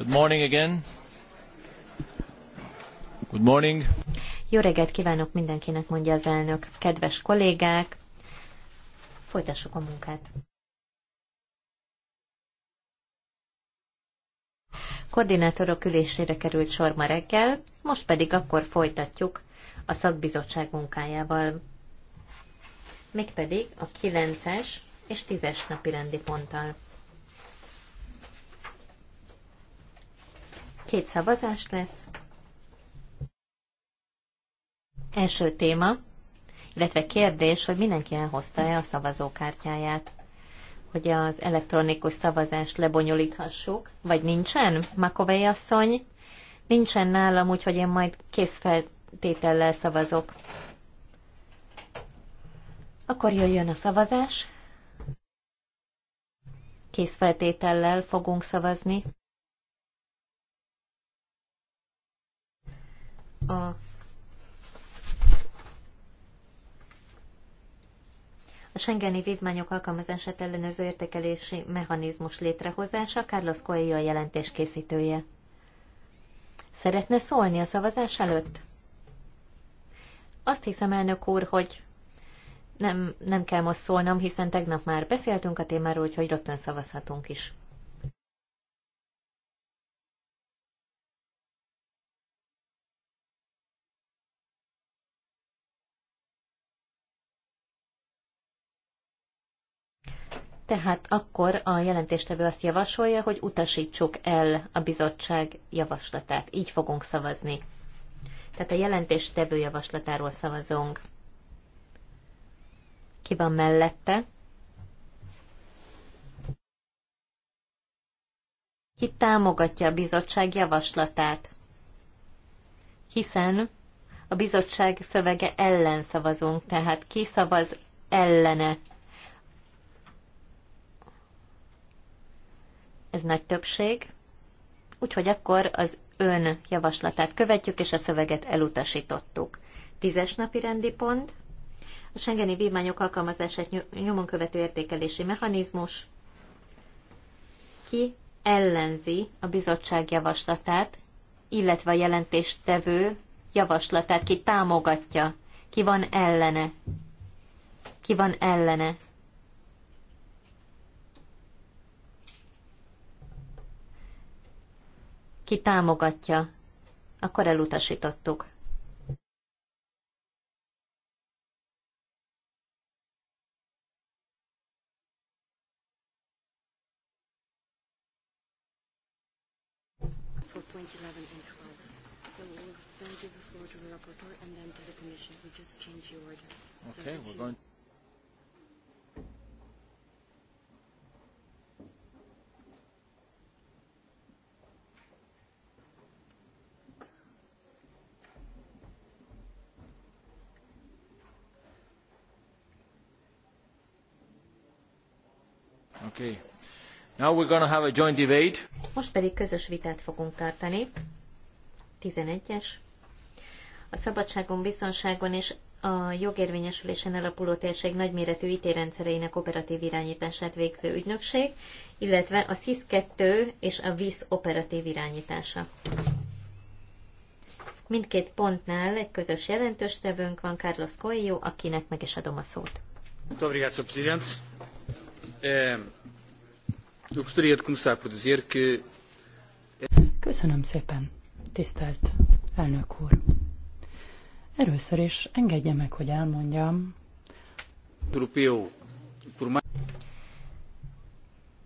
Good morning again. Good morning. Jó reggelt kívánok mindenkinek, mondja az elnök. Kedves kollégák, folytassuk a munkát. Koordinátorok ülésére került sor ma reggel, most pedig akkor folytatjuk a szakbizottság munkájával. Mégpedig a 9-es és 10-es napi rendi ponttal. Két szavazás lesz. Első téma, illetve kérdés, hogy mindenki elhozta-e a szavazókártyáját, hogy az elektronikus szavazást lebonyolíthassuk, vagy nincsen? Makovei asszony, nincsen nálam, úgyhogy én majd készfeltétellel szavazok. Akkor jöjjön a szavazás. Készfeltétellel fogunk szavazni. a a Schengeni vívmányok alkalmazását ellenőrző értékelési mechanizmus létrehozása, Carlos Coelho a jelentés készítője. Szeretne szólni a szavazás előtt? Azt hiszem, elnök úr, hogy nem, nem kell most szólnom, hiszen tegnap már beszéltünk a témáról, hogy rögtön szavazhatunk is. tehát akkor a jelentéstevő azt javasolja, hogy utasítsuk el a bizottság javaslatát. Így fogunk szavazni. Tehát a jelentéstevő javaslatáról szavazunk. Ki van mellette? Ki támogatja a bizottság javaslatát? Hiszen a bizottság szövege ellen szavazunk, tehát ki szavaz ellene ez nagy többség, úgyhogy akkor az ön javaslatát követjük, és a szöveget elutasítottuk. Tízes napi rendi pont. A Schengeni vívmányok alkalmazását nyomon követő értékelési mechanizmus. Ki ellenzi a bizottság javaslatát, illetve a jelentéstevő javaslatát, ki támogatja, ki van ellene. Ki van ellene Ki támogatja? Akkor elutasítottuk. Okay, we're going Okay. Now we're have a joint debate. Most pedig közös vitát fogunk tartani. 11-es. A szabadságon, biztonságon és a jogérvényesülésen alapuló térség nagyméretű ítérrendszereinek operatív irányítását végző ügynökség, illetve a SIS-2 és a VIS operatív irányítása. Mindkét pontnál egy közös jelentős tevőnk van, Carlos Coelho, akinek meg is adom a szót. Muito Köszönöm szépen, tisztelt elnök úr. Először is engedje meg, hogy elmondjam.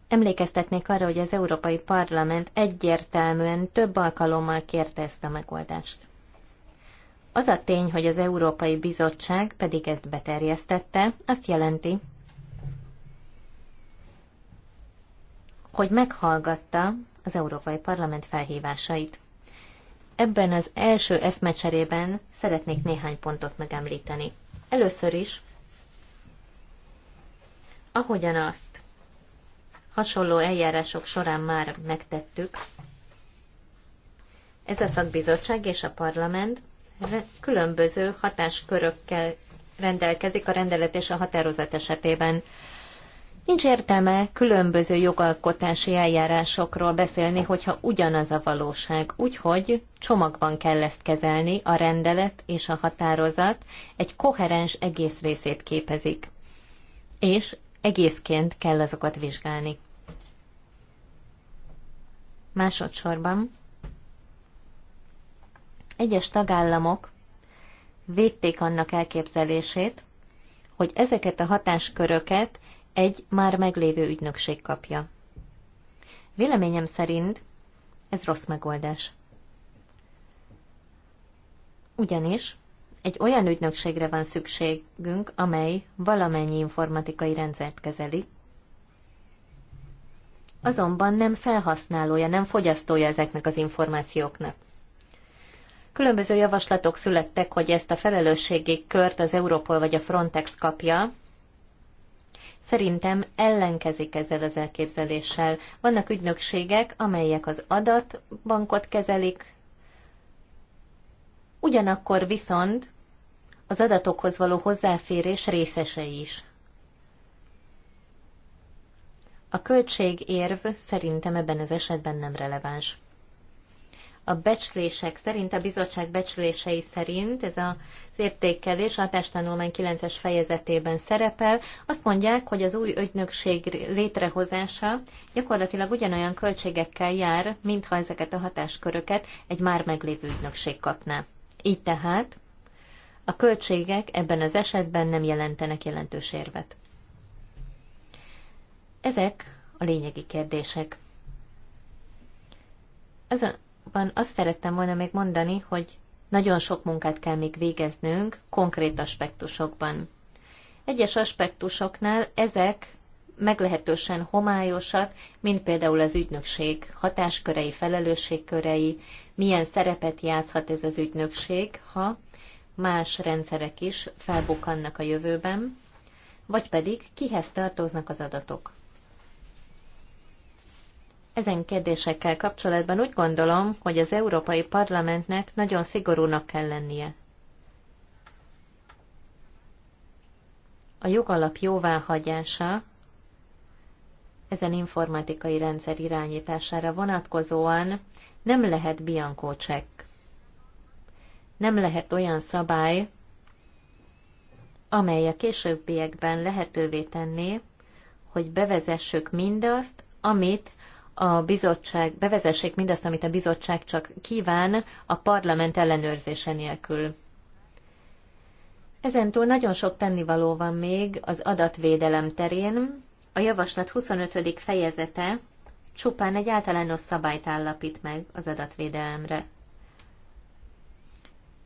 Emlékeztetnék arra, hogy az Európai Parlament egyértelműen több alkalommal kérte ezt a megoldást. Az a tény, hogy az Európai Bizottság pedig ezt beterjesztette, azt jelenti, hogy meghallgatta az Európai Parlament felhívásait. Ebben az első eszmecserében szeretnék néhány pontot megemlíteni. Először is, ahogyan azt hasonló eljárások során már megtettük, ez a szakbizottság és a parlament különböző hatáskörökkel rendelkezik a rendelet és a határozat esetében. Nincs értelme különböző jogalkotási eljárásokról beszélni, hogyha ugyanaz a valóság. Úgyhogy csomagban kell ezt kezelni, a rendelet és a határozat egy koherens egész részét képezik. És egészként kell azokat vizsgálni. Másodszorban egyes tagállamok védték annak elképzelését, hogy ezeket a hatásköröket egy már meglévő ügynökség kapja. Véleményem szerint ez rossz megoldás. Ugyanis egy olyan ügynökségre van szükségünk, amely valamennyi informatikai rendszert kezeli, azonban nem felhasználója, nem fogyasztója ezeknek az információknak. Különböző javaslatok születtek, hogy ezt a felelősségi kört az Europol vagy a Frontex kapja, szerintem ellenkezik ezzel az elképzeléssel. Vannak ügynökségek, amelyek az adatbankot kezelik, ugyanakkor viszont az adatokhoz való hozzáférés részese is. A költségérv szerintem ebben az esetben nem releváns a becslések szerint, a bizottság becslései szerint ez az értékelés a testtanulmány 9-es fejezetében szerepel. Azt mondják, hogy az új ügynökség létrehozása gyakorlatilag ugyanolyan költségekkel jár, mintha ezeket a hatásköröket egy már meglévő ügynökség kapná. Így tehát a költségek ebben az esetben nem jelentenek jelentős érvet. Ezek a lényegi kérdések. Ez a van azt szerettem volna még mondani, hogy nagyon sok munkát kell még végeznünk konkrét aspektusokban. Egyes aspektusoknál ezek meglehetősen homályosak, mint például az ügynökség hatáskörei, felelősségkörei, milyen szerepet játszhat ez az ügynökség, ha más rendszerek is felbukannak a jövőben, vagy pedig kihez tartoznak az adatok. Ezen kérdésekkel kapcsolatban úgy gondolom, hogy az Európai Parlamentnek nagyon szigorúnak kell lennie. A jogalap jóváhagyása ezen informatikai rendszer irányítására vonatkozóan nem lehet biankó csekk. Nem lehet olyan szabály, amely a későbbiekben lehetővé tenné, hogy bevezessük mindazt, amit a bizottság, bevezessék mindazt, amit a bizottság csak kíván a parlament ellenőrzése nélkül. Ezentúl nagyon sok tennivaló van még az adatvédelem terén. A javaslat 25. fejezete csupán egy általános szabályt állapít meg az adatvédelemre.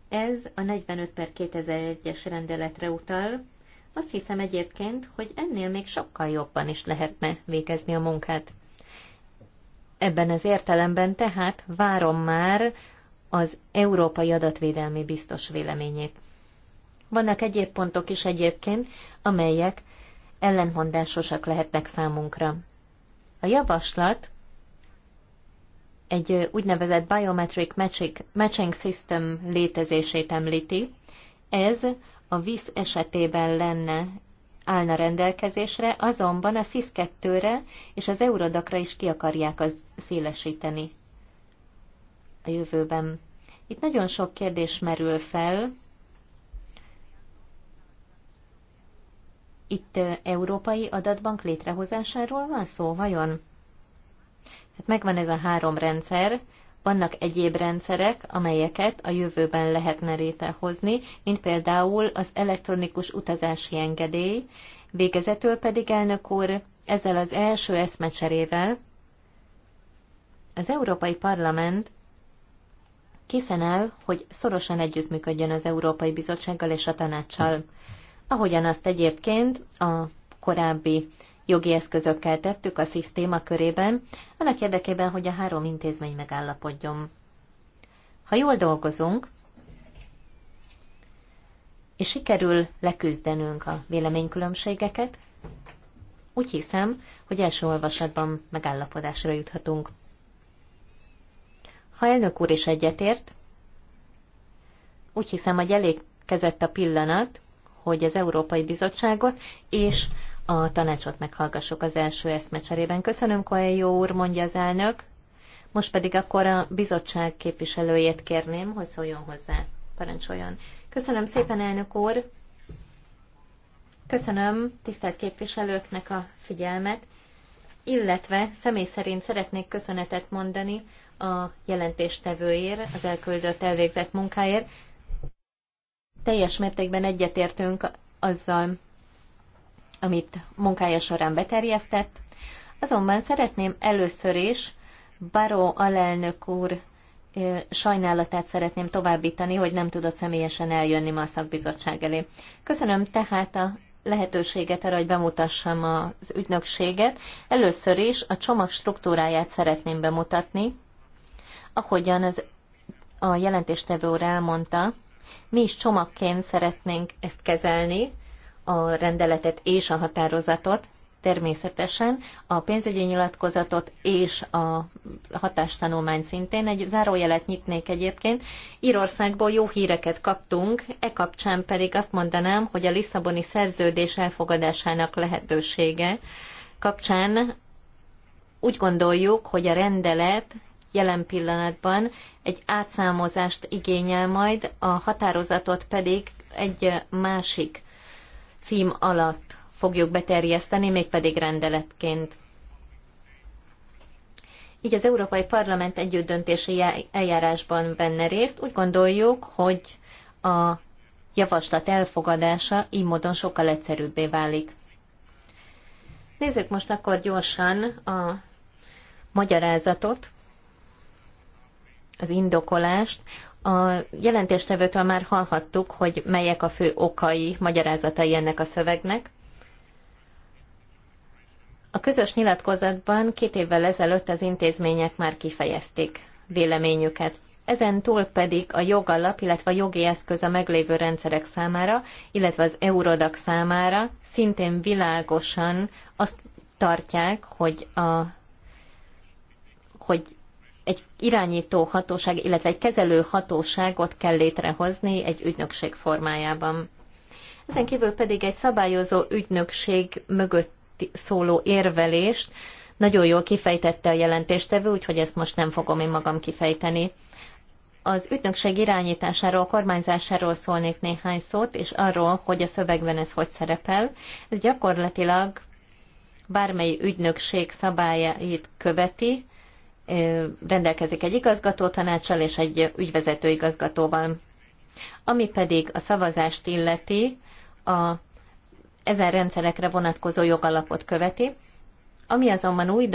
Ez a 45 per 2001-es rendeletre utal. Azt hiszem egyébként, hogy ennél még sokkal jobban is lehetne végezni a munkát. Ebben az értelemben tehát várom már az Európai Adatvédelmi Biztos véleményét. Vannak egyéb pontok is egyébként, amelyek ellentmondásosak lehetnek számunkra. A javaslat egy úgynevezett biometric matching, matching system létezését említi. Ez a víz esetében lenne állna rendelkezésre, azonban a sis 2 re és az Eurodakra is ki akarják az szélesíteni a jövőben. Itt nagyon sok kérdés merül fel. Itt európai adatbank létrehozásáról van szó, vajon? Hát megvan ez a három rendszer, vannak egyéb rendszerek, amelyeket a jövőben lehetne létrehozni, mint például az elektronikus utazási engedély, végezetül pedig elnök úr ezzel az első eszmecserével az Európai Parlament készen áll, hogy szorosan együttműködjön az Európai Bizottsággal és a tanácssal, ahogyan azt egyébként a korábbi jogi eszközökkel tettük a szisztéma körében, annak érdekében, hogy a három intézmény megállapodjon. Ha jól dolgozunk, és sikerül leküzdenünk a véleménykülönbségeket, úgy hiszem, hogy első olvasatban megállapodásra juthatunk. Ha elnök úr is egyetért, úgy hiszem, hogy elég kezett a pillanat, hogy az Európai Bizottságot és a tanácsot meghallgassuk az első eszmecserében. Köszönöm, jó úr, mondja az elnök. Most pedig akkor a bizottság képviselőjét kérném, hogy szóljon hozzá. Parancsoljon. Köszönöm szépen, elnök úr. Köszönöm tisztelt képviselőknek a figyelmet, illetve személy szerint szeretnék köszönetet mondani a jelentéstevőért, az elküldött elvégzett munkáért. Teljes mértékben egyetértünk azzal, amit munkája során beterjesztett. Azonban szeretném először is Baró alelnök úr sajnálatát szeretném továbbítani, hogy nem tudott személyesen eljönni ma a szakbizottság elé. Köszönöm tehát a lehetőséget arra, hogy bemutassam az ügynökséget. Először is a csomag struktúráját szeretném bemutatni. Ahogyan az, a jelentéstevő úr elmondta, mi is csomagként szeretnénk ezt kezelni, a rendeletet és a határozatot, természetesen a pénzügyi nyilatkozatot és a hatástanulmány szintén. Egy zárójelet nyitnék egyébként. Írországból jó híreket kaptunk, e kapcsán pedig azt mondanám, hogy a Lisszaboni szerződés elfogadásának lehetősége kapcsán úgy gondoljuk, hogy a rendelet jelen pillanatban egy átszámozást igényel majd, a határozatot pedig egy másik cím alatt fogjuk beterjeszteni, mégpedig rendeletként. Így az Európai Parlament együttdöntési eljárásban venne részt. Úgy gondoljuk, hogy a javaslat elfogadása így módon sokkal egyszerűbbé válik. Nézzük most akkor gyorsan a magyarázatot, az indokolást, a jelentéstevőtől már hallhattuk, hogy melyek a fő okai, magyarázatai ennek a szövegnek. A közös nyilatkozatban két évvel ezelőtt az intézmények már kifejezték véleményüket. Ezen túl pedig a jogalap, illetve a jogi eszköz a meglévő rendszerek számára, illetve az Eurodac számára szintén világosan azt tartják, hogy, a, hogy egy irányító hatóság, illetve egy kezelő hatóságot kell létrehozni egy ügynökség formájában. Ezen kívül pedig egy szabályozó ügynökség mögött szóló érvelést nagyon jól kifejtette a jelentéstevő, úgyhogy ezt most nem fogom én magam kifejteni. Az ügynökség irányításáról, kormányzásáról szólnék néhány szót, és arról, hogy a szövegben ez hogy szerepel. Ez gyakorlatilag bármely ügynökség szabályait követi, rendelkezik egy igazgató tanácsal és egy ügyvezető igazgatóval. Ami pedig a szavazást illeti, a ezen rendszerekre vonatkozó jogalapot követi, ami azonban új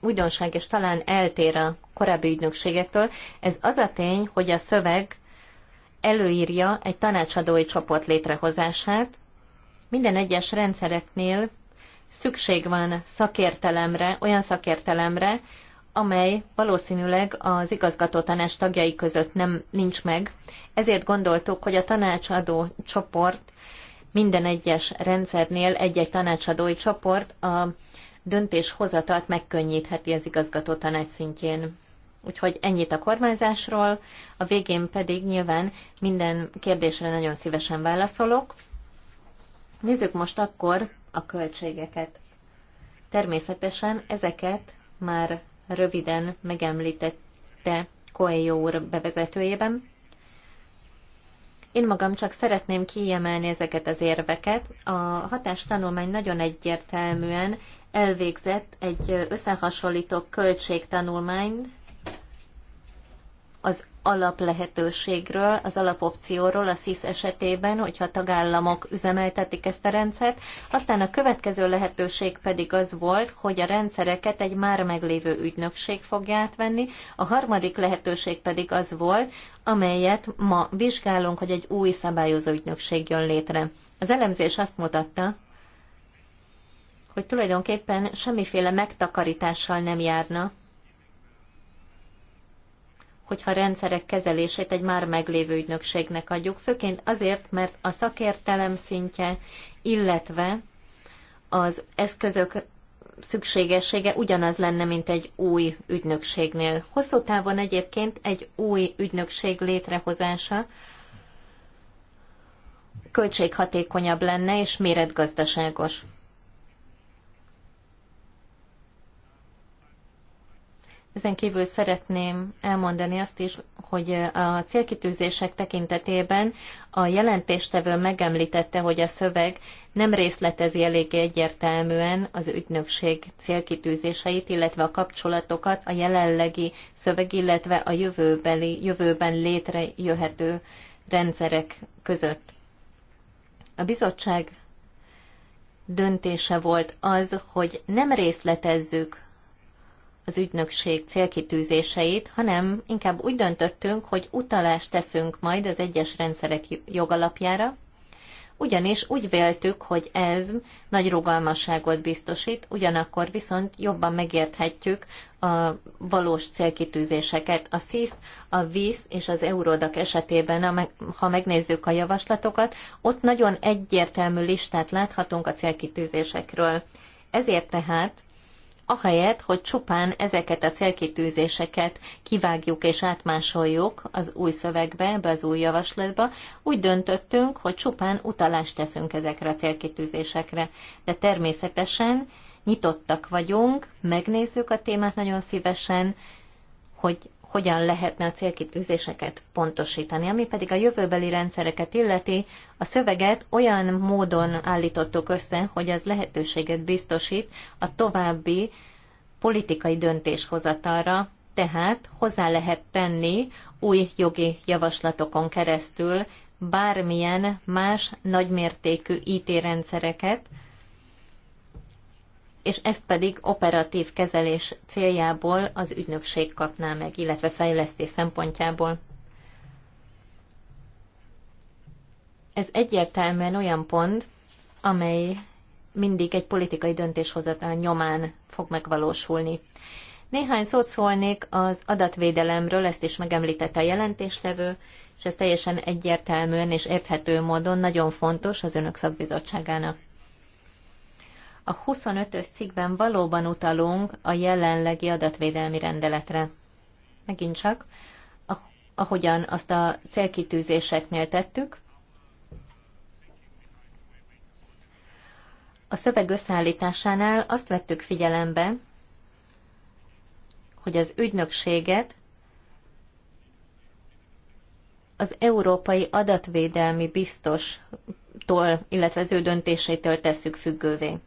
újdonság és talán eltér a korábbi ügynökségektől, ez az a tény, hogy a szöveg előírja egy tanácsadói csoport létrehozását. Minden egyes rendszereknél szükség van szakértelemre, olyan szakértelemre, amely valószínűleg az igazgató tanács tagjai között nem nincs meg. Ezért gondoltuk, hogy a tanácsadó csoport minden egyes rendszernél egy-egy tanácsadói csoport a döntéshozatalt megkönnyítheti az igazgató tanács szintjén. Úgyhogy ennyit a kormányzásról, a végén pedig nyilván minden kérdésre nagyon szívesen válaszolok. Nézzük most akkor a költségeket. Természetesen ezeket már röviden megemlítette Coelho úr bevezetőjében. Én magam csak szeretném kiemelni ezeket az érveket. A hatástanulmány nagyon egyértelműen elvégzett egy összehasonlító költségtanulmányt az alaplehetőségről, az alapopcióról a SZISZ esetében, hogyha a tagállamok üzemeltetik ezt a rendszert. Aztán a következő lehetőség pedig az volt, hogy a rendszereket egy már meglévő ügynökség fogja átvenni. A harmadik lehetőség pedig az volt, amelyet ma vizsgálunk, hogy egy új szabályozó ügynökség jön létre. Az elemzés azt mutatta, hogy tulajdonképpen semmiféle megtakarítással nem járna, hogyha rendszerek kezelését egy már meglévő ügynökségnek adjuk, főként azért, mert a szakértelem szintje, illetve az eszközök szükségessége ugyanaz lenne, mint egy új ügynökségnél. Hosszú távon egyébként egy új ügynökség létrehozása költséghatékonyabb lenne és méretgazdaságos. Ezen kívül szeretném elmondani azt is, hogy a célkitűzések tekintetében a jelentéstevő megemlítette, hogy a szöveg nem részletezi eléggé egyértelműen az ügynökség célkitűzéseit, illetve a kapcsolatokat a jelenlegi szöveg, illetve a jövőbeli, jövőben létrejöhető rendszerek között. A bizottság döntése volt az, hogy nem részletezzük az ügynökség célkitűzéseit, hanem inkább úgy döntöttünk, hogy utalást teszünk majd az egyes rendszerek jogalapjára, ugyanis úgy véltük, hogy ez nagy rugalmasságot biztosít, ugyanakkor viszont jobban megérthetjük a valós célkitűzéseket. A SZISZ, a VISZ és az Eurodac esetében, ha megnézzük a javaslatokat, ott nagyon egyértelmű listát láthatunk a célkitűzésekről. Ezért tehát ahelyett, hogy csupán ezeket a célkitűzéseket kivágjuk és átmásoljuk az új szövegbe, ebbe az új javaslatba, úgy döntöttünk, hogy csupán utalást teszünk ezekre a célkitűzésekre. De természetesen nyitottak vagyunk, megnézzük a témát nagyon szívesen, hogy hogyan lehetne a célkitűzéseket pontosítani. Ami pedig a jövőbeli rendszereket illeti, a szöveget olyan módon állítottuk össze, hogy az lehetőséget biztosít a további politikai döntéshozatalra, tehát hozzá lehet tenni új jogi javaslatokon keresztül bármilyen más nagymértékű IT rendszereket, és ezt pedig operatív kezelés céljából az ügynökség kapná meg, illetve fejlesztés szempontjából. Ez egyértelműen olyan pont, amely mindig egy politikai döntéshozatal nyomán fog megvalósulni. Néhány szót szólnék az adatvédelemről, ezt is megemlítette a jelentéstevő, és ez teljesen egyértelműen és érthető módon nagyon fontos az önök szakbizottságának. A 25-ös cikkben valóban utalunk a jelenlegi adatvédelmi rendeletre. Megint csak, ahogyan azt a célkitűzéseknél tettük, A szöveg összeállításánál azt vettük figyelembe, hogy az ügynökséget az Európai Adatvédelmi Biztostól, illetve az ő döntéseitől tesszük függővé.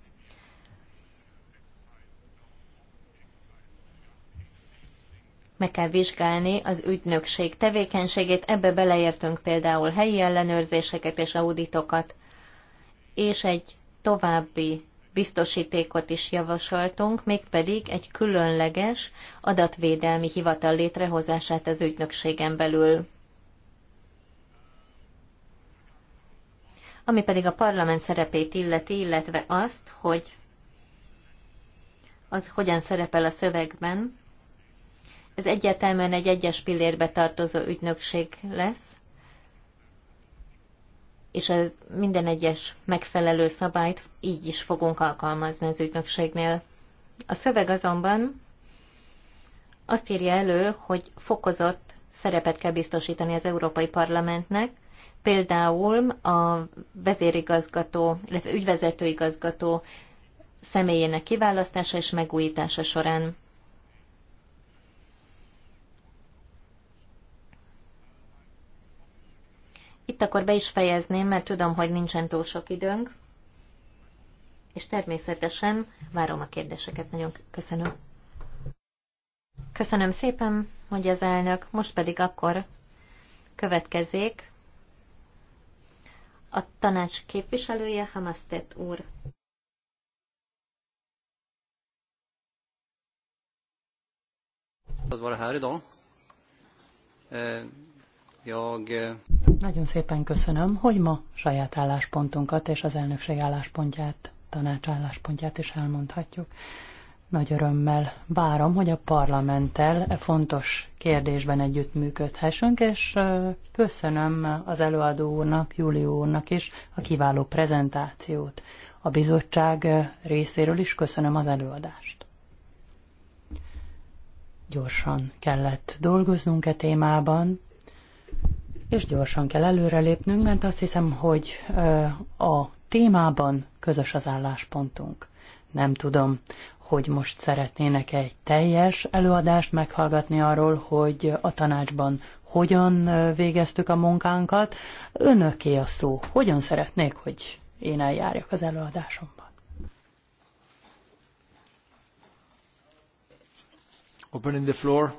meg kell vizsgálni az ügynökség tevékenységét, ebbe beleértünk például helyi ellenőrzéseket és auditokat, és egy további biztosítékot is javasoltunk, mégpedig egy különleges adatvédelmi hivatal létrehozását az ügynökségen belül. Ami pedig a parlament szerepét illeti, illetve azt, hogy az hogyan szerepel a szövegben, ez egyértelműen egy egyes pillérbe tartozó ügynökség lesz, és ez minden egyes megfelelő szabályt így is fogunk alkalmazni az ügynökségnél. A szöveg azonban azt írja elő, hogy fokozott szerepet kell biztosítani az Európai Parlamentnek, például a vezérigazgató, illetve ügyvezetőigazgató személyének kiválasztása és megújítása során. Itt akkor be is fejezném, mert tudom, hogy nincsen túl sok időnk, és természetesen várom a kérdéseket. Nagyon köszönöm. Köszönöm szépen, hogy az elnök. Most pedig akkor következzék a tanács képviselője Hamasztet úr. Az van a idag. Eh, jag... Eh, nagyon szépen köszönöm, hogy ma saját álláspontunkat és az elnökség álláspontját, tanács álláspontját is elmondhatjuk. Nagy örömmel várom, hogy a parlamenttel e fontos kérdésben együttműködhessünk, és köszönöm az előadó úrnak, Júlió úrnak is a kiváló prezentációt. A bizottság részéről is köszönöm az előadást. Gyorsan kellett dolgoznunk e témában, és gyorsan kell előrelépnünk, mert azt hiszem, hogy a témában közös az álláspontunk. Nem tudom, hogy most szeretnének egy teljes előadást meghallgatni arról, hogy a tanácsban hogyan végeztük a munkánkat. Önöké a szó. Hogyan szeretnék, hogy én eljárjak az előadásomban? Opening the floor.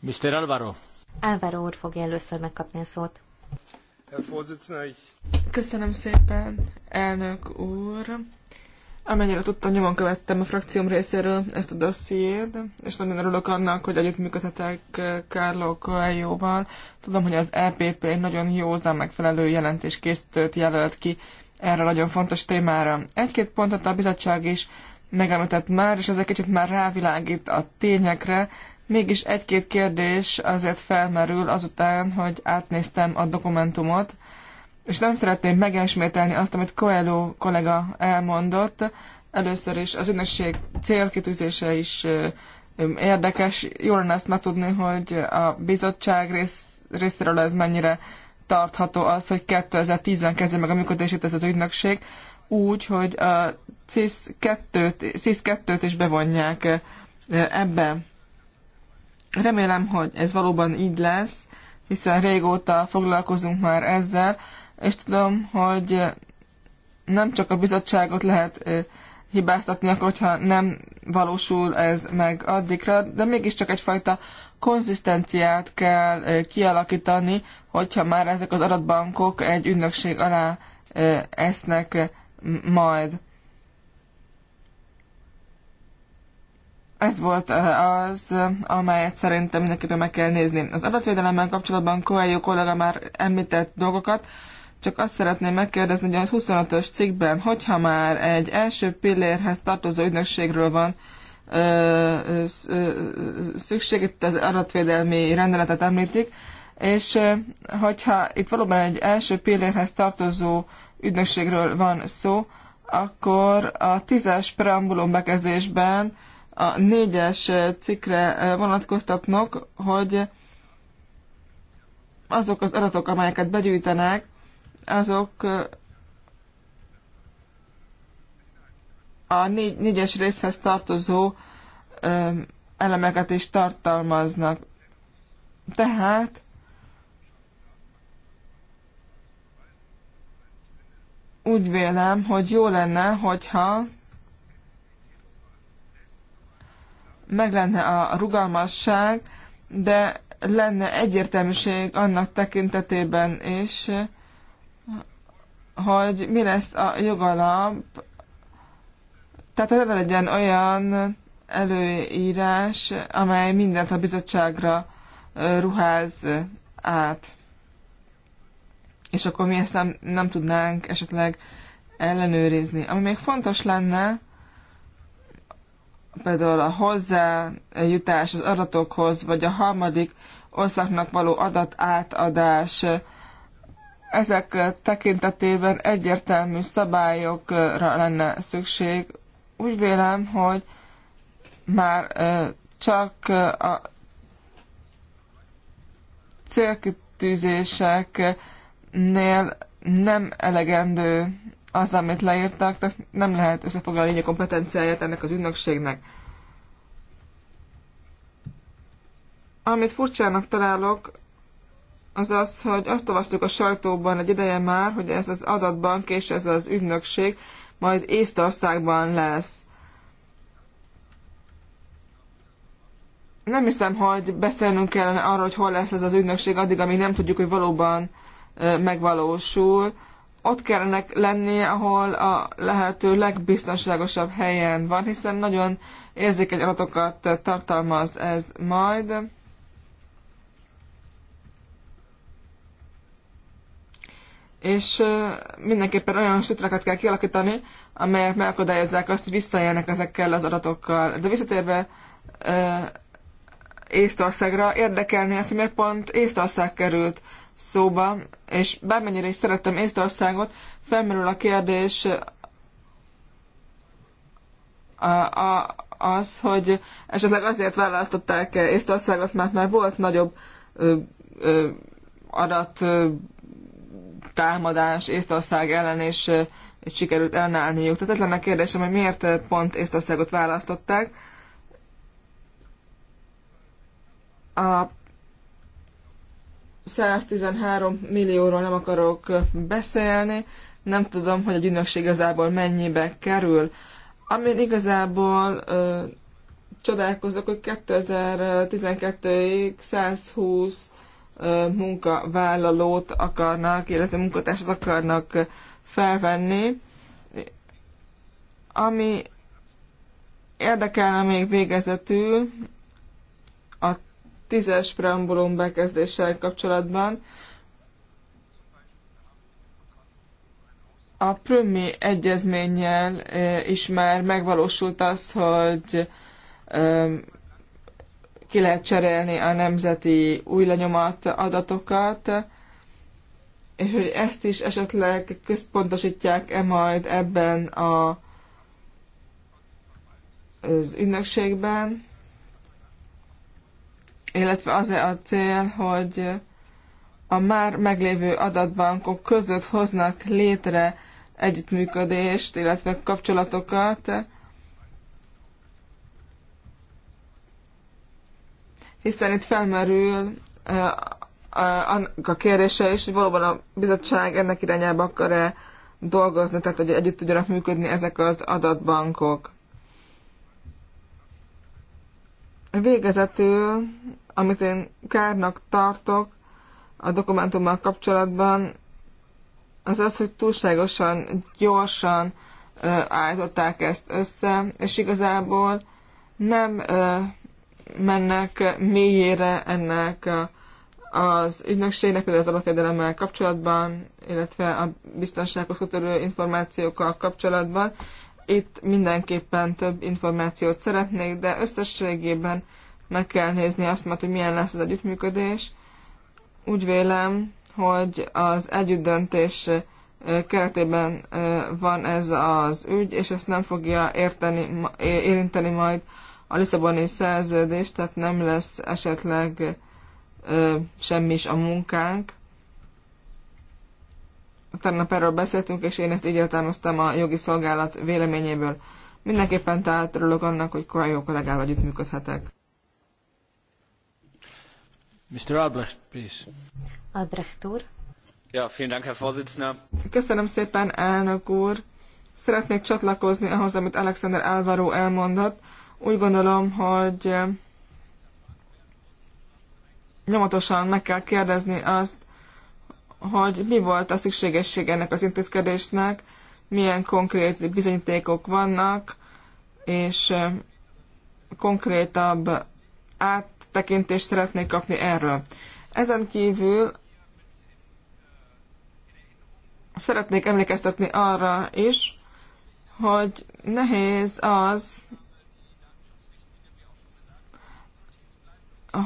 Mr. Alvaro. Álvaro úr fogja először megkapni a szót. Köszönöm szépen, elnök úr. Amennyire tudtam, nyomon követtem a frakcióm részéről ezt a dossziét, és nagyon örülök annak, hogy együttműködhetek Carlo Coelho-val. Tudom, hogy az EPP egy nagyon józan megfelelő jelentés jelölt ki erre a nagyon fontos témára. Egy-két pontot a bizottság is megemlített már, és egy kicsit már rávilágít a tényekre, Mégis egy-két kérdés azért felmerül azután, hogy átnéztem a dokumentumot, és nem szeretném megesmételni azt, amit Coelho kollega elmondott. Először is az ünnepség célkitűzése is érdekes. jól lenne azt megtudni, hogy a bizottság rész, részéről ez mennyire tartható az, hogy 2010-ben kezdje meg a működését ez az ügynökség, úgy, hogy a CIS 2-t, CIS is bevonják ebbe. Remélem, hogy ez valóban így lesz, hiszen régóta foglalkozunk már ezzel, és tudom, hogy nem csak a bizottságot lehet hibáztatni, akkor, hogyha nem valósul ez meg addigra, de mégiscsak egyfajta konzisztenciát kell kialakítani, hogyha már ezek az adatbankok egy ünnökség alá esznek majd. ez volt az, amelyet szerintem mindenképpen meg kell nézni. Az adatvédelemmel kapcsolatban Coelho kollega már említett dolgokat, csak azt szeretném megkérdezni, hogy a 25-ös cikkben, hogyha már egy első pillérhez tartozó ügynökségről van szükség, itt az adatvédelmi rendeletet említik, és hogyha itt valóban egy első pillérhez tartozó ügynökségről van szó, akkor a tízes preambulum bekezdésben a négyes cikkre vonatkoztatnok, hogy azok az adatok, amelyeket begyűjtenek, azok a négy, négyes részhez tartozó elemeket is tartalmaznak. Tehát úgy vélem, hogy jó lenne, hogyha meg lenne a rugalmasság, de lenne egyértelműség annak tekintetében is, hogy mi lesz a jogalap, tehát hogy ne legyen olyan előírás, amely mindent a bizottságra ruház át. És akkor mi ezt nem, nem tudnánk esetleg ellenőrizni. Ami még fontos lenne, például a hozzájutás az adatokhoz, vagy a harmadik országnak való adat átadás, ezek tekintetében egyértelmű szabályokra lenne szükség. Úgy vélem, hogy már csak a célkitűzéseknél nem elegendő az, amit leírtak, tehát nem lehet összefoglalni a kompetenciáját ennek az ügynökségnek. Amit furcsának találok, az az, hogy azt olvastuk a sajtóban egy ideje már, hogy ez az adatbank és ez az ügynökség majd Észtországban lesz. Nem hiszem, hogy beszélnünk kellene arról, hogy hol lesz ez az ügynökség addig, amíg nem tudjuk, hogy valóban megvalósul ott kellene lenni ahol a lehető legbiztonságosabb helyen van, hiszen nagyon érzékeny adatokat tartalmaz ez majd. És mindenképpen olyan sütreket kell kialakítani, amelyek megakadályozzák azt, hogy visszajelnek ezekkel az adatokkal. De visszatérve Észtországra érdekelni azt, hogy miért pont Észtország került szóba, és bármennyire is szerettem Észtországot, felmerül a kérdés a, a, az, hogy esetleg azért választották Észtországot, mert már volt nagyobb ö, ö, adat ö, támadás Észtország ellen, és, és sikerült ellenállniuk. Tehát ez lenne a kérdésem, hogy miért pont Észtországot választották. A 113 millióról nem akarok beszélni, nem tudom, hogy a ügynökség igazából mennyibe kerül. Amin igazából ö, csodálkozok, hogy 2012-ig 120 ö, munkavállalót akarnak, illetve munkatársat akarnak felvenni. Ami érdekelne még végezetül, tízes preambulum bekezdéssel kapcsolatban. A Prümi egyezménnyel is már megvalósult az, hogy ki lehet cserélni a nemzeti új lenyomat adatokat, és hogy ezt is esetleg központosítják-e majd ebben a, az ünnökségben illetve az e a cél, hogy a már meglévő adatbankok között hoznak létre együttműködést, illetve kapcsolatokat, hiszen itt felmerül e, annak a kérdése is, hogy valóban a bizottság ennek irányába akar-e dolgozni, tehát hogy együtt tudjanak működni ezek az adatbankok. Végezetül amit én kárnak tartok a dokumentummal kapcsolatban, az az, hogy túlságosan gyorsan ö, állították ezt össze, és igazából nem ö, mennek mélyére ennek a, az ügynökségnek, például az alapvédelemmel kapcsolatban, illetve a biztonsághoz kötődő információkkal kapcsolatban. Itt mindenképpen több információt szeretnék, de összességében meg kell nézni azt, mert hogy milyen lesz az együttműködés. Úgy vélem, hogy az együttdöntés keretében van ez az ügy, és ezt nem fogja érteni, érinteni majd a Lisszaboni szerződés, tehát nem lesz esetleg semmi is a munkánk. Tegnap erről beszéltünk, és én ezt így értelmeztem a jogi szolgálat véleményéből. Mindenképpen tehát örülök annak, hogy Koajó kollégával együttműködhetek. Mr. please. Ja, Köszönöm szépen, elnök úr. Szeretnék csatlakozni ahhoz, amit Alexander Alvaro elmondott. Úgy gondolom, hogy eh, nyomatosan meg kell kérdezni azt, hogy mi volt a szükségesség ennek az intézkedésnek, milyen konkrét bizonyítékok vannak, és eh, konkrétabb át, áttekintést szeretnék kapni erről. Ezen kívül szeretnék emlékeztetni arra is, hogy nehéz az,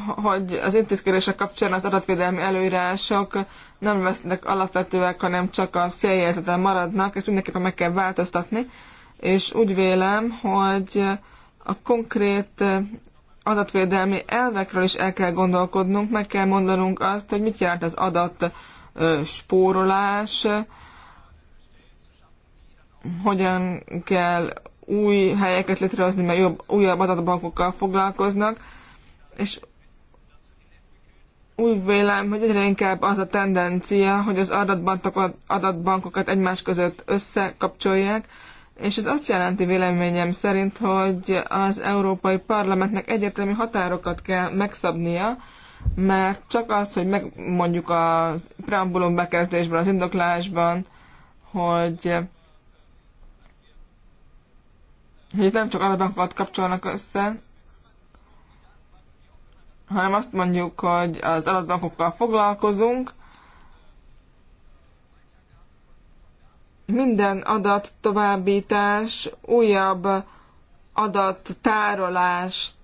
hogy az intézkedések kapcsán az adatvédelmi előírások nem vesznek alapvetőek, hanem csak a széljelzeten maradnak, ezt mindenképpen meg kell változtatni, és úgy vélem, hogy a konkrét adatvédelmi elvekről is el kell gondolkodnunk, meg kell mondanunk azt, hogy mit jelent az adat spórolás, hogyan kell új helyeket létrehozni, mert jobb, újabb adatbankokkal foglalkoznak, és úgy vélem, hogy egyre inkább az a tendencia, hogy az adatbankokat, adatbankokat egymás között összekapcsolják, és ez azt jelenti véleményem szerint, hogy az Európai Parlamentnek egyértelmű határokat kell megszabnia, mert csak az, hogy megmondjuk a preambulum bekezdésben, az indoklásban, hogy, hogy nem csak alapankokat kapcsolnak össze, hanem azt mondjuk, hogy az adatbankokkal foglalkozunk, minden adat továbbítás újabb adattárolást,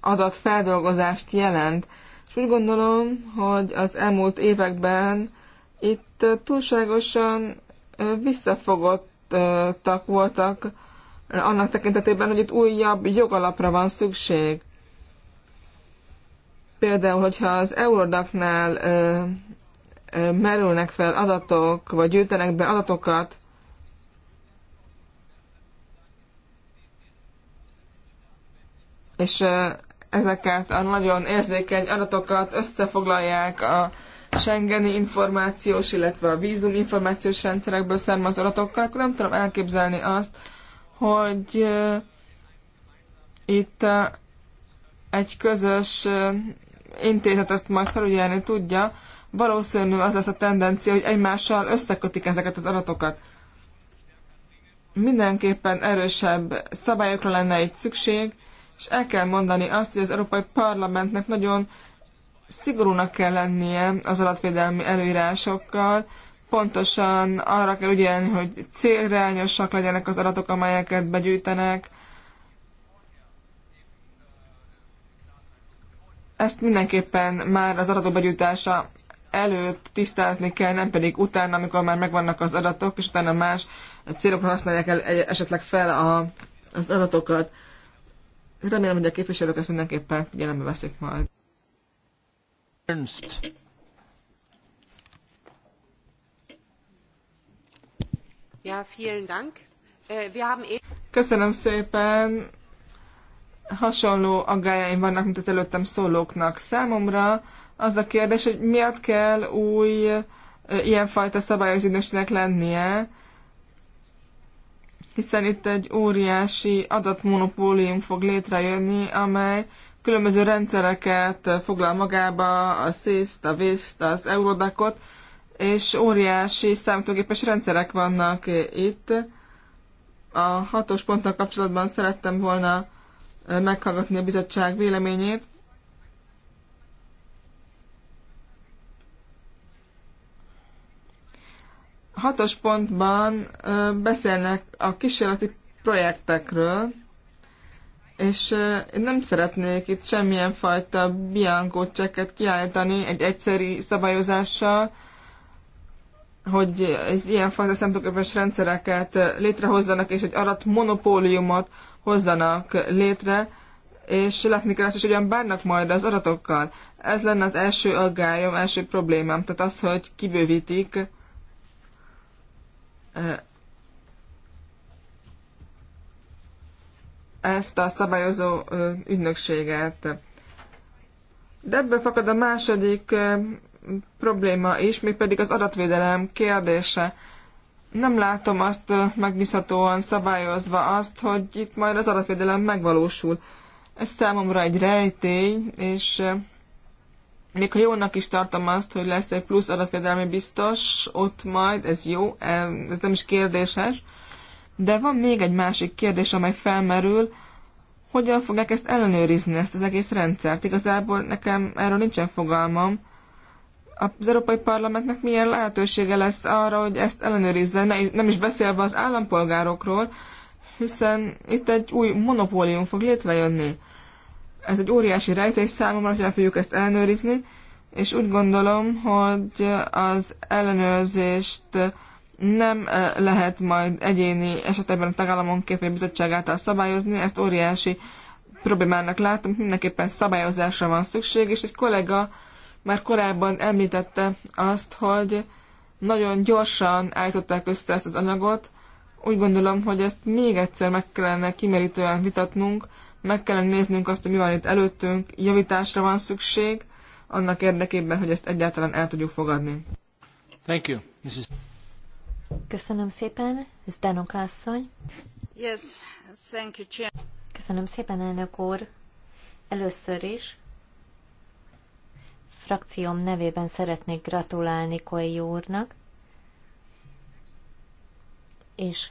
adatfeldolgozást jelent. És úgy gondolom, hogy az elmúlt években itt túlságosan visszafogottak voltak annak tekintetében, hogy itt újabb jogalapra van szükség. Például, hogyha az Eurodaknál merülnek fel adatok, vagy gyűjtenek be adatokat, és ezeket a nagyon érzékeny adatokat összefoglalják a Schengeni információs, illetve a vízum információs rendszerekből származó adatokkal, akkor nem tudom elképzelni azt, hogy itt egy közös intézet ezt majd felügyelni tudja, valószínű az lesz a tendencia, hogy egymással összekötik ezeket az adatokat. Mindenképpen erősebb szabályokra lenne egy szükség, és el kell mondani azt, hogy az Európai Parlamentnek nagyon szigorúnak kell lennie az adatvédelmi előírásokkal, pontosan arra kell ügyelni, hogy célrányosak legyenek az adatok, amelyeket begyűjtenek. Ezt mindenképpen már az adatok begyűjtása előtt tisztázni kell, nem pedig utána, amikor már megvannak az adatok, és utána más célokra használják el esetleg fel a, az adatokat. Remélem, hogy a képviselők ezt mindenképpen figyelembe veszik majd. Ernst. Ja, vielen Dank. Äh, wir haben eh- Köszönöm szépen. Hasonló aggájaim vannak, mint az előttem szólóknak számomra az a kérdés, hogy miért kell új ilyenfajta szabályos ügynökségnek lennie, hiszen itt egy óriási adatmonopólium fog létrejönni, amely különböző rendszereket foglal magába, a SIS-t, a VIS-t, az Eurodacot, és óriási számítógépes rendszerek vannak itt. A hatos ponttal kapcsolatban szerettem volna meghallgatni a bizottság véleményét. hatos pontban beszélnek a kísérleti projektekről, és én nem szeretnék itt semmilyen fajta bianco csekket kiállítani egy egyszeri szabályozással, hogy ez fajta szemtoképes rendszereket létrehozzanak, és egy arat monopóliumot hozzanak létre, és látni kell azt is, olyan bánnak majd az aratokkal. Ez lenne az első aggályom, első problémám, tehát az, hogy kibővítik ezt a szabályozó ügynökséget. De ebből fakad a második probléma is, mégpedig az adatvédelem kérdése. Nem látom azt megbízhatóan szabályozva azt, hogy itt majd az adatvédelem megvalósul. Ez számomra egy rejtély, és még ha jónak is tartom azt, hogy lesz egy plusz adatvédelmi biztos ott majd, ez jó, ez nem is kérdéses, de van még egy másik kérdés, amely felmerül, hogyan fogják ezt ellenőrizni, ezt az egész rendszert? Igazából nekem erről nincsen fogalmam. Az Európai Parlamentnek milyen lehetősége lesz arra, hogy ezt ellenőrizze, ne, nem is beszélve az állampolgárokról, hiszen itt egy új monopólium fog létrejönni. Ez egy óriási rejtés számomra, hogy el fogjuk ezt ellenőrizni, és úgy gondolom, hogy az ellenőrzést nem eh, lehet majd egyéni esetben a tagállamonként vagy bizottság által szabályozni, ezt óriási problémának látom, mindenképpen szabályozásra van szükség, és egy kollega már korábban említette azt, hogy nagyon gyorsan állították össze ezt az anyagot, úgy gondolom, hogy ezt még egyszer meg kellene kimerítően vitatnunk, meg kellene néznünk azt, hogy mi van itt előttünk, javításra van szükség, annak érdekében, hogy ezt egyáltalán el tudjuk fogadni. Thank you. is... Köszönöm szépen, Zdenok asszony. Yes, thank you, Chair. Köszönöm szépen, elnök úr. Először is frakcióm nevében szeretnék gratulálni Koei úrnak, és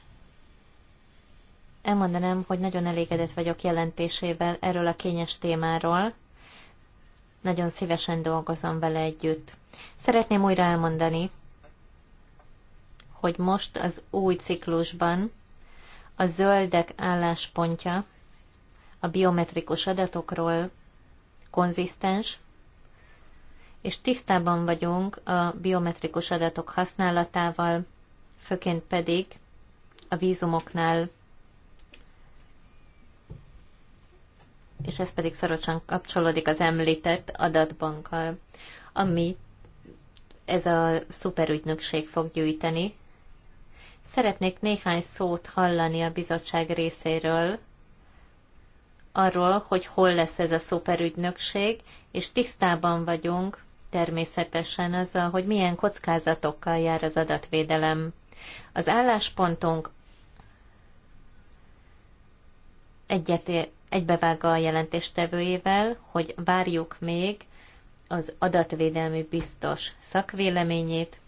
elmondanám, hogy nagyon elégedett vagyok jelentésével erről a kényes témáról. Nagyon szívesen dolgozom vele együtt. Szeretném újra elmondani, hogy most az új ciklusban a zöldek álláspontja a biometrikus adatokról konzisztens, és tisztában vagyunk a biometrikus adatok használatával, főként pedig a vízumoknál és ez pedig szorosan kapcsolódik az említett adatbankkal, amit ez a szuperügynökség fog gyűjteni. Szeretnék néhány szót hallani a bizottság részéről, arról, hogy hol lesz ez a szuperügynökség, és tisztában vagyunk természetesen azzal, hogy milyen kockázatokkal jár az adatvédelem. Az álláspontunk egyetért egybevág a jelentéstevőjével, hogy várjuk még az adatvédelmi biztos szakvéleményét,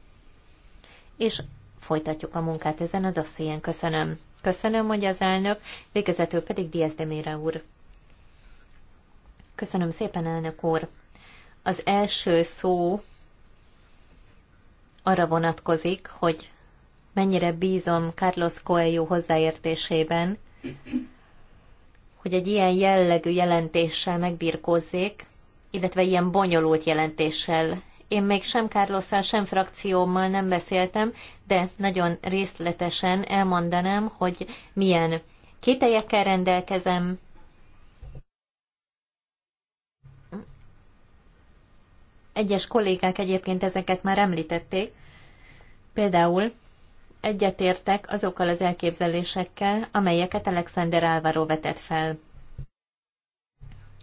és folytatjuk a munkát ezen a dosszién. Köszönöm. Köszönöm, mondja az elnök, végezetül pedig Diaz Demére úr. Köszönöm szépen, elnök úr. Az első szó arra vonatkozik, hogy mennyire bízom Carlos Coelho hozzáértésében, hogy egy ilyen jellegű jelentéssel megbirkózzék, illetve ilyen bonyolult jelentéssel. Én még sem Kárlosszal, sem frakciómmal nem beszéltem, de nagyon részletesen elmondanám, hogy milyen kételyekkel rendelkezem, Egyes kollégák egyébként ezeket már említették. Például egyetértek azokkal az elképzelésekkel, amelyeket Alexander Álvaro vetett fel.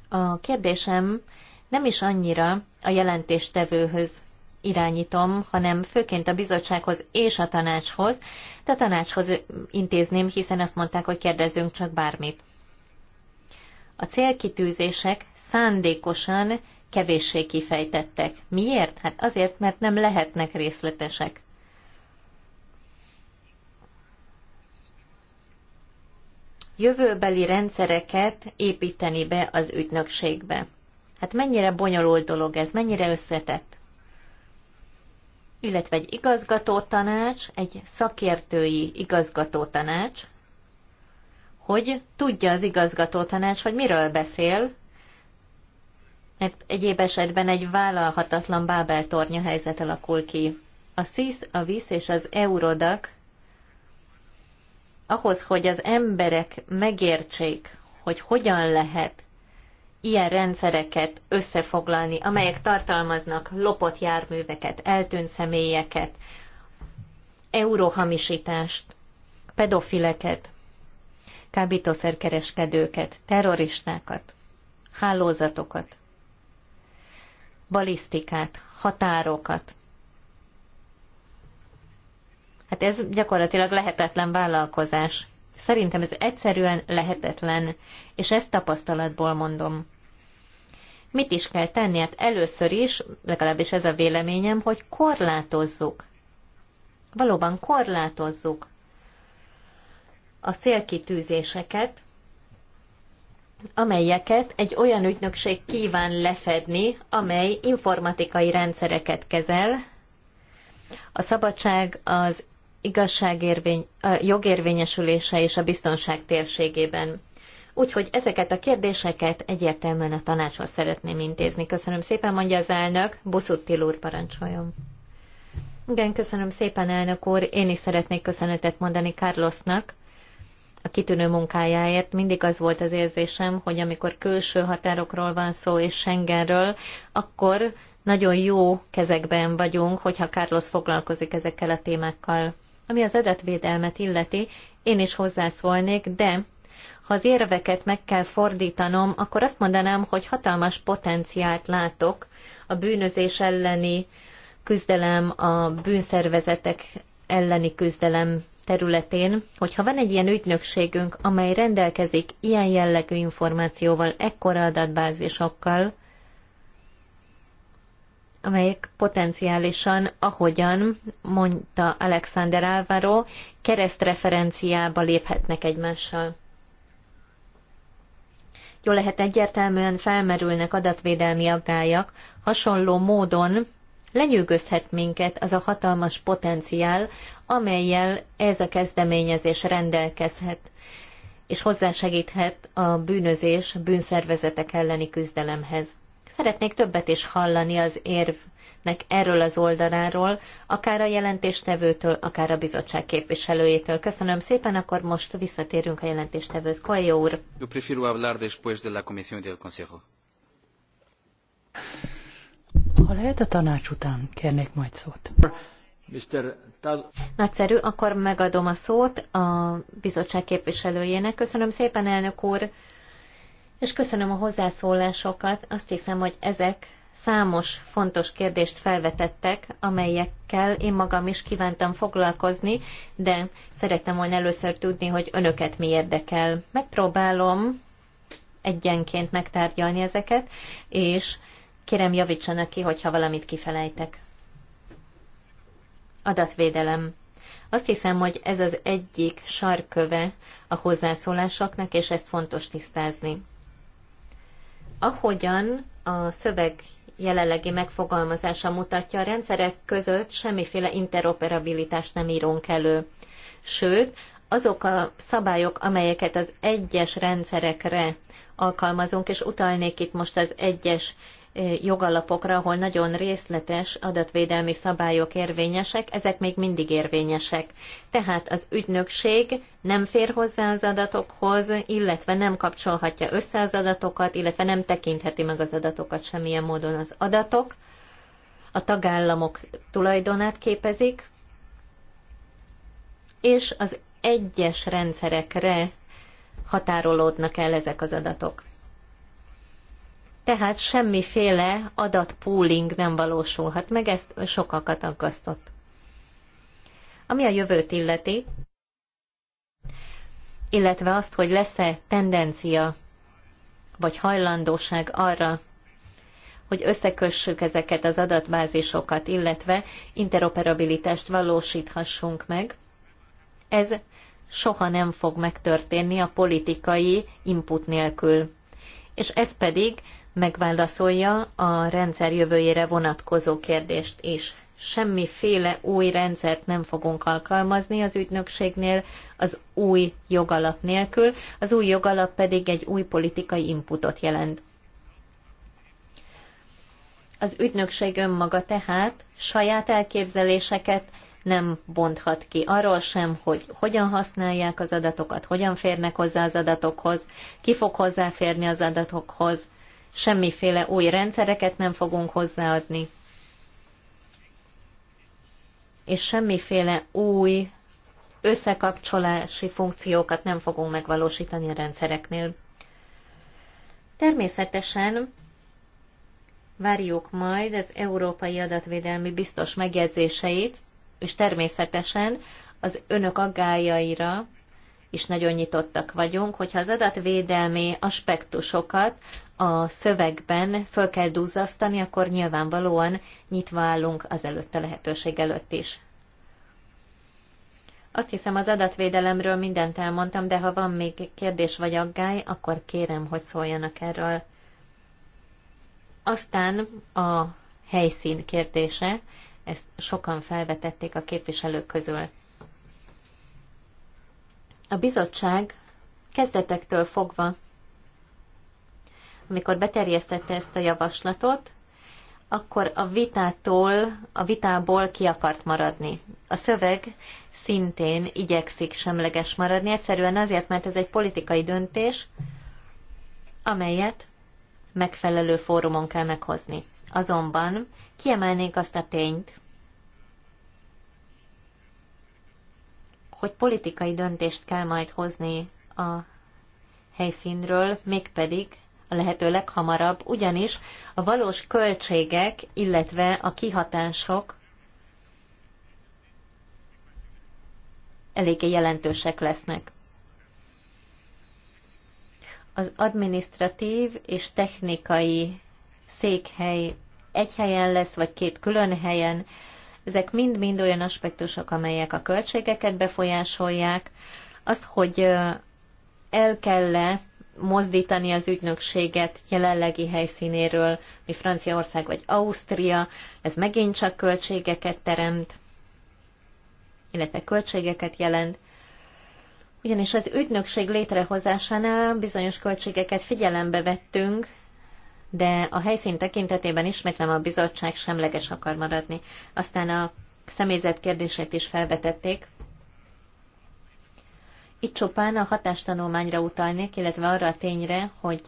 A kérdésem nem is annyira a jelentéstevőhöz irányítom, hanem főként a bizottsághoz és a tanácshoz, de a tanácshoz intézném, hiszen azt mondták, hogy kérdezzünk csak bármit. A célkitűzések szándékosan kevéssé kifejtettek. Miért? Hát azért, mert nem lehetnek részletesek. jövőbeli rendszereket építeni be az ügynökségbe. Hát mennyire bonyolult dolog ez, mennyire összetett. Illetve egy igazgatótanács, egy szakértői igazgatótanács, hogy tudja az igazgatótanács, hogy miről beszél, mert egyéb esetben egy vállalhatatlan bábeltornya helyzet alakul ki. A SZISZ, a VISZ és az Eurodac ahhoz, hogy az emberek megértsék, hogy hogyan lehet ilyen rendszereket összefoglalni, amelyek tartalmaznak lopott járműveket, eltűnt személyeket, eurohamisítást, pedofileket, kábítószerkereskedőket, terroristákat, hálózatokat, balisztikát, határokat, Hát ez gyakorlatilag lehetetlen vállalkozás. Szerintem ez egyszerűen lehetetlen, és ezt tapasztalatból mondom. Mit is kell tenni? Hát először is, legalábbis ez a véleményem, hogy korlátozzuk. Valóban korlátozzuk a célkitűzéseket, amelyeket egy olyan ügynökség kíván lefedni, amely informatikai rendszereket kezel. A szabadság, az igazságérvény, a jogérvényesülése és a biztonság térségében. Úgyhogy ezeket a kérdéseket egyértelműen a tanácshoz szeretném intézni. Köszönöm szépen, mondja az elnök. Buszuttil úr, parancsoljon. Igen, köszönöm szépen, elnök úr. Én is szeretnék köszönetet mondani Carlosnak a kitűnő munkájáért. Mindig az volt az érzésem, hogy amikor külső határokról van szó és Schengenről, akkor nagyon jó kezekben vagyunk, hogyha Carlos foglalkozik ezekkel a témákkal. Ami az adatvédelmet illeti, én is hozzászólnék, de ha az érveket meg kell fordítanom, akkor azt mondanám, hogy hatalmas potenciált látok a bűnözés elleni küzdelem, a bűnszervezetek elleni küzdelem területén, hogyha van egy ilyen ügynökségünk, amely rendelkezik ilyen jellegű információval, ekkora adatbázisokkal, amelyek potenciálisan, ahogyan mondta Alexander Álvaro, keresztreferenciába léphetnek egymással. Jó lehet egyértelműen felmerülnek adatvédelmi aggályak hasonló módon lenyűgözhet minket az a hatalmas potenciál, amelyel ez a kezdeményezés rendelkezhet, és hozzásegíthet a bűnözés bűnszervezetek elleni küzdelemhez. Szeretnék többet is hallani az érvnek erről az oldaláról, akár a jelentéstevőtől, akár a bizottság képviselőjétől. Köszönöm szépen, akkor most visszatérünk a jelentéstevőhöz. kajó úr. Yo prefiero hablar después de la comisión del consejo. Ha lehet a tanács után, kérnék majd szót. Nagyszerű, akkor megadom a szót a bizottság képviselőjének. Köszönöm szépen, elnök úr és köszönöm a hozzászólásokat. Azt hiszem, hogy ezek számos fontos kérdést felvetettek, amelyekkel én magam is kívántam foglalkozni, de szerettem volna először tudni, hogy önöket mi érdekel. Megpróbálom egyenként megtárgyalni ezeket, és kérem javítsanak ki, hogyha valamit kifelejtek. Adatvédelem. Azt hiszem, hogy ez az egyik sarköve a hozzászólásoknak, és ezt fontos tisztázni. Ahogyan a szöveg jelenlegi megfogalmazása mutatja, a rendszerek között semmiféle interoperabilitást nem írunk elő. Sőt, azok a szabályok, amelyeket az egyes rendszerekre alkalmazunk, és utalnék itt most az egyes jogalapokra, ahol nagyon részletes adatvédelmi szabályok érvényesek, ezek még mindig érvényesek. Tehát az ügynökség nem fér hozzá az adatokhoz, illetve nem kapcsolhatja össze az adatokat, illetve nem tekintheti meg az adatokat semmilyen módon az adatok. A tagállamok tulajdonát képezik, és az egyes rendszerekre határolódnak el ezek az adatok tehát semmiféle adatpooling nem valósulhat meg, ezt sokakat aggasztott. Ami a jövőt illeti, illetve azt, hogy lesz-e tendencia vagy hajlandóság arra, hogy összekössük ezeket az adatbázisokat, illetve interoperabilitást valósíthassunk meg. Ez soha nem fog megtörténni a politikai input nélkül. És ez pedig megválaszolja a rendszer jövőjére vonatkozó kérdést is. Semmiféle új rendszert nem fogunk alkalmazni az ügynökségnél az új jogalap nélkül, az új jogalap pedig egy új politikai inputot jelent. Az ügynökség önmaga tehát saját elképzeléseket nem bonthat ki arról sem, hogy hogyan használják az adatokat, hogyan férnek hozzá az adatokhoz, ki fog hozzáférni az adatokhoz, semmiféle új rendszereket nem fogunk hozzáadni, és semmiféle új összekapcsolási funkciókat nem fogunk megvalósítani a rendszereknél. Természetesen várjuk majd az Európai Adatvédelmi Biztos megjegyzéseit, és természetesen az önök aggájaira is nagyon nyitottak vagyunk, hogyha az adatvédelmi aspektusokat a szövegben föl kell duzzasztani, akkor nyilvánvalóan nyitva állunk az előtt a lehetőség előtt is. Azt hiszem az adatvédelemről mindent elmondtam, de ha van még kérdés vagy aggály, akkor kérem, hogy szóljanak erről. Aztán a helyszín kérdése, ezt sokan felvetették a képviselők közül. A bizottság kezdetektől fogva, amikor beterjesztette ezt a javaslatot, akkor a vitától, a vitából ki akart maradni. A szöveg szintén igyekszik semleges maradni, egyszerűen azért, mert ez egy politikai döntés, amelyet megfelelő fórumon kell meghozni. Azonban kiemelnénk azt a tényt, hogy politikai döntést kell majd hozni a helyszínről, mégpedig a lehető leghamarabb, ugyanis a valós költségek, illetve a kihatások eléggé jelentősek lesznek. Az administratív és technikai székhely egy helyen lesz, vagy két külön helyen, ezek mind-mind olyan aspektusok, amelyek a költségeket befolyásolják. Az, hogy el kell -e mozdítani az ügynökséget jelenlegi helyszínéről, mi Franciaország vagy Ausztria, ez megint csak költségeket teremt, illetve költségeket jelent. Ugyanis az ügynökség létrehozásánál bizonyos költségeket figyelembe vettünk, de a helyszín tekintetében ismétlem a bizottság semleges akar maradni. Aztán a személyzet kérdését is felvetették. Itt csupán a hatástanulmányra utalnék, illetve arra a tényre, hogy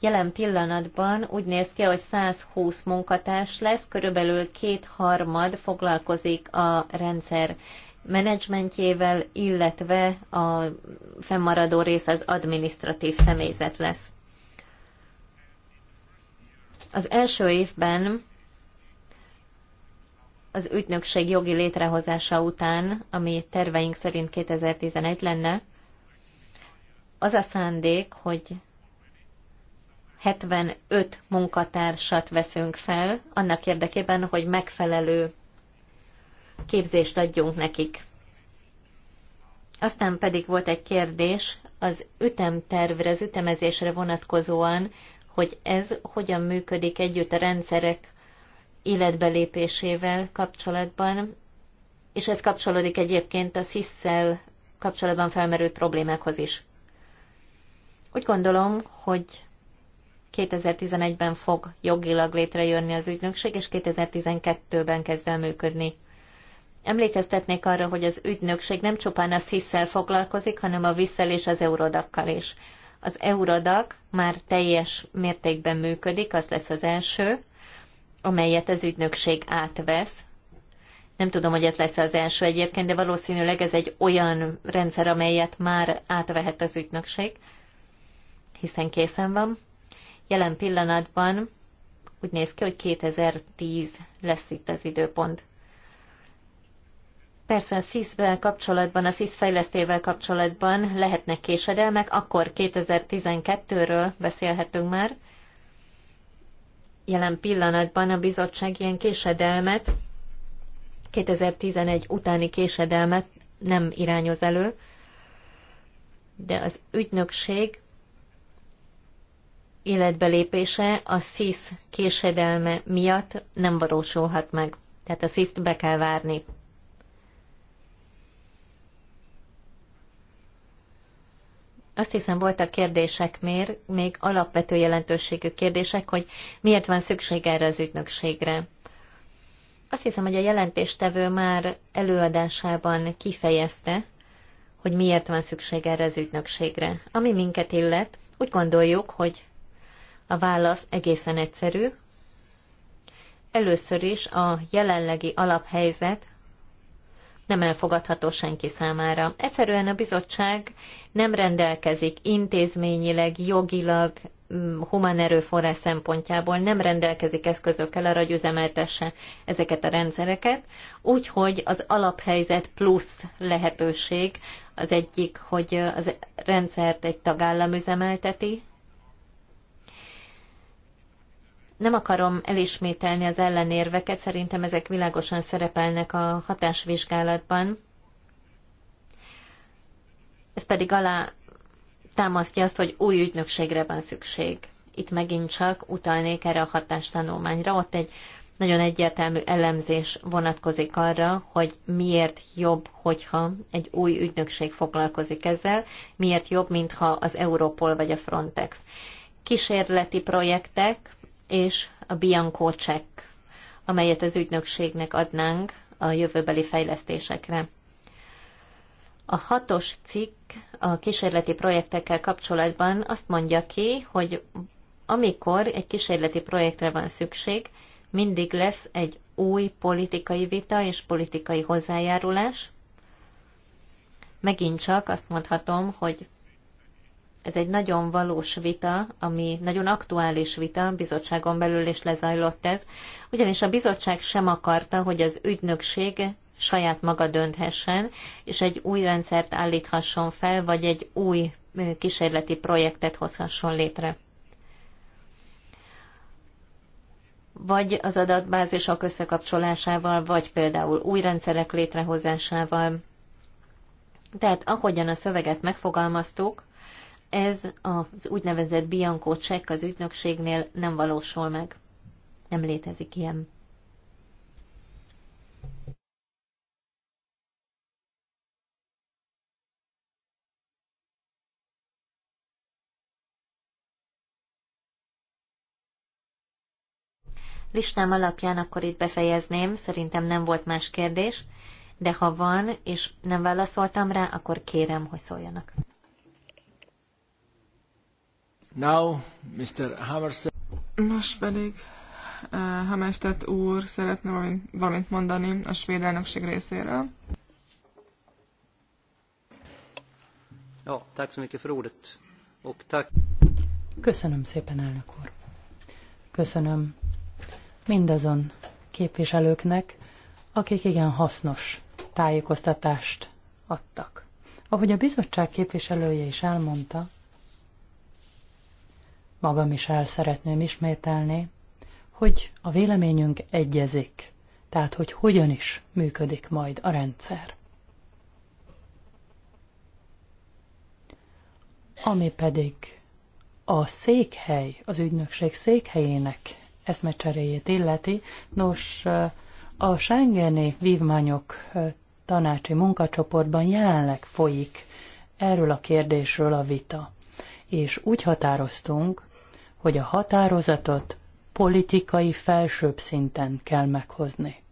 jelen pillanatban úgy néz ki, hogy 120 munkatárs lesz, körülbelül kétharmad foglalkozik a rendszer menedzsmentjével, illetve a fennmaradó rész az administratív személyzet lesz. Az első évben az ügynökség jogi létrehozása után, ami terveink szerint 2011 lenne, az a szándék, hogy 75 munkatársat veszünk fel, annak érdekében, hogy megfelelő képzést adjunk nekik. Aztán pedig volt egy kérdés az ütemtervre, az ütemezésre vonatkozóan, hogy ez hogyan működik együtt a rendszerek életbelépésével kapcsolatban, és ez kapcsolódik egyébként a szisszel kapcsolatban felmerült problémákhoz is. Úgy gondolom, hogy 2011-ben fog jogilag létrejönni az ügynökség, és 2012-ben kezd el működni. Emlékeztetnék arra, hogy az ügynökség nem csupán a sziszel foglalkozik, hanem a visszel és az eurodakkal is. Az Eurodac már teljes mértékben működik, az lesz az első, amelyet az ügynökség átvesz. Nem tudom, hogy ez lesz az első egyébként, de valószínűleg ez egy olyan rendszer, amelyet már átvehet az ügynökség, hiszen készen van. Jelen pillanatban úgy néz ki, hogy 2010 lesz itt az időpont. Persze a sis kapcsolatban, a SIS fejlesztével kapcsolatban lehetnek késedelmek, akkor 2012-ről beszélhetünk már. Jelen pillanatban a bizottság ilyen késedelmet, 2011 utáni késedelmet nem irányoz elő, de az ügynökség életbelépése a SIS késedelme miatt nem valósulhat meg. Tehát a sis be kell várni. Azt hiszem voltak kérdések mér, még alapvető jelentőségű kérdések, hogy miért van szükség erre az ügynökségre. Azt hiszem, hogy a jelentéstevő már előadásában kifejezte, hogy miért van szükség erre az ügynökségre. Ami minket illet, úgy gondoljuk, hogy a válasz egészen egyszerű. Először is a jelenlegi alaphelyzet nem elfogadható senki számára. Egyszerűen a bizottság nem rendelkezik intézményileg, jogilag, mm, human erőforrás szempontjából nem rendelkezik eszközökkel arra, hogy üzemeltesse ezeket a rendszereket, úgyhogy az alaphelyzet plusz lehetőség az egyik, hogy az rendszert egy tagállam üzemelteti, nem akarom elismételni az ellenérveket, szerintem ezek világosan szerepelnek a hatásvizsgálatban. Ez pedig alá támasztja azt, hogy új ügynökségre van szükség. Itt megint csak utalnék erre a hatástanulmányra. Ott egy nagyon egyértelmű elemzés vonatkozik arra, hogy miért jobb, hogyha egy új ügynökség foglalkozik ezzel, miért jobb, mintha az Europol vagy a Frontex. Kísérleti projektek, és a Bianco check, amelyet az ügynökségnek adnánk a jövőbeli fejlesztésekre. A hatos cikk a kísérleti projektekkel kapcsolatban azt mondja ki, hogy amikor egy kísérleti projektre van szükség, mindig lesz egy új politikai vita és politikai hozzájárulás. Megint csak azt mondhatom, hogy ez egy nagyon valós vita, ami nagyon aktuális vita, a bizottságon belül is lezajlott ez, ugyanis a bizottság sem akarta, hogy az ügynökség saját maga dönthessen, és egy új rendszert állíthasson fel, vagy egy új kísérleti projektet hozhasson létre. Vagy az adatbázisok összekapcsolásával, vagy például új rendszerek létrehozásával. Tehát ahogyan a szöveget megfogalmaztuk, ez az úgynevezett Bianco csekk az ügynökségnél nem valósul meg. Nem létezik ilyen. Listám alapján akkor itt befejezném, szerintem nem volt más kérdés, de ha van, és nem válaszoltam rá, akkor kérem, hogy szóljanak. Most pedig uh, Hammerstedt úr szeretne valamint, mondani a svéd elnökség részéről. Ja, tack så mycket för ordet. Och tack. Köszönöm szépen, elnök úr. Köszönöm mindazon képviselőknek, akik igen hasznos tájékoztatást adtak. Ahogy a bizottság képviselője is elmondta, magam is el szeretném ismételni, hogy a véleményünk egyezik, tehát hogy hogyan is működik majd a rendszer. Ami pedig a székhely, az ügynökség székhelyének eszmecseréjét illeti, nos, a Schengeni vívmányok tanácsi munkacsoportban jelenleg folyik erről a kérdésről a vita. És úgy határoztunk, hogy a határozatot politikai felsőbb szinten kell meghozni.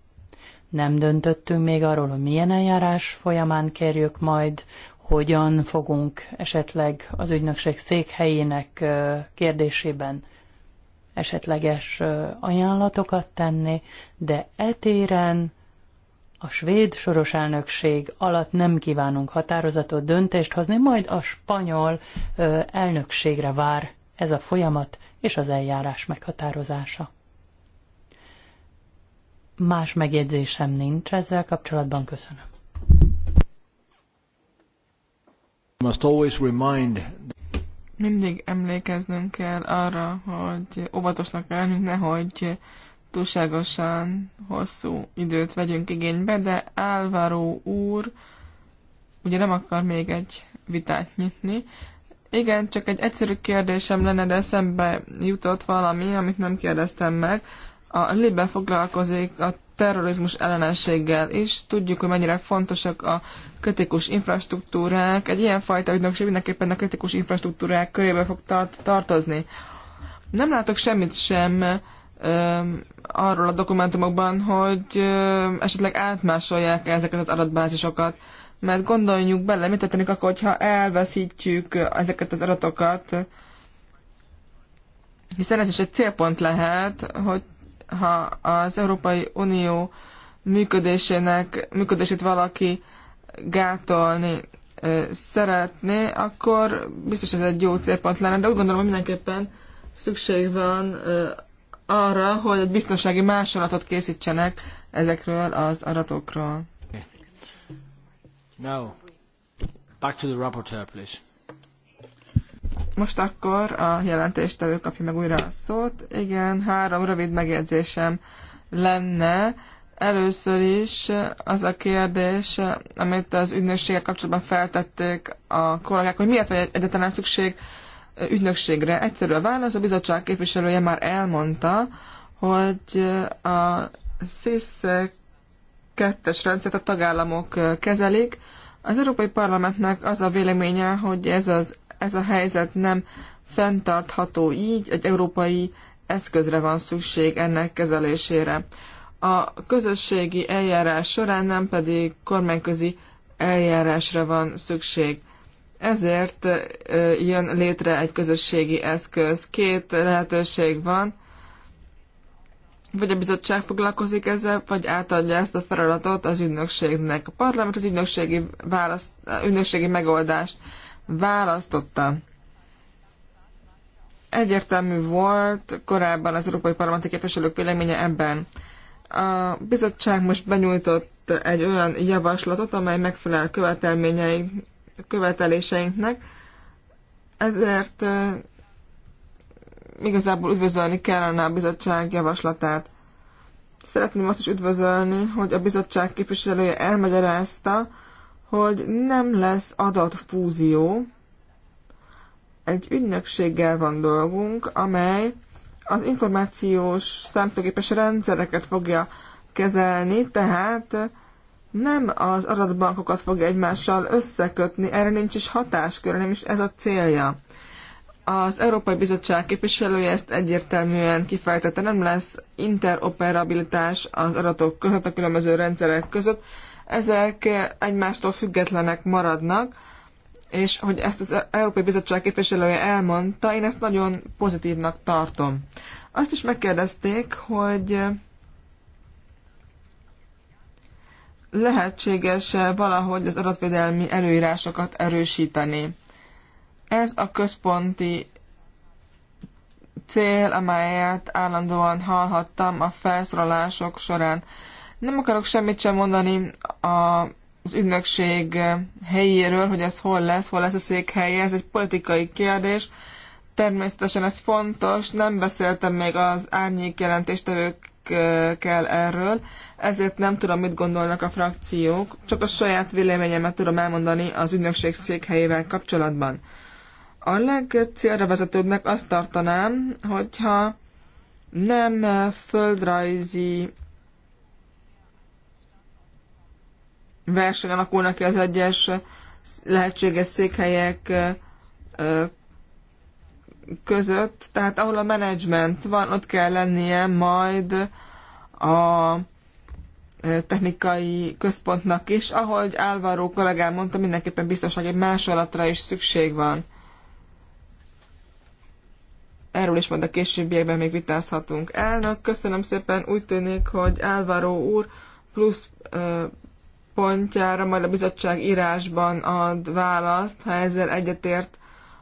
Nem döntöttünk még arról, hogy milyen eljárás folyamán kérjük majd, hogyan fogunk esetleg az ügynökség székhelyének kérdésében esetleges ajánlatokat tenni, de etéren a svéd soros elnökség alatt nem kívánunk határozatot döntést hozni, majd a spanyol elnökségre vár ez a folyamat és az eljárás meghatározása. Más megjegyzésem nincs ezzel kapcsolatban, köszönöm. Must always remind... Mindig emlékeznünk kell arra, hogy óvatosnak kell lennünk, nehogy túlságosan hosszú időt vegyünk igénybe, de álvaró úr ugye nem akar még egy vitát nyitni, igen, csak egy egyszerű kérdésem lenne, de eszembe jutott valami, amit nem kérdeztem meg. A Libe foglalkozik a terrorizmus ellenességgel is. Tudjuk, hogy mennyire fontosak a kritikus infrastruktúrák. Egy ilyen fajta ügynökség mindenképpen a kritikus infrastruktúrák körébe fog tar- tartozni. Nem látok semmit sem ö, arról a dokumentumokban, hogy ö, esetleg átmásolják ezeket az adatbázisokat mert gondoljunk bele, mit történik akkor, hogyha elveszítjük ezeket az adatokat, hiszen ez is egy célpont lehet, hogy ha az Európai Unió működésének, működését valaki gátolni szeretné, akkor biztos ez egy jó célpont lenne, de úgy gondolom, hogy mindenképpen szükség van arra, hogy egy biztonsági másolatot készítsenek ezekről az adatokról. Most akkor a jelentéstevő kapja meg újra a szót. Igen, három rövid megjegyzésem lenne. Először is az a kérdés, amit az ügynökséggel kapcsolatban feltették a kollégák, hogy miért van egyetlen szükség ügynökségre. Egyszerű a válasz, a bizottság képviselője már elmondta, hogy a sziszek kettes rendszert a tagállamok kezelik. Az Európai Parlamentnek az a véleménye, hogy ez, az, ez a helyzet nem fenntartható így, egy európai eszközre van szükség ennek kezelésére. A közösségi eljárás során nem pedig kormányközi eljárásra van szükség. Ezért jön létre egy közösségi eszköz. Két lehetőség van vagy a bizottság foglalkozik ezzel, vagy átadja ezt a feladatot az ügynökségnek. A parlament az ügynökségi, választ, ügynökségi megoldást választotta. Egyértelmű volt korábban az európai parlamenti képviselők véleménye ebben. A bizottság most benyújtott egy olyan javaslatot, amely megfelel követelményei, követeléseinknek, ezért igazából üdvözölni kellene a bizottság javaslatát. Szeretném azt is üdvözölni, hogy a bizottság képviselője elmagyarázta, hogy nem lesz adatfúzió. Egy ügynökséggel van dolgunk, amely az információs számítógépes rendszereket fogja kezelni, tehát nem az adatbankokat fogja egymással összekötni, erre nincs is hatáskör, nem is ez a célja. Az Európai Bizottság képviselője ezt egyértelműen kifejtette, nem lesz interoperabilitás az adatok között, a különböző rendszerek között. Ezek egymástól függetlenek maradnak, és hogy ezt az Európai Bizottság képviselője elmondta, én ezt nagyon pozitívnak tartom. Azt is megkérdezték, hogy lehetséges valahogy az adatvédelmi előírásokat erősíteni. Ez a központi cél, amelyet állandóan hallhattam a felszólalások során. Nem akarok semmit sem mondani a az ügynökség helyéről, hogy ez hol lesz, hol lesz a székhelye, ez egy politikai kérdés. Természetesen ez fontos, nem beszéltem még az árnyék jelentéstevőkkel erről, ezért nem tudom, mit gondolnak a frakciók, csak a saját véleményemet tudom elmondani az ügynökség székhelyével kapcsolatban. A legcélra vezetőbbnek azt tartanám, hogyha nem földrajzi verseny alakulnak ki az egyes lehetséges székhelyek között, tehát ahol a menedzsment van, ott kell lennie majd a technikai központnak is. Ahogy Álvaró kollégám mondta, mindenképpen biztonsági másolatra is szükség van. Erről is majd a későbbiekben még vitázhatunk. Elnök, köszönöm szépen, úgy tűnik, hogy Álvaro úr plusz pontjára majd a bizottság írásban ad választ, ha ezzel egyetért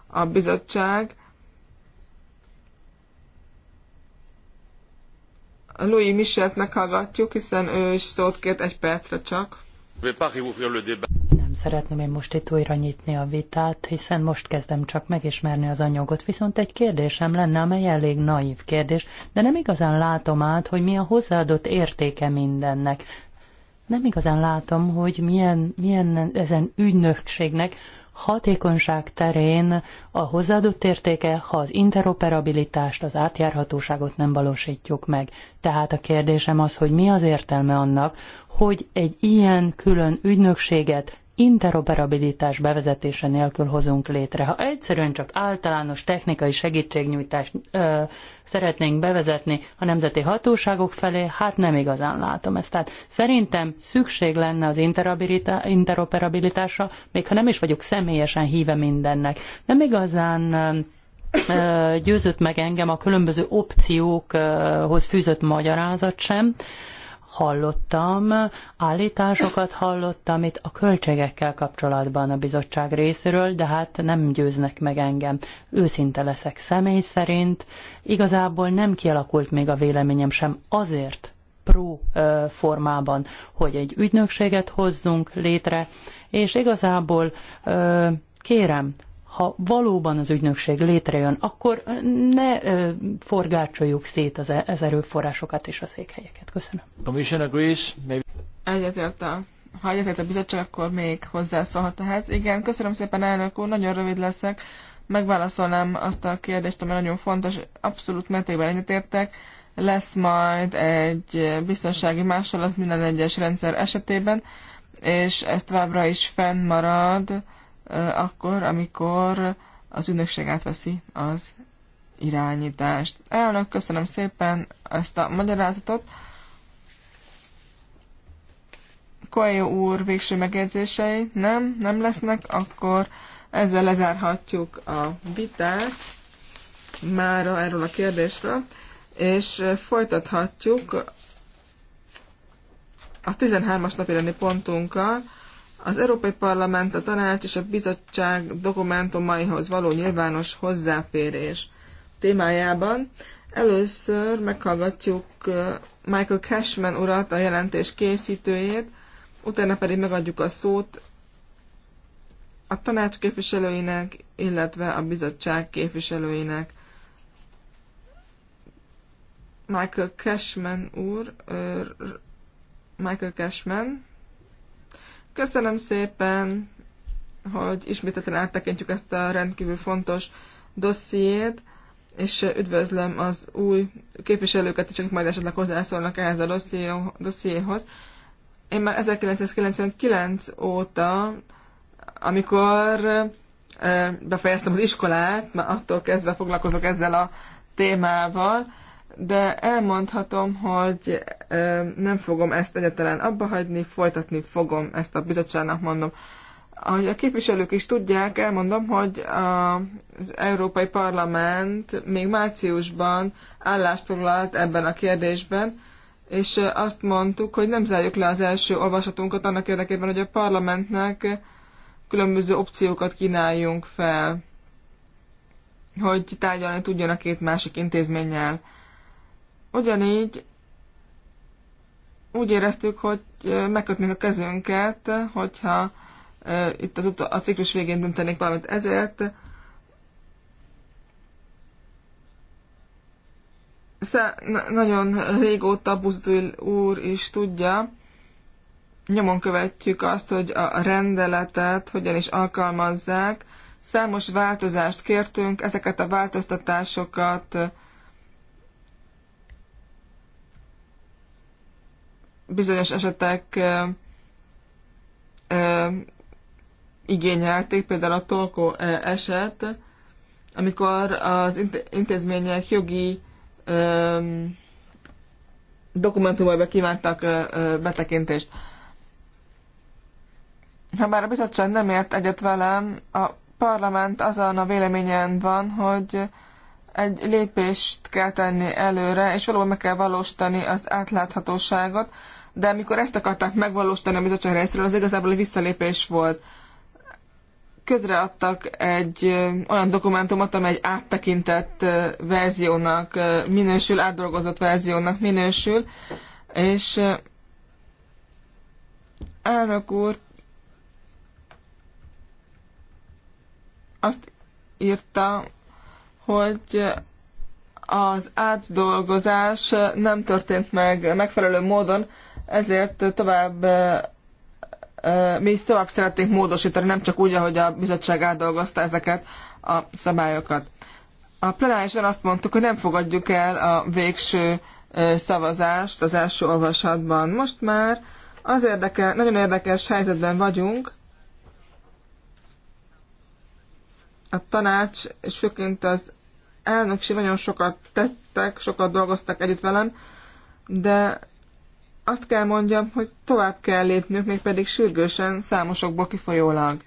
a bizottság. Louis Michelt meghallgatjuk, hiszen ő is szót kért egy percre csak szeretném én most itt újra nyitni a vitát, hiszen most kezdem csak megismerni az anyagot, viszont egy kérdésem lenne, amely elég naív kérdés, de nem igazán látom át, hogy mi a hozzáadott értéke mindennek. Nem igazán látom, hogy milyen, milyen ezen ügynökségnek hatékonyság terén a hozzáadott értéke, ha az interoperabilitást, az átjárhatóságot nem valósítjuk meg. Tehát a kérdésem az, hogy mi az értelme annak, hogy egy ilyen külön ügynökséget interoperabilitás bevezetése nélkül hozunk létre. Ha egyszerűen csak általános technikai segítségnyújtást ö, szeretnénk bevezetni a nemzeti hatóságok felé, hát nem igazán látom ezt. Tehát szerintem szükség lenne az interoperabilitásra, még ha nem is vagyok személyesen híve mindennek. Nem igazán ö, győzött meg engem a különböző opciókhoz fűzött magyarázat sem. Ö, hallottam, állításokat hallottam itt a költségekkel kapcsolatban a bizottság részéről, de hát nem győznek meg engem. Őszinte leszek személy szerint. Igazából nem kialakult még a véleményem sem azért pro formában, hogy egy ügynökséget hozzunk létre, és igazából kérem, ha valóban az ügynökség létrejön, akkor ne forgácsoljuk szét az, e, az erőforrásokat és a székhelyeket. Köszönöm. Commission agrees, maybe... Egyetért a, ha egyetért a bizottság, akkor még hozzászólhat ehhez. Igen, köszönöm szépen elnök úr, nagyon rövid leszek. Megválaszolnám azt a kérdést, ami nagyon fontos. Abszolút mértékben egyetértek. Lesz majd egy biztonsági másolat minden egyes rendszer esetében, és ez továbbra is fennmarad marad akkor, amikor az ügynökség átveszi az irányítást. Elnök, köszönöm szépen ezt a magyarázatot. Koelyó úr végső megjegyzései nem, nem lesznek, akkor ezzel lezárhatjuk a vitát már erről a kérdésről, és folytathatjuk a 13-as napi pontunkkal, az Európai Parlament, a Tanács és a Bizottság dokumentumaihoz való nyilvános hozzáférés témájában először meghallgatjuk uh, Michael Cashman urat, a jelentés készítőjét, utána pedig megadjuk a szót a tanács képviselőinek, illetve a bizottság képviselőinek. Michael Cashman úr, uh, Michael Cashman, Köszönöm szépen, hogy ismételten áttekintjük ezt a rendkívül fontos dossziét, és üdvözlöm az új képviselőket akik majd esetleg hozzászólnak ehhez a dossziéhoz. Én már 1999 óta, amikor eh, befejeztem az iskolát, már attól kezdve foglalkozok ezzel a témával, de elmondhatom, hogy nem fogom ezt egyetlen abba hagyni, folytatni fogom ezt a bizottságnak mondom. Ahogy a képviselők is tudják, elmondom, hogy az Európai Parlament még márciusban állást foglalt ebben a kérdésben, és azt mondtuk, hogy nem zárjuk le az első olvasatunkat annak érdekében, hogy a parlamentnek különböző opciókat kínáljunk fel, hogy tárgyalni tudjon a két másik intézménnyel. Ugyanígy úgy éreztük, hogy megkötnék a kezünket, hogyha itt az a ciklus végén döntenék valamit. Ezért nagyon régóta Buzdül úr is tudja, nyomon követjük azt, hogy a rendeletet hogyan is alkalmazzák. Számos változást kértünk, ezeket a változtatásokat bizonyos esetek igényelték, például a Tolko eset, amikor az intézmények jogi dokumentumaiba kívántak betekintést. Ha bár a bizottság nem ért egyet velem, a parlament azon a véleményen van, hogy egy lépést kell tenni előre, és valóban meg kell valósítani az átláthatóságot, de amikor ezt akarták megvalósítani a bizottság részéről, az igazából egy visszalépés volt. Közreadtak egy olyan dokumentumot, amely egy áttekintett verziónak minősül, átdolgozott verziónak minősül, és elnök úr azt írta, hogy az átdolgozás nem történt meg megfelelő módon, ezért tovább mi is tovább szeretnénk módosítani, nem csak úgy, ahogy a bizottság átdolgozta ezeket a szabályokat. A plenárison azt mondtuk, hogy nem fogadjuk el a végső szavazást az első olvasatban. Most már az érdeke, nagyon érdekes helyzetben vagyunk, a tanács, és főként az elnökség nagyon sokat tettek, sokat dolgoztak együtt velem, de azt kell mondjam, hogy tovább kell lépnünk, mégpedig sürgősen, számosokból kifolyólag.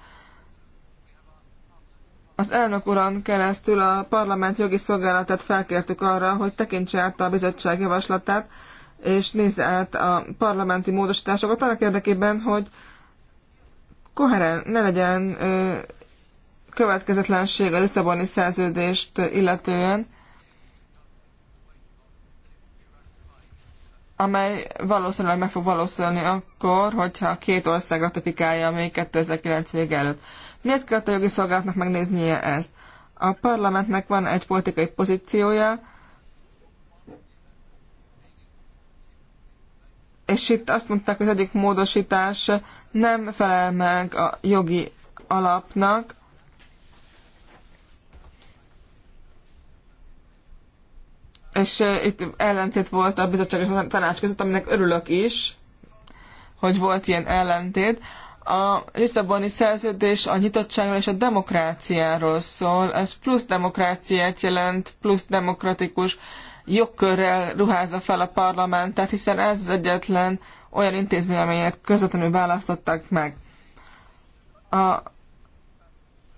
Az elnök uran keresztül a parlament jogi szolgálatát felkértük arra, hogy tekintse át a bizottság javaslatát, és nézze át a parlamenti módosításokat annak érdekében, hogy koheren, ne legyen ö, következetlenség a Lisszaboni szerződést illetően, amely valószínűleg meg fog valószínűleg akkor, hogyha két ország ratifikálja még 2009 vége előtt. Miért kellett a jogi szolgálatnak megnéznie ezt? A parlamentnek van egy politikai pozíciója, és itt azt mondták, hogy az egyik módosítás nem felel meg a jogi alapnak, és itt ellentét volt a bizottsági tanács között, aminek örülök is, hogy volt ilyen ellentét. A Lisszaboni szerződés a nyitottságról és a demokráciáról szól. Ez plusz demokráciát jelent, plusz demokratikus jogkörrel ruházza fel a parlamentet, hiszen ez az egyetlen olyan intézmény, amelyet közvetlenül választották meg. A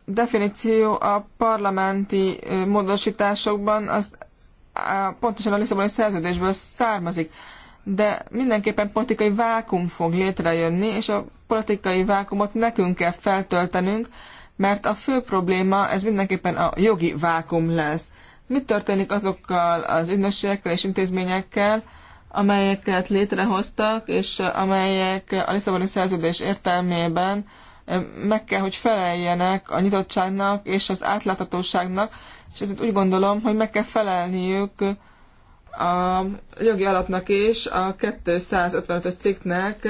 definíció a parlamenti módosításokban azt pontosan a Lisszaboni szerződésből származik. De mindenképpen politikai vákum fog létrejönni, és a politikai vákumot nekünk kell feltöltenünk, mert a fő probléma ez mindenképpen a jogi vákum lesz. Mi történik azokkal az ügynökségekkel és intézményekkel, amelyeket létrehoztak, és amelyek a Lisszaboni szerződés értelmében meg kell, hogy feleljenek a nyitottságnak és az átláthatóságnak, és ezért úgy gondolom, hogy meg kell felelniük a jogi alapnak is, a 255-ös cikknek,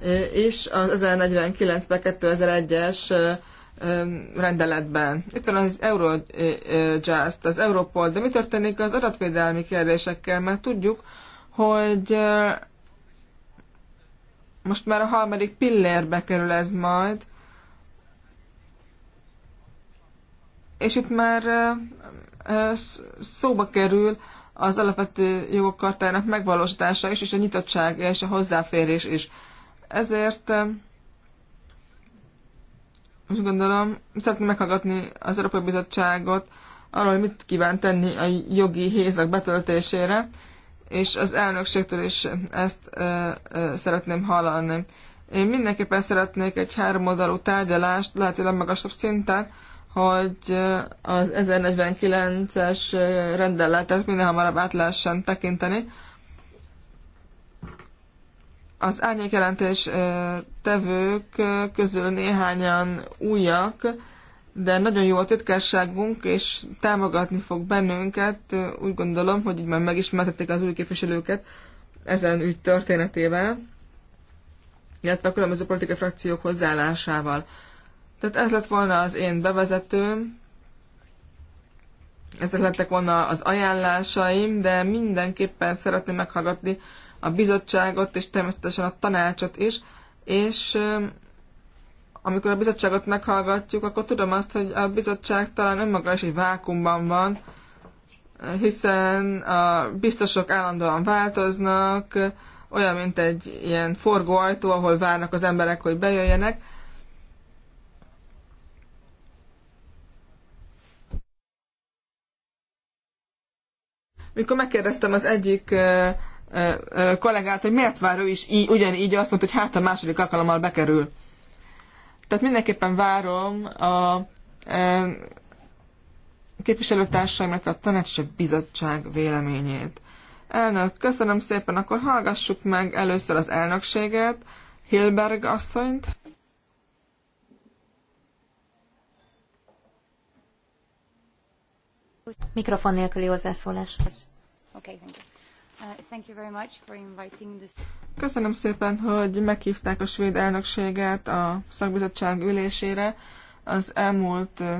e, és az 1049 2001-es e, e, rendeletben. Itt van az Eurojust, az Europol, de mi történik az adatvédelmi kérdésekkel? Mert tudjuk, hogy most már a harmadik pillérbe kerül ez majd, és itt már szóba kerül az alapvető jogok kartának megvalósítása is, és a nyitottság és a hozzáférés is. Ezért úgy gondolom, szeretném meghallgatni az Európai Bizottságot arról, hogy mit kíván tenni a jogi hézak betöltésére, és az elnökségtől is ezt ö, ö, szeretném hallani. Én mindenképpen szeretnék egy háromoldalú tárgyalást, lehetőleg magasabb szinten, hogy az 1049-es rendeletet minél hamarabb át lehessen tekinteni. Az árnyékjelentés tevők közül néhányan újak, de nagyon jó a titkárságunk, és támogatni fog bennünket. Úgy gondolom, hogy így már megismertették az új képviselőket ezen ügy történetével, illetve a különböző politikai frakciók hozzáállásával. Tehát ez lett volna az én bevezetőm, ezek lettek volna az ajánlásaim, de mindenképpen szeretném meghallgatni a bizottságot, és természetesen a tanácsot is, és amikor a bizottságot meghallgatjuk, akkor tudom azt, hogy a bizottság talán önmaga is egy vákumban van, hiszen a biztosok állandóan változnak, olyan, mint egy ilyen forgóajtó, ahol várnak az emberek, hogy bejöjjenek, Mikor megkérdeztem az egyik kollégát, hogy miért vár ő is így, ugyanígy, azt mondta, hogy hát a második alkalommal bekerül. Tehát mindenképpen várom a képviselőtársaim, illetve a tanács bizottság véleményét. Elnök, köszönöm szépen, akkor hallgassuk meg először az elnökséget, Hilberg asszonyt. Mikrofon nélküli hozzászólás. Uh, Köszönöm szépen, hogy meghívták a svéd elnökséget a szakbizottság ülésére. Az elmúlt uh,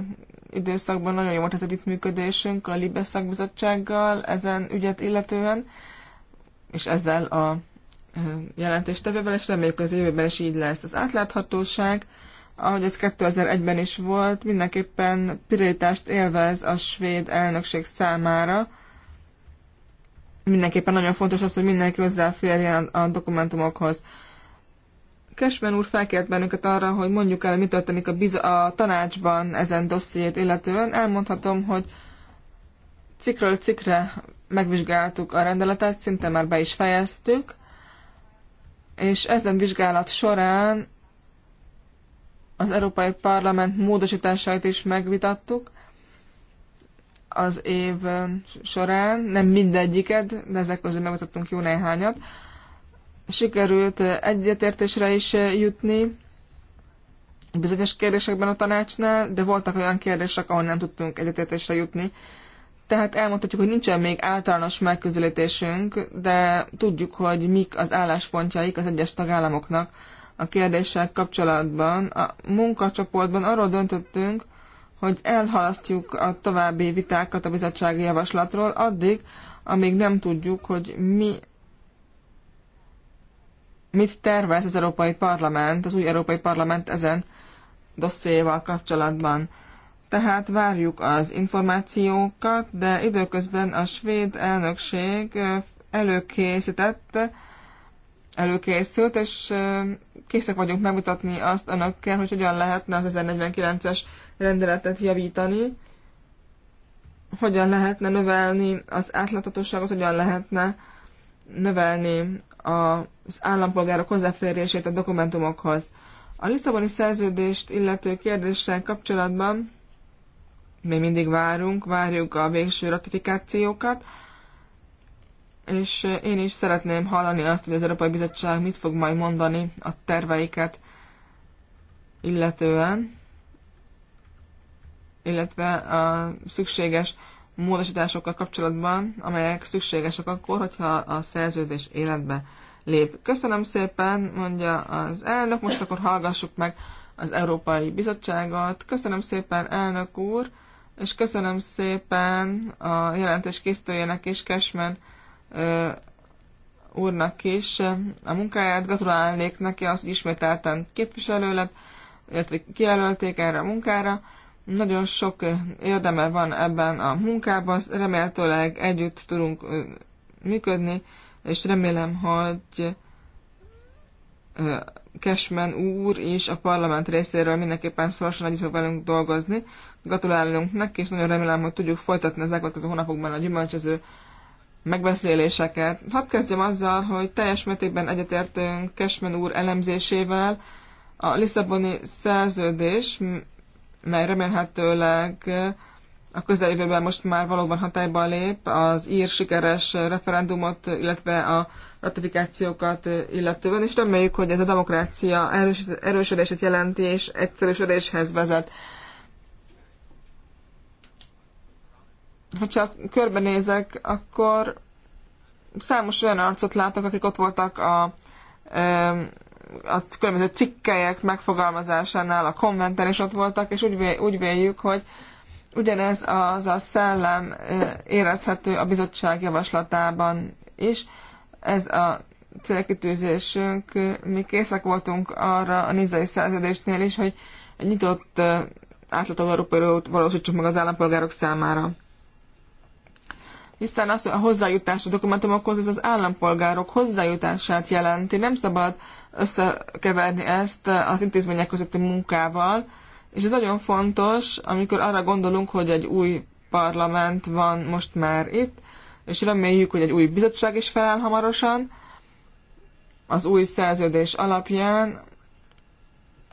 időszakban nagyon jó volt az együttműködésünk a Libe szakbizottsággal ezen ügyet illetően, és ezzel a uh, jelentéstevővel, és reméljük az jövőben is így lesz. Az átláthatóság ahogy ez 2001-ben is volt, mindenképpen pirítást élvez a svéd elnökség számára. Mindenképpen nagyon fontos az, hogy mindenki hozzáférjen a dokumentumokhoz. Kesben úr felkért bennünket arra, hogy mondjuk el, mi történik a, biz- a tanácsban ezen dossziét illetően. Elmondhatom, hogy cikről cikre megvizsgáltuk a rendeletet, szinte már be is fejeztük, és ezen vizsgálat során az Európai Parlament módosításait is megvitattuk az év során, nem mindegyiket, de ezek közül megvitattunk jó néhányat. Sikerült egyetértésre is jutni bizonyos kérdésekben a tanácsnál, de voltak olyan kérdések, ahol nem tudtunk egyetértésre jutni. Tehát elmondhatjuk, hogy nincsen még általános megközelítésünk, de tudjuk, hogy mik az álláspontjaik az egyes tagállamoknak a kérdéssel kapcsolatban. A munkacsoportban arról döntöttünk, hogy elhalasztjuk a további vitákat a bizottsági javaslatról addig, amíg nem tudjuk, hogy mi mit tervez az Európai Parlament, az új Európai Parlament ezen dosszéval kapcsolatban. Tehát várjuk az információkat, de időközben a svéd elnökség előkészített, előkészült, és készek vagyunk megmutatni azt önökkel, hogy hogyan lehetne az 1049-es rendeletet javítani, hogyan lehetne növelni az átláthatóságot, hogyan lehetne növelni az állampolgárok hozzáférését a dokumentumokhoz. A Lisszaboni szerződést illető kérdéssel kapcsolatban még mindig várunk, várjuk a végső ratifikációkat, és eh, én is szeretném hallani azt, hogy az Európai Bizottság mit fog majd mondani a terveiket illetően, illetve a szükséges módosításokkal kapcsolatban, amelyek szükségesek akkor, hogyha a szerződés életbe lép. Köszönöm szépen, mondja az elnök, most akkor hallgassuk meg az Európai Bizottságot. Köszönöm szépen, elnök úr, és köszönöm szépen a jelentés készítőjének és Kesmen úrnak is a munkáját. Gratulálnék neki, azt ismételten képviselő lett, illetve kijelölték erre a munkára. Nagyon sok érdeme van ebben a munkában, remélhetőleg együtt tudunk működni, és remélem, hogy Kesmen úr is a parlament részéről mindenképpen szorosan együtt fog velünk dolgozni. Gratulálunk neki, és nagyon remélem, hogy tudjuk folytatni az elkövetkező hónapokban a gyümölcsöző megbeszéléseket. Hadd kezdjem azzal, hogy teljes mértékben egyetértünk Kesmen úr elemzésével. A Lisszaboni szerződés, mely remélhetőleg a közeljövőben most már valóban hatályba lép, az ír sikeres referendumot, illetve a ratifikációkat illetően, és reméljük, hogy ez a demokrácia erősödését jelenti, és egyszerűsödéshez vezet. ha csak körbenézek, akkor számos olyan arcot látok, akik ott voltak a, a különböző cikkelyek megfogalmazásánál, a konventen is ott voltak, és úgy, úgy véljük, hogy ugyanez az a szellem érezhető a bizottság javaslatában is. Ez a célkitűzésünk, mi készek voltunk arra a nizai szerződésnél is, hogy nyitott átlátható Európai valósítsuk meg az állampolgárok számára hiszen az, a hozzájutás a dokumentumokhoz, ez az állampolgárok hozzájutását jelenti. Nem szabad összekeverni ezt az intézmények közötti munkával, és ez nagyon fontos, amikor arra gondolunk, hogy egy új parlament van most már itt, és reméljük, hogy egy új bizottság is feláll hamarosan, az új szerződés alapján,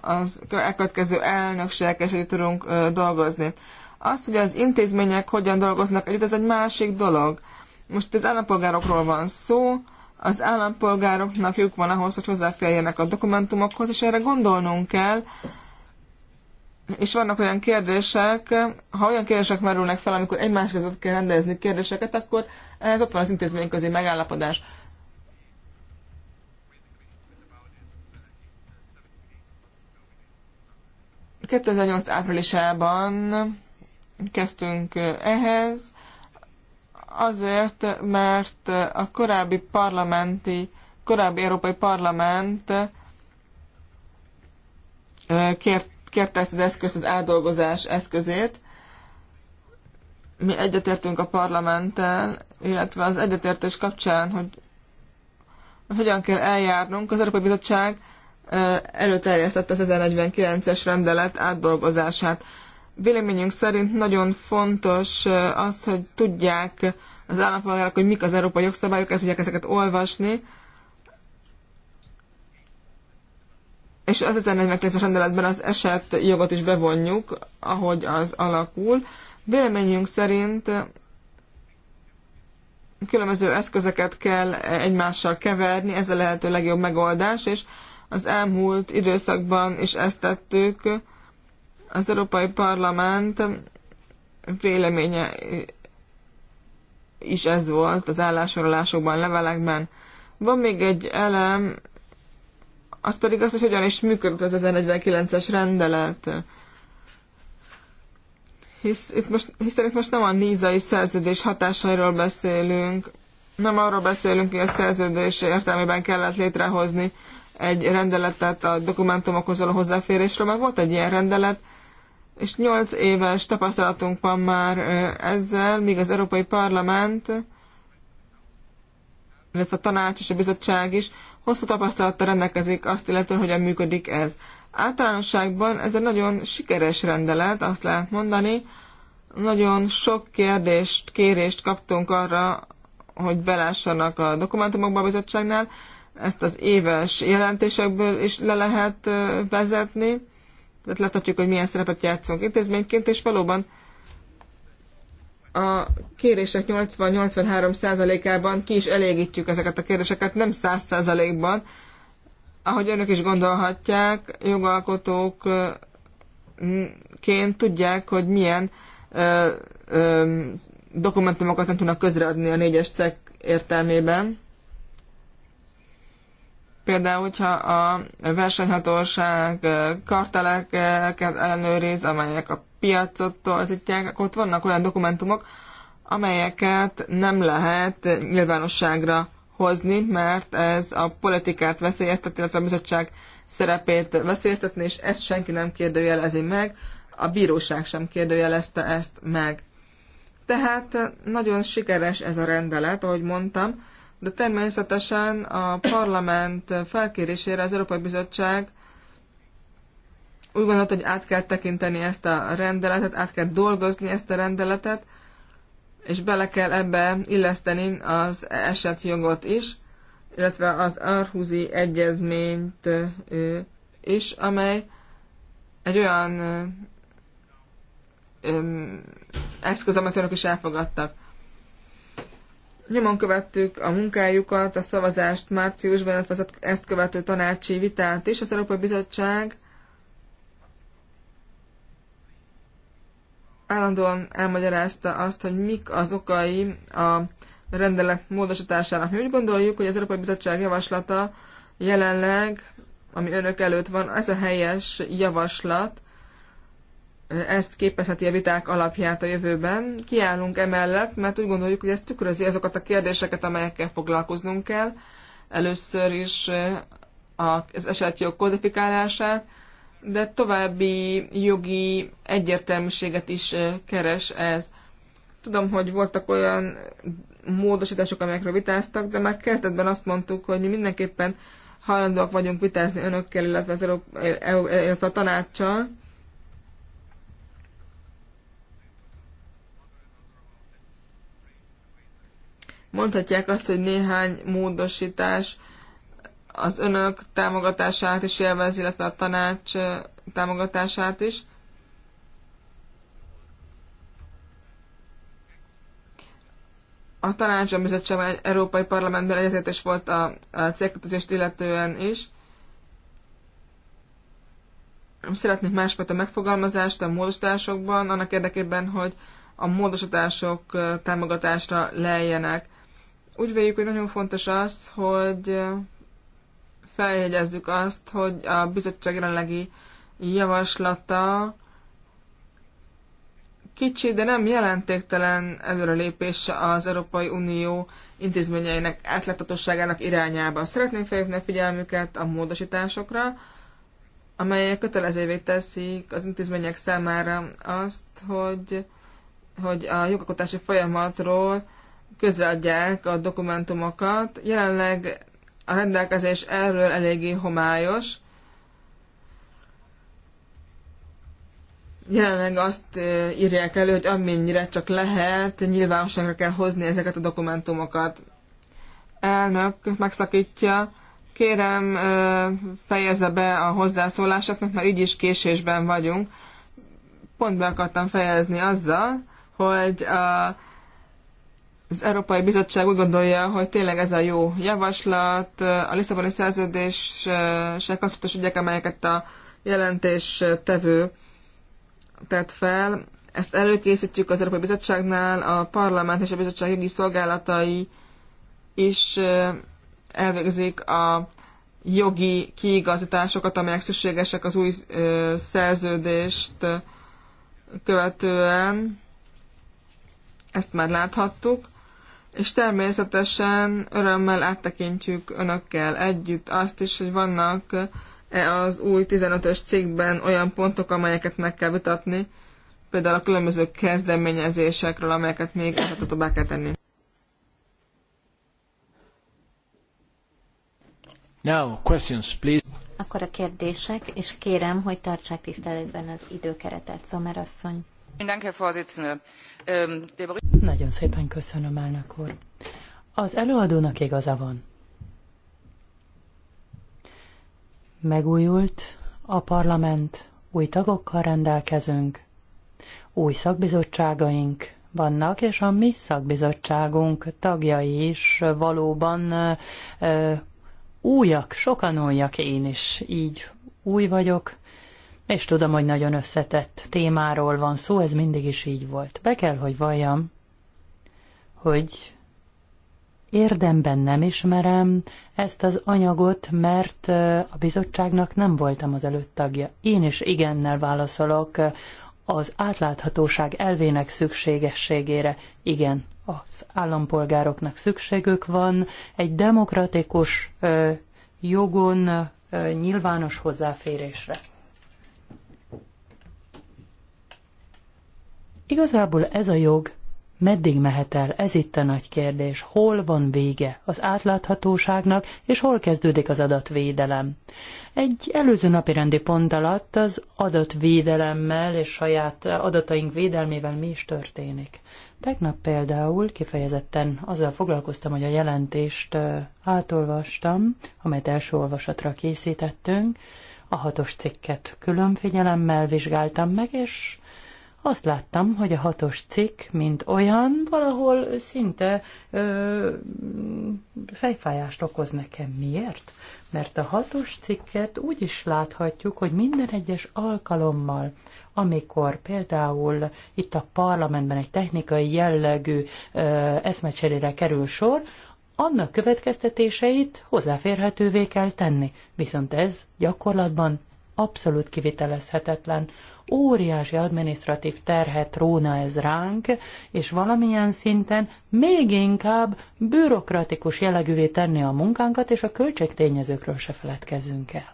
az elkövetkező elnökségekkel is tudunk dolgozni. Az, hogy az intézmények hogyan dolgoznak együtt, az egy másik dolog. Most itt az állampolgárokról van szó, az állampolgároknak jók van ahhoz, hogy hozzáférjenek a dokumentumokhoz, és erre gondolnunk kell, és vannak olyan kérdések, ha olyan kérdések merülnek fel, amikor egymás között kell rendezni kérdéseket, akkor ez ott van az intézmény közé megállapodás. ...2008 áprilisában kezdtünk ehhez, azért, mert a korábbi parlamenti, korábbi Európai Parlament kért, kérte ezt az eszközt, az átdolgozás eszközét. Mi egyetértünk a parlamenttel, illetve az egyetértés kapcsán, hogy hogyan kell eljárnunk. Az Európai Bizottság előterjesztette az 1049-es rendelet átdolgozását. Véleményünk szerint nagyon fontos az, hogy tudják az állampolgárok, hogy mik az európai jogszabályok, el tudják ezeket olvasni. És az 1049-es rendeletben az eset jogot is bevonjuk, ahogy az alakul. Véleményünk szerint különböző eszközeket kell egymással keverni, ez a lehető legjobb megoldás, és az elmúlt időszakban is ezt tettük, az Európai Parlament véleménye is ez volt az állásorolásokban, levelekben. Van még egy elem, az pedig az, hogy hogyan is működött az 1049-es rendelet. Hisz, itt most, hiszen itt most nem a nízai szerződés hatásairól beszélünk, nem arról beszélünk, hogy a szerződés értelmében kellett létrehozni egy rendeletet a dokumentumokhoz való hozzáférésről, mert volt egy ilyen rendelet, és nyolc éves tapasztalatunk van már ezzel, míg az Európai Parlament, illetve a tanács és a bizottság is hosszú tapasztalattal rendelkezik azt illetően, hogyan működik ez. Általánosságban ez egy nagyon sikeres rendelet, azt lehet mondani. Nagyon sok kérdést, kérést kaptunk arra, hogy belássanak a dokumentumokba a bizottságnál. Ezt az éves jelentésekből is le lehet vezetni tehát láthatjuk, hogy milyen szerepet játszunk intézményként, és valóban a kérések 80-83%-ában ki is elégítjük ezeket a kéréseket, nem 100%-ban. Ahogy önök is gondolhatják, jogalkotókként tudják, hogy milyen ö, ö, dokumentumokat nem tudnak közreadni a négyes cek értelmében. Például, hogyha a versenyhatóság karteleket ellenőriz, amelyek a piacot torzítják, akkor ott vannak olyan dokumentumok, amelyeket nem lehet nyilvánosságra hozni, mert ez a politikát veszélyeztet, illetve a bizottság szerepét veszélyeztetni, és ezt senki nem kérdőjelezi meg, a bíróság sem kérdőjelezte ezt meg. Tehát nagyon sikeres ez a rendelet, ahogy mondtam, de természetesen a parlament felkérésére az Európai Bizottság úgy gondolta, hogy át kell tekinteni ezt a rendeletet, át kell dolgozni ezt a rendeletet, és bele kell ebbe illeszteni az esetjogot is, illetve az Arhuzi egyezményt is, amely egy olyan eszköz, amit önök is elfogadtak. Nyomon követtük a munkájukat, a szavazást márciusban, illetve ezt követő tanácsi vitát is. Az Európai Bizottság állandóan elmagyarázta azt, hogy mik az okai a rendelet módosításának. Mi úgy gondoljuk, hogy az Európai Bizottság javaslata jelenleg, ami önök előtt van, ez a helyes javaslat, ezt képezheti a viták alapját a jövőben. Kiállunk emellett, mert úgy gondoljuk, hogy ez tükrözi azokat a kérdéseket, amelyekkel foglalkoznunk kell. Először is az esetjog kodifikálását, de további jogi egyértelműséget is keres ez. Tudom, hogy voltak olyan módosítások, amelyekről vitáztak, de már kezdetben azt mondtuk, hogy mi mindenképpen hajlandóak vagyunk vitázni önökkel, illetve, az, e- e- e- illetve a tanácssal, Mondhatják azt, hogy néhány módosítás az önök támogatását is élvez, illetve a tanács támogatását is. A tanács a bizottság, egy Európai Parlamentben egyetértés volt a, a célkötözést illetően is. Szeretnék másfajta megfogalmazást a módosításokban, annak érdekében, hogy a módosítások támogatásra lejjenek. Úgy véljük, hogy nagyon fontos az, hogy feljegyezzük azt, hogy a bizottság jelenlegi javaslata kicsi, de nem jelentéktelen előrelépés az Európai Unió intézményeinek átláthatóságának irányába. Szeretném felhívni a figyelmüket a módosításokra, amelyek kötelezővé teszik az intézmények számára azt, hogy, hogy a jogalkotási folyamatról közreadják a dokumentumokat. Jelenleg a rendelkezés erről eléggé homályos. Jelenleg azt írják elő, hogy amennyire csak lehet, nyilvánosságra kell hozni ezeket a dokumentumokat. Elnök megszakítja. Kérem, fejezze be a hozzászólásoknak, mert így is késésben vagyunk. Pont be akartam fejezni azzal, hogy a az Európai Bizottság úgy gondolja, hogy tényleg ez a jó javaslat. A Lisszaboni szerződéssel kapcsolatos ügyek, amelyeket a jelentés tevő tett fel, ezt előkészítjük az Európai Bizottságnál, a parlament és a bizottság jogi szolgálatai is elvégzik a jogi kiigazításokat, amelyek szükségesek az új szerződést követően. Ezt már láthattuk és természetesen örömmel áttekintjük önökkel együtt azt is, hogy vannak e az új 15-ös cikkben olyan pontok, amelyeket meg kell vitatni, például a különböző kezdeményezésekről, amelyeket még átláthatóbbá kell tenni. Now, questions, please. Akkor a kérdések, és kérem, hogy tartsák tiszteletben az időkeretet, Szomer asszony. Nagyon szépen köszönöm, elnök úr. Az előadónak igaza van. Megújult a parlament, új tagokkal rendelkezünk, új szakbizottságaink vannak, és a mi szakbizottságunk tagjai is valóban ö, újak, sokan újak, én is így új vagyok, és tudom, hogy nagyon összetett témáról van szó, ez mindig is így volt. Be kell, hogy valljam, hogy érdemben nem ismerem ezt az anyagot, mert a bizottságnak nem voltam az előtt tagja. Én is igennel válaszolok az átláthatóság elvének szükségességére. Igen, az állampolgároknak szükségük van egy demokratikus jogon nyilvános hozzáférésre. Igazából ez a jog meddig mehet el, ez itt a nagy kérdés. Hol van vége az átláthatóságnak, és hol kezdődik az adatvédelem? Egy előző napi rendi pont alatt az adatvédelemmel és saját adataink védelmével mi is történik. Tegnap például kifejezetten azzal foglalkoztam, hogy a jelentést átolvastam, amelyet első olvasatra készítettünk, a hatos cikket külön figyelemmel vizsgáltam meg, és azt láttam, hogy a hatos cikk, mint olyan, valahol szinte ö, fejfájást okoz nekem. Miért? Mert a hatos cikket úgy is láthatjuk, hogy minden egyes alkalommal, amikor például itt a parlamentben egy technikai jellegű ö, eszmecserére kerül sor, annak következtetéseit hozzáférhetővé kell tenni, viszont ez gyakorlatban abszolút kivitelezhetetlen. Óriási administratív terhet róna ez ránk, és valamilyen szinten még inkább bürokratikus jellegűvé tenni a munkánkat, és a költségtényezőkről se feledkezzünk el.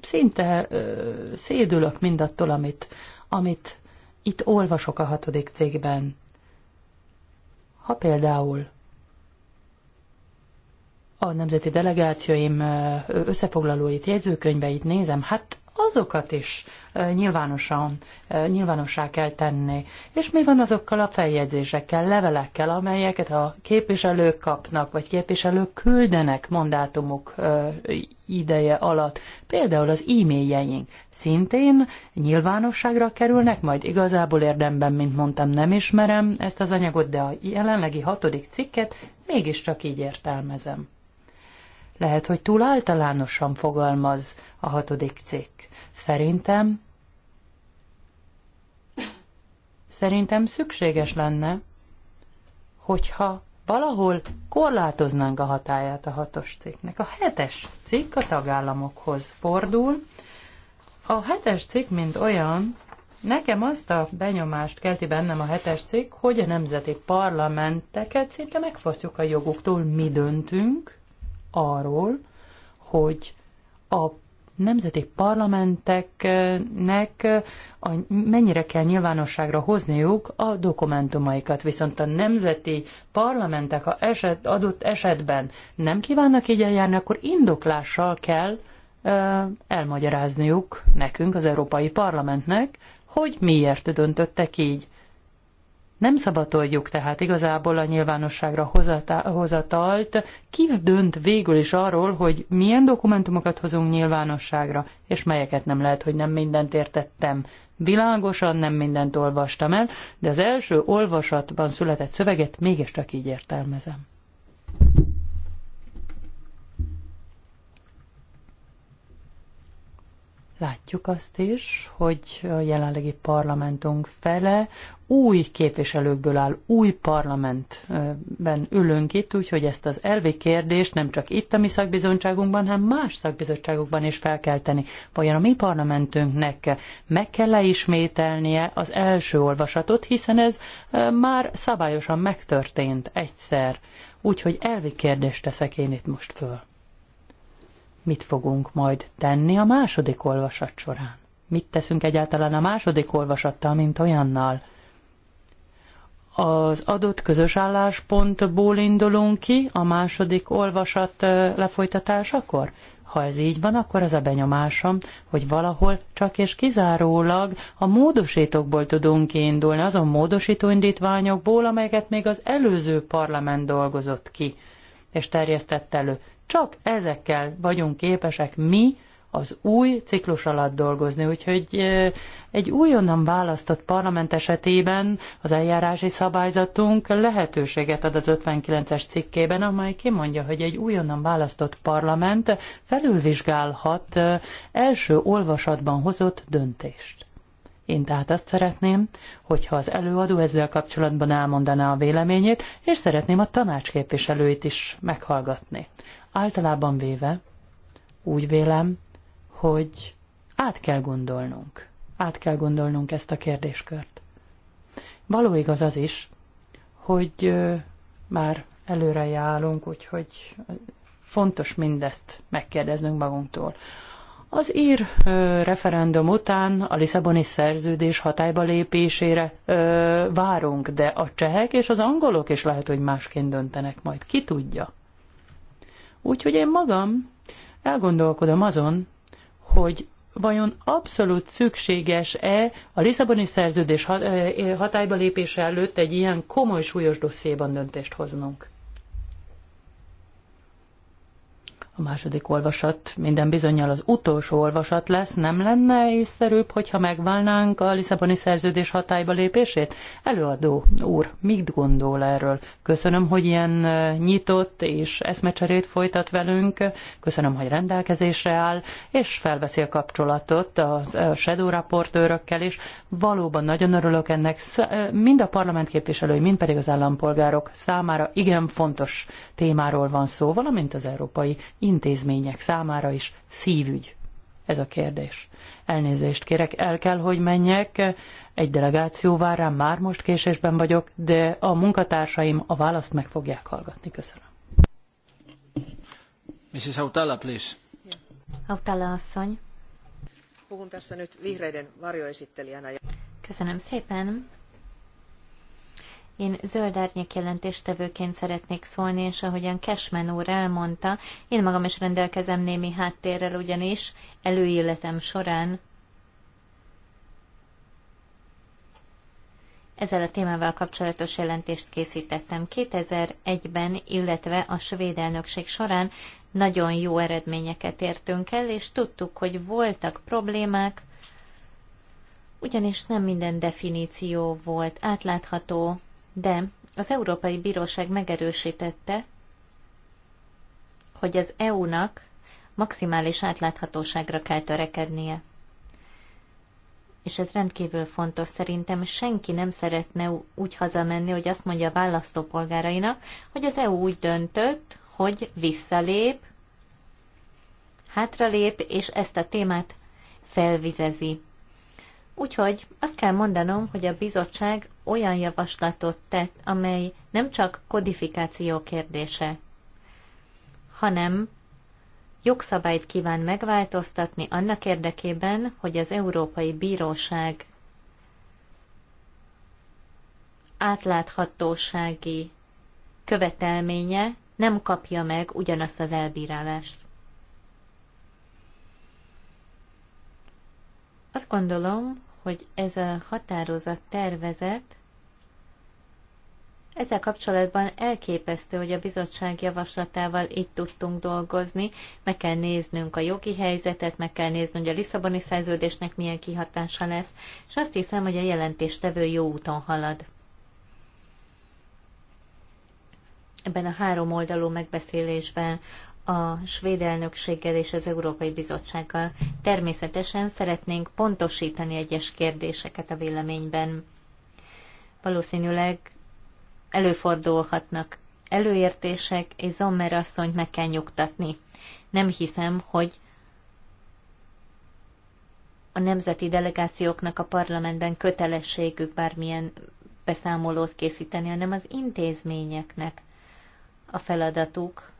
Szinte ö, szédülök mindattól, amit, amit itt olvasok a hatodik cégben. Ha például a nemzeti delegációim összefoglalóit, jegyzőkönyveit nézem, hát azokat is nyilvánosan, nyilvánossá kell tenni. És mi van azokkal a feljegyzésekkel, levelekkel, amelyeket a képviselők kapnak, vagy képviselők küldenek mandátumok ideje alatt. Például az e-mailjeink szintén nyilvánosságra kerülnek, majd igazából érdemben, mint mondtam, nem ismerem ezt az anyagot, de a jelenlegi hatodik cikket mégiscsak így értelmezem. Lehet, hogy túl általánosan fogalmaz a hatodik cikk. Szerintem szerintem szükséges lenne, hogyha valahol korlátoznánk a hatáját a hatos cikknek. A hetes cikk a tagállamokhoz fordul. A hetes cikk, mint olyan, nekem azt a benyomást kelti bennem a hetes cikk, hogy a nemzeti parlamenteket szinte megfosztjuk a joguktól, mi döntünk, arról, hogy a nemzeti parlamenteknek eh, a, mennyire kell nyilvánosságra hozniuk a dokumentumaikat. Viszont a nemzeti parlamentek a eset, adott esetben nem kívánnak így eljárni, akkor indoklással kell ö, eh, elmagyarázniuk nekünk, az Európai Parlamentnek, hogy miért döntöttek így. Nem szabatoljuk tehát igazából a nyilvánosságra hozatalt, ki dönt végül is arról, hogy milyen dokumentumokat hozunk nyilvánosságra, és melyeket nem lehet, hogy nem mindent értettem. Világosan nem mindent olvastam el, de az első olvasatban született szöveget mégiscsak így értelmezem. Látjuk azt is, hogy a jelenlegi parlamentunk fele új képviselőkből áll, új parlamentben ülünk itt, úgyhogy ezt az elvi kérdést nem csak itt a mi szakbizottságunkban, hanem más szakbizottságokban is fel kell tenni. Vajon a mi parlamentünknek meg kell ismételnie az első olvasatot, hiszen ez már szabályosan megtörtént egyszer. Úgyhogy elvi kérdést teszek én itt most föl mit fogunk majd tenni a második olvasat során? Mit teszünk egyáltalán a második olvasattal, mint olyannal? Az adott közös álláspontból indulunk ki a második olvasat lefolytatásakor? Ha ez így van, akkor az a benyomásom, hogy valahol csak és kizárólag a módosítókból tudunk kiindulni, azon módosítóindítványokból, amelyeket még az előző parlament dolgozott ki és terjesztett elő. Csak ezekkel vagyunk képesek mi az új ciklus alatt dolgozni. Úgyhogy egy újonnan választott parlament esetében az eljárási szabályzatunk lehetőséget ad az 59-es cikkében, amely kimondja, hogy egy újonnan választott parlament felülvizsgálhat első olvasatban hozott döntést. Én tehát azt szeretném, hogyha az előadó ezzel kapcsolatban elmondaná a véleményét, és szeretném a tanácsképviselőit is meghallgatni. Általában véve úgy vélem, hogy át kell gondolnunk. Át kell gondolnunk ezt a kérdéskört. Való igaz az is, hogy már előre járunk, úgyhogy fontos mindezt megkérdeznünk magunktól. Az ír ö, referendum után a Lisszaboni szerződés hatályba lépésére ö, várunk, de a csehek és az angolok is lehet, hogy másként döntenek majd. Ki tudja? Úgyhogy én magam elgondolkodom azon, hogy vajon abszolút szükséges-e a Lisszaboni szerződés eh, hatályba lépése előtt egy ilyen komoly súlyos dosszéban döntést hoznunk. a második olvasat minden bizonyal az utolsó olvasat lesz, nem lenne észszerűbb, hogyha megválnánk a Lisszaboni szerződés hatályba lépését? Előadó úr, mit gondol erről? Köszönöm, hogy ilyen nyitott és eszmecserét folytat velünk, köszönöm, hogy rendelkezésre áll, és felveszi a kapcsolatot a shadow raportőrökkel is. Valóban nagyon örülök ennek, mind a parlament képviselői, mind pedig az állampolgárok számára igen fontos témáról van szó, valamint az európai intézmények számára is szívügy ez a kérdés. Elnézést kérek, el kell, hogy menjek, egy delegáció vár rám, már most késésben vagyok, de a munkatársaim a választ meg fogják hallgatni. Köszönöm. Mrs. Hautala, please. Hautala asszony. Köszönöm szépen. Én zöld árnyék jelentéstevőként szeretnék szólni, és ahogyan Kesmen úr elmondta, én magam is rendelkezem némi háttérrel ugyanis, előéletem során Ezzel a témával kapcsolatos jelentést készítettem 2001-ben, illetve a svéd elnökség során nagyon jó eredményeket értünk el, és tudtuk, hogy voltak problémák, ugyanis nem minden definíció volt átlátható, de az Európai Bíróság megerősítette, hogy az EU-nak maximális átláthatóságra kell törekednie. És ez rendkívül fontos. Szerintem senki nem szeretne úgy hazamenni, hogy azt mondja a választópolgárainak, hogy az EU úgy döntött, hogy visszalép, hátralép, és ezt a témát felvizezi. Úgyhogy azt kell mondanom, hogy a bizottság olyan javaslatot tett, amely nem csak kodifikáció kérdése, hanem jogszabályt kíván megváltoztatni annak érdekében, hogy az Európai Bíróság átláthatósági követelménye nem kapja meg ugyanazt az elbírálást. Azt gondolom, hogy ez a határozat tervezet ezzel kapcsolatban elképesztő, hogy a bizottság javaslatával itt tudtunk dolgozni. Meg kell néznünk a jogi helyzetet, meg kell néznünk, hogy a Lisszaboni szerződésnek milyen kihatása lesz, és azt hiszem, hogy a jelentéstevő jó úton halad. Ebben a három oldalú megbeszélésben a svéd elnökséggel és az Európai Bizottsággal. Természetesen szeretnénk pontosítani egyes kérdéseket a véleményben. Valószínűleg előfordulhatnak előértések, és Zommer asszonyt meg kell nyugtatni. Nem hiszem, hogy a nemzeti delegációknak a parlamentben kötelességük bármilyen beszámolót készíteni, hanem az intézményeknek a feladatuk,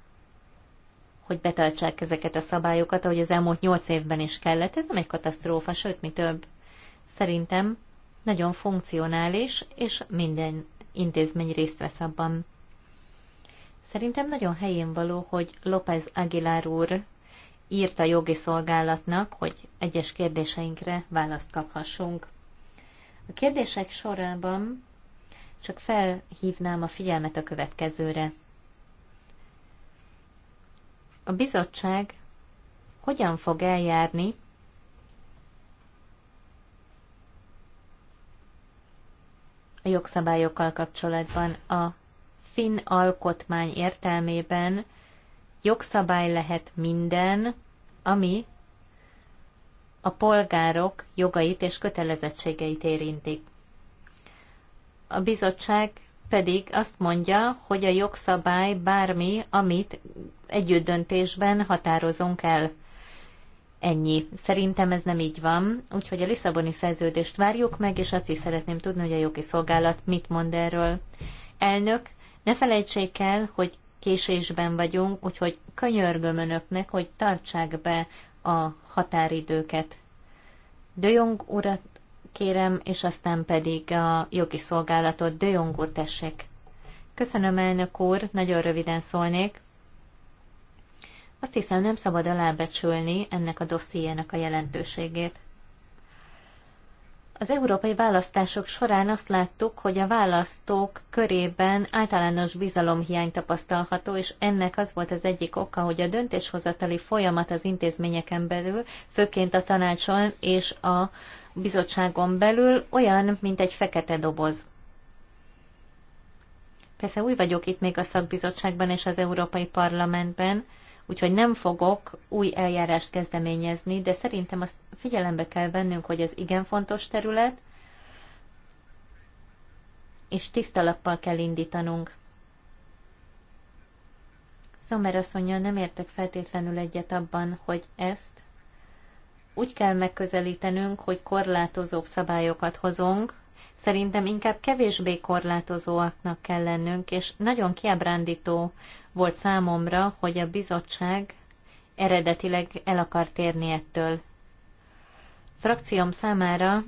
hogy betartsák ezeket a szabályokat, ahogy az elmúlt nyolc évben is kellett. Ez nem egy katasztrófa, sőt, mi több. Szerintem nagyon funkcionális, és minden intézmény részt vesz abban. Szerintem nagyon helyén való, hogy López Aguilar úr írt a jogi szolgálatnak, hogy egyes kérdéseinkre választ kaphassunk. A kérdések sorában csak felhívnám a figyelmet a következőre a bizottság hogyan fog eljárni a jogszabályokkal kapcsolatban a finn alkotmány értelmében jogszabály lehet minden, ami a polgárok jogait és kötelezettségeit érinti. A bizottság pedig azt mondja, hogy a jogszabály bármi, amit együtt döntésben határozunk el. Ennyi. Szerintem ez nem így van, úgyhogy a Lisszaboni szerződést várjuk meg, és azt is szeretném tudni, hogy a jogi szolgálat mit mond erről. Elnök, ne felejtsék el, hogy késésben vagyunk, úgyhogy könyörgöm önöknek, hogy tartsák be a határidőket. Döjong urat kérem, és aztán pedig a jogi szolgálatot. De Jong tessék. Köszönöm, elnök úr, nagyon röviden szólnék. Azt hiszem, nem szabad alábecsülni ennek a dossziének a jelentőségét. Az európai választások során azt láttuk, hogy a választók körében általános bizalomhiány tapasztalható, és ennek az volt az egyik oka, hogy a döntéshozatali folyamat az intézményeken belül, főként a tanácson és a bizottságon belül olyan, mint egy fekete doboz. Persze új vagyok itt még a szakbizottságban és az Európai Parlamentben, úgyhogy nem fogok új eljárást kezdeményezni, de szerintem azt figyelembe kell vennünk, hogy ez igen fontos terület, és tiszta lappal kell indítanunk. Szomer asszonynal nem értek feltétlenül egyet abban, hogy ezt úgy kell megközelítenünk, hogy korlátozóbb szabályokat hozunk, szerintem inkább kevésbé korlátozóaknak kell lennünk, és nagyon kiábrándító volt számomra, hogy a bizottság eredetileg el akar térni ettől. Frakcióm számára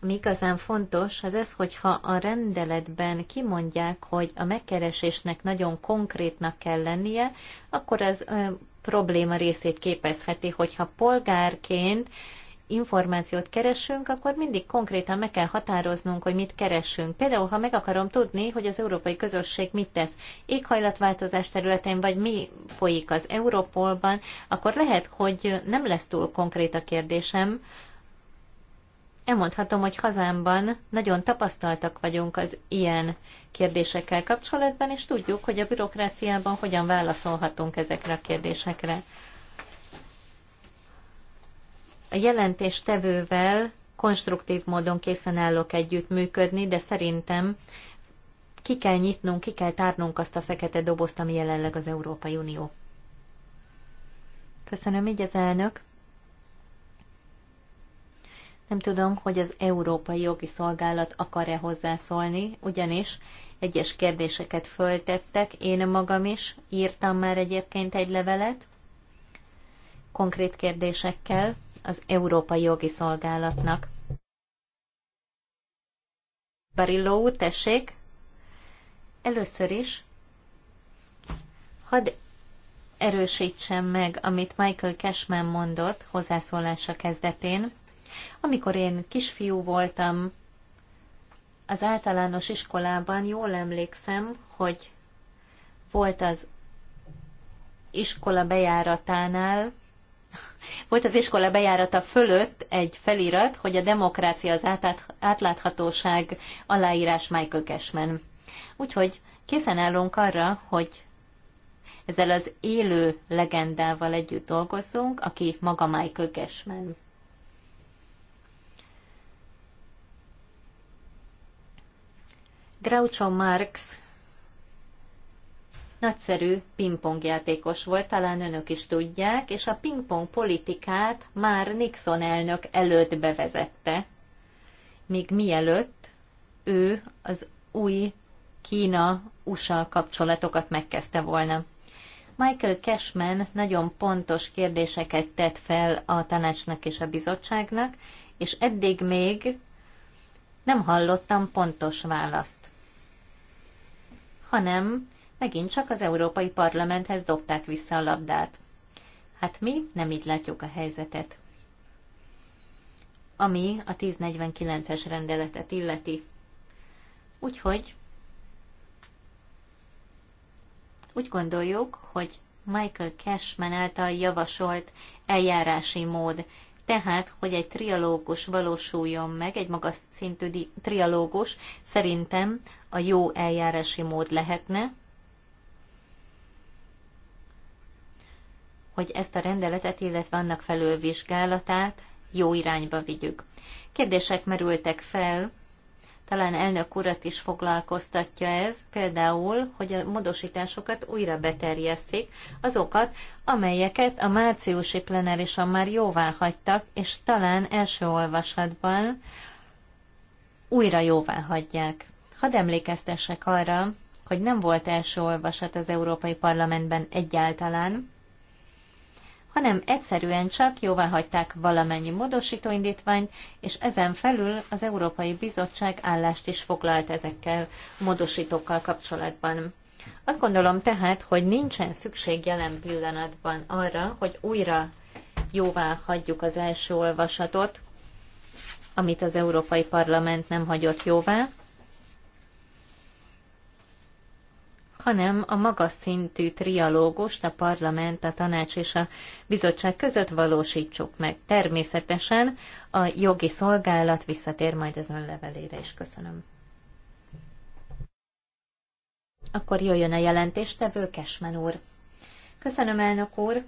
mi igazán fontos, az ez, hogyha a rendeletben kimondják, hogy a megkeresésnek nagyon konkrétnak kell lennie, akkor az probléma részét képezheti, hogyha polgárként információt keresünk, akkor mindig konkrétan meg kell határoznunk, hogy mit keresünk. Például, ha meg akarom tudni, hogy az európai közösség mit tesz éghajlatváltozás területén, vagy mi folyik az Európolban, akkor lehet, hogy nem lesz túl konkrét a kérdésem, elmondhatom, hogy hazámban nagyon tapasztaltak vagyunk az ilyen kérdésekkel kapcsolatban, és tudjuk, hogy a bürokráciában hogyan válaszolhatunk ezekre a kérdésekre. A jelentéstevővel konstruktív módon készen állok együtt működni, de szerintem ki kell nyitnunk, ki kell tárnunk azt a fekete dobozt, ami jelenleg az Európai Unió. Köszönöm, így az elnök. Nem tudom, hogy az Európai Jogi Szolgálat akar-e hozzászólni, ugyanis egyes kérdéseket föltettek, én magam is írtam már egyébként egy levelet, konkrét kérdésekkel az Európai Jogi Szolgálatnak. Barilló úr, tessék! Először is hadd erősítsem meg, amit Michael Cashman mondott hozzászólása kezdetén. Amikor én kisfiú voltam, az általános iskolában jól emlékszem, hogy volt az iskola bejáratánál, volt az iskola bejárata fölött egy felirat, hogy a demokrácia az átláthatóság aláírás Michael Cashman. Úgyhogy készen állunk arra, hogy ezzel az élő legendával együtt dolgozzunk, aki maga Michael Cashman. Groucho Marx nagyszerű pingpongjátékos volt, talán önök is tudják, és a pingpong politikát már Nixon elnök előtt bevezette, még mielőtt ő az új Kína-USA kapcsolatokat megkezdte volna. Michael Cashman nagyon pontos kérdéseket tett fel a tanácsnak és a bizottságnak, és eddig még nem hallottam pontos választ hanem megint csak az Európai Parlamenthez dobták vissza a labdát. Hát mi nem így látjuk a helyzetet. Ami a 1049-es rendeletet illeti. Úgyhogy úgy gondoljuk, hogy Michael Cashman által javasolt eljárási mód tehát, hogy egy trialógus valósuljon meg, egy magas szintű trialógus szerintem a jó eljárási mód lehetne, hogy ezt a rendeletet, illetve annak felülvizsgálatát jó irányba vigyük. Kérdések merültek fel talán elnök urat is foglalkoztatja ez, például, hogy a módosításokat újra beterjesztik, azokat, amelyeket a márciusi plenárison már jóvá hagytak, és talán első olvasatban újra jóvá hagyják. Hadd emlékeztessek arra, hogy nem volt első olvasat az Európai Parlamentben egyáltalán, hanem egyszerűen csak jóvá hagyták valamennyi módosítóindítványt, és ezen felül az Európai Bizottság állást is foglalt ezekkel módosítókkal kapcsolatban. Azt gondolom tehát, hogy nincsen szükség jelen pillanatban arra, hogy újra jóvá hagyjuk az első olvasatot, amit az Európai Parlament nem hagyott jóvá, hanem a magas szintű trialógust a parlament, a tanács és a bizottság között valósítsuk meg. Természetesen a jogi szolgálat visszatér majd az levelére is. Köszönöm. Akkor jöjjön a jelentéstevő, Kesmen úr. Köszönöm, elnök úr.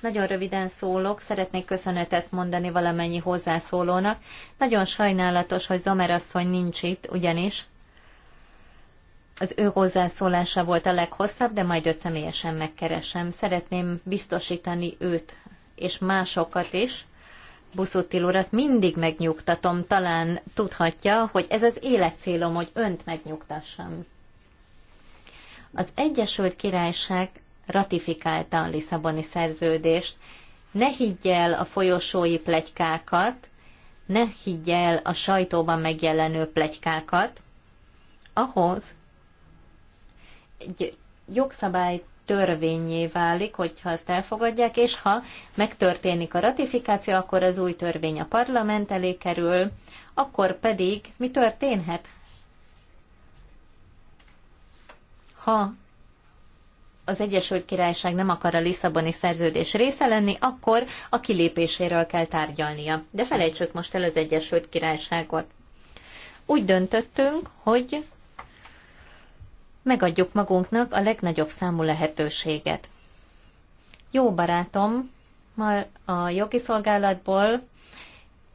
Nagyon röviden szólok, szeretnék köszönetet mondani valamennyi hozzászólónak. Nagyon sajnálatos, hogy Zomer asszony nincs itt, ugyanis az ő hozzászólása volt a leghosszabb, de majd őt személyesen megkeresem. Szeretném biztosítani őt és másokat is, Buszutil urat mindig megnyugtatom, talán tudhatja, hogy ez az életcélom, hogy önt megnyugtassam. Az Egyesült Királyság ratifikálta a Lisszaboni szerződést. Ne higgy el a folyosói plegykákat, ne higgy el a sajtóban megjelenő plegykákat, ahhoz, egy jogszabály törvényé válik, hogyha ezt elfogadják, és ha megtörténik a ratifikáció, akkor az új törvény a parlament elé kerül, akkor pedig mi történhet? Ha az Egyesült Királyság nem akar a Lisszaboni szerződés része lenni, akkor a kilépéséről kell tárgyalnia. De felejtsük most el az Egyesült Királyságot. Úgy döntöttünk, hogy megadjuk magunknak a legnagyobb számú lehetőséget. Jó barátom, ma a jogi szolgálatból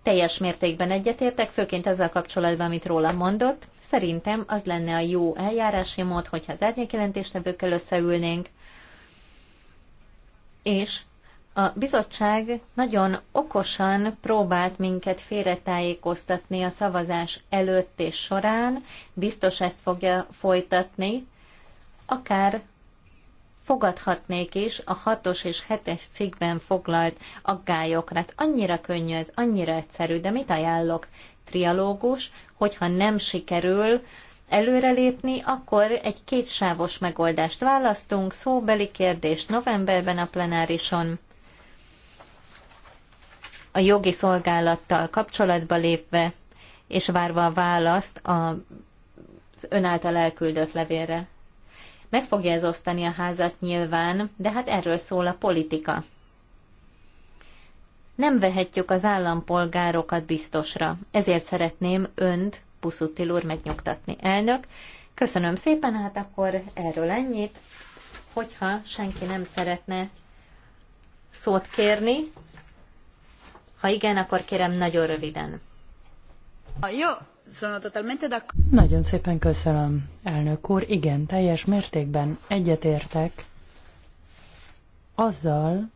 teljes mértékben egyetértek, főként ezzel kapcsolatban, amit róla mondott. Szerintem az lenne a jó eljárási mód, hogyha az árnyékjelentésnevőkkel összeülnénk, és a bizottság nagyon okosan próbált minket félretájékoztatni a szavazás előtt és során, biztos ezt fogja folytatni, akár fogadhatnék is a hatos és hetes cikkben foglalt aggályokra. Hát annyira könnyű ez, annyira egyszerű, de mit ajánlok? Trialógus, hogyha nem sikerül előrelépni, akkor egy kétsávos megoldást választunk, szóbeli kérdés novemberben a plenárison a jogi szolgálattal kapcsolatba lépve, és várva a választ az ön által elküldött levélre. Meg fogja ez osztani a házat nyilván, de hát erről szól a politika. Nem vehetjük az állampolgárokat biztosra, ezért szeretném önt, Puszutil úr, megnyugtatni. Elnök, köszönöm szépen, hát akkor erről ennyit. Hogyha senki nem szeretne szót kérni, ha igen, akkor kérem nagyon röviden. Jó, nagyon szépen köszönöm, elnök úr. Igen, teljes mértékben egyetértek azzal,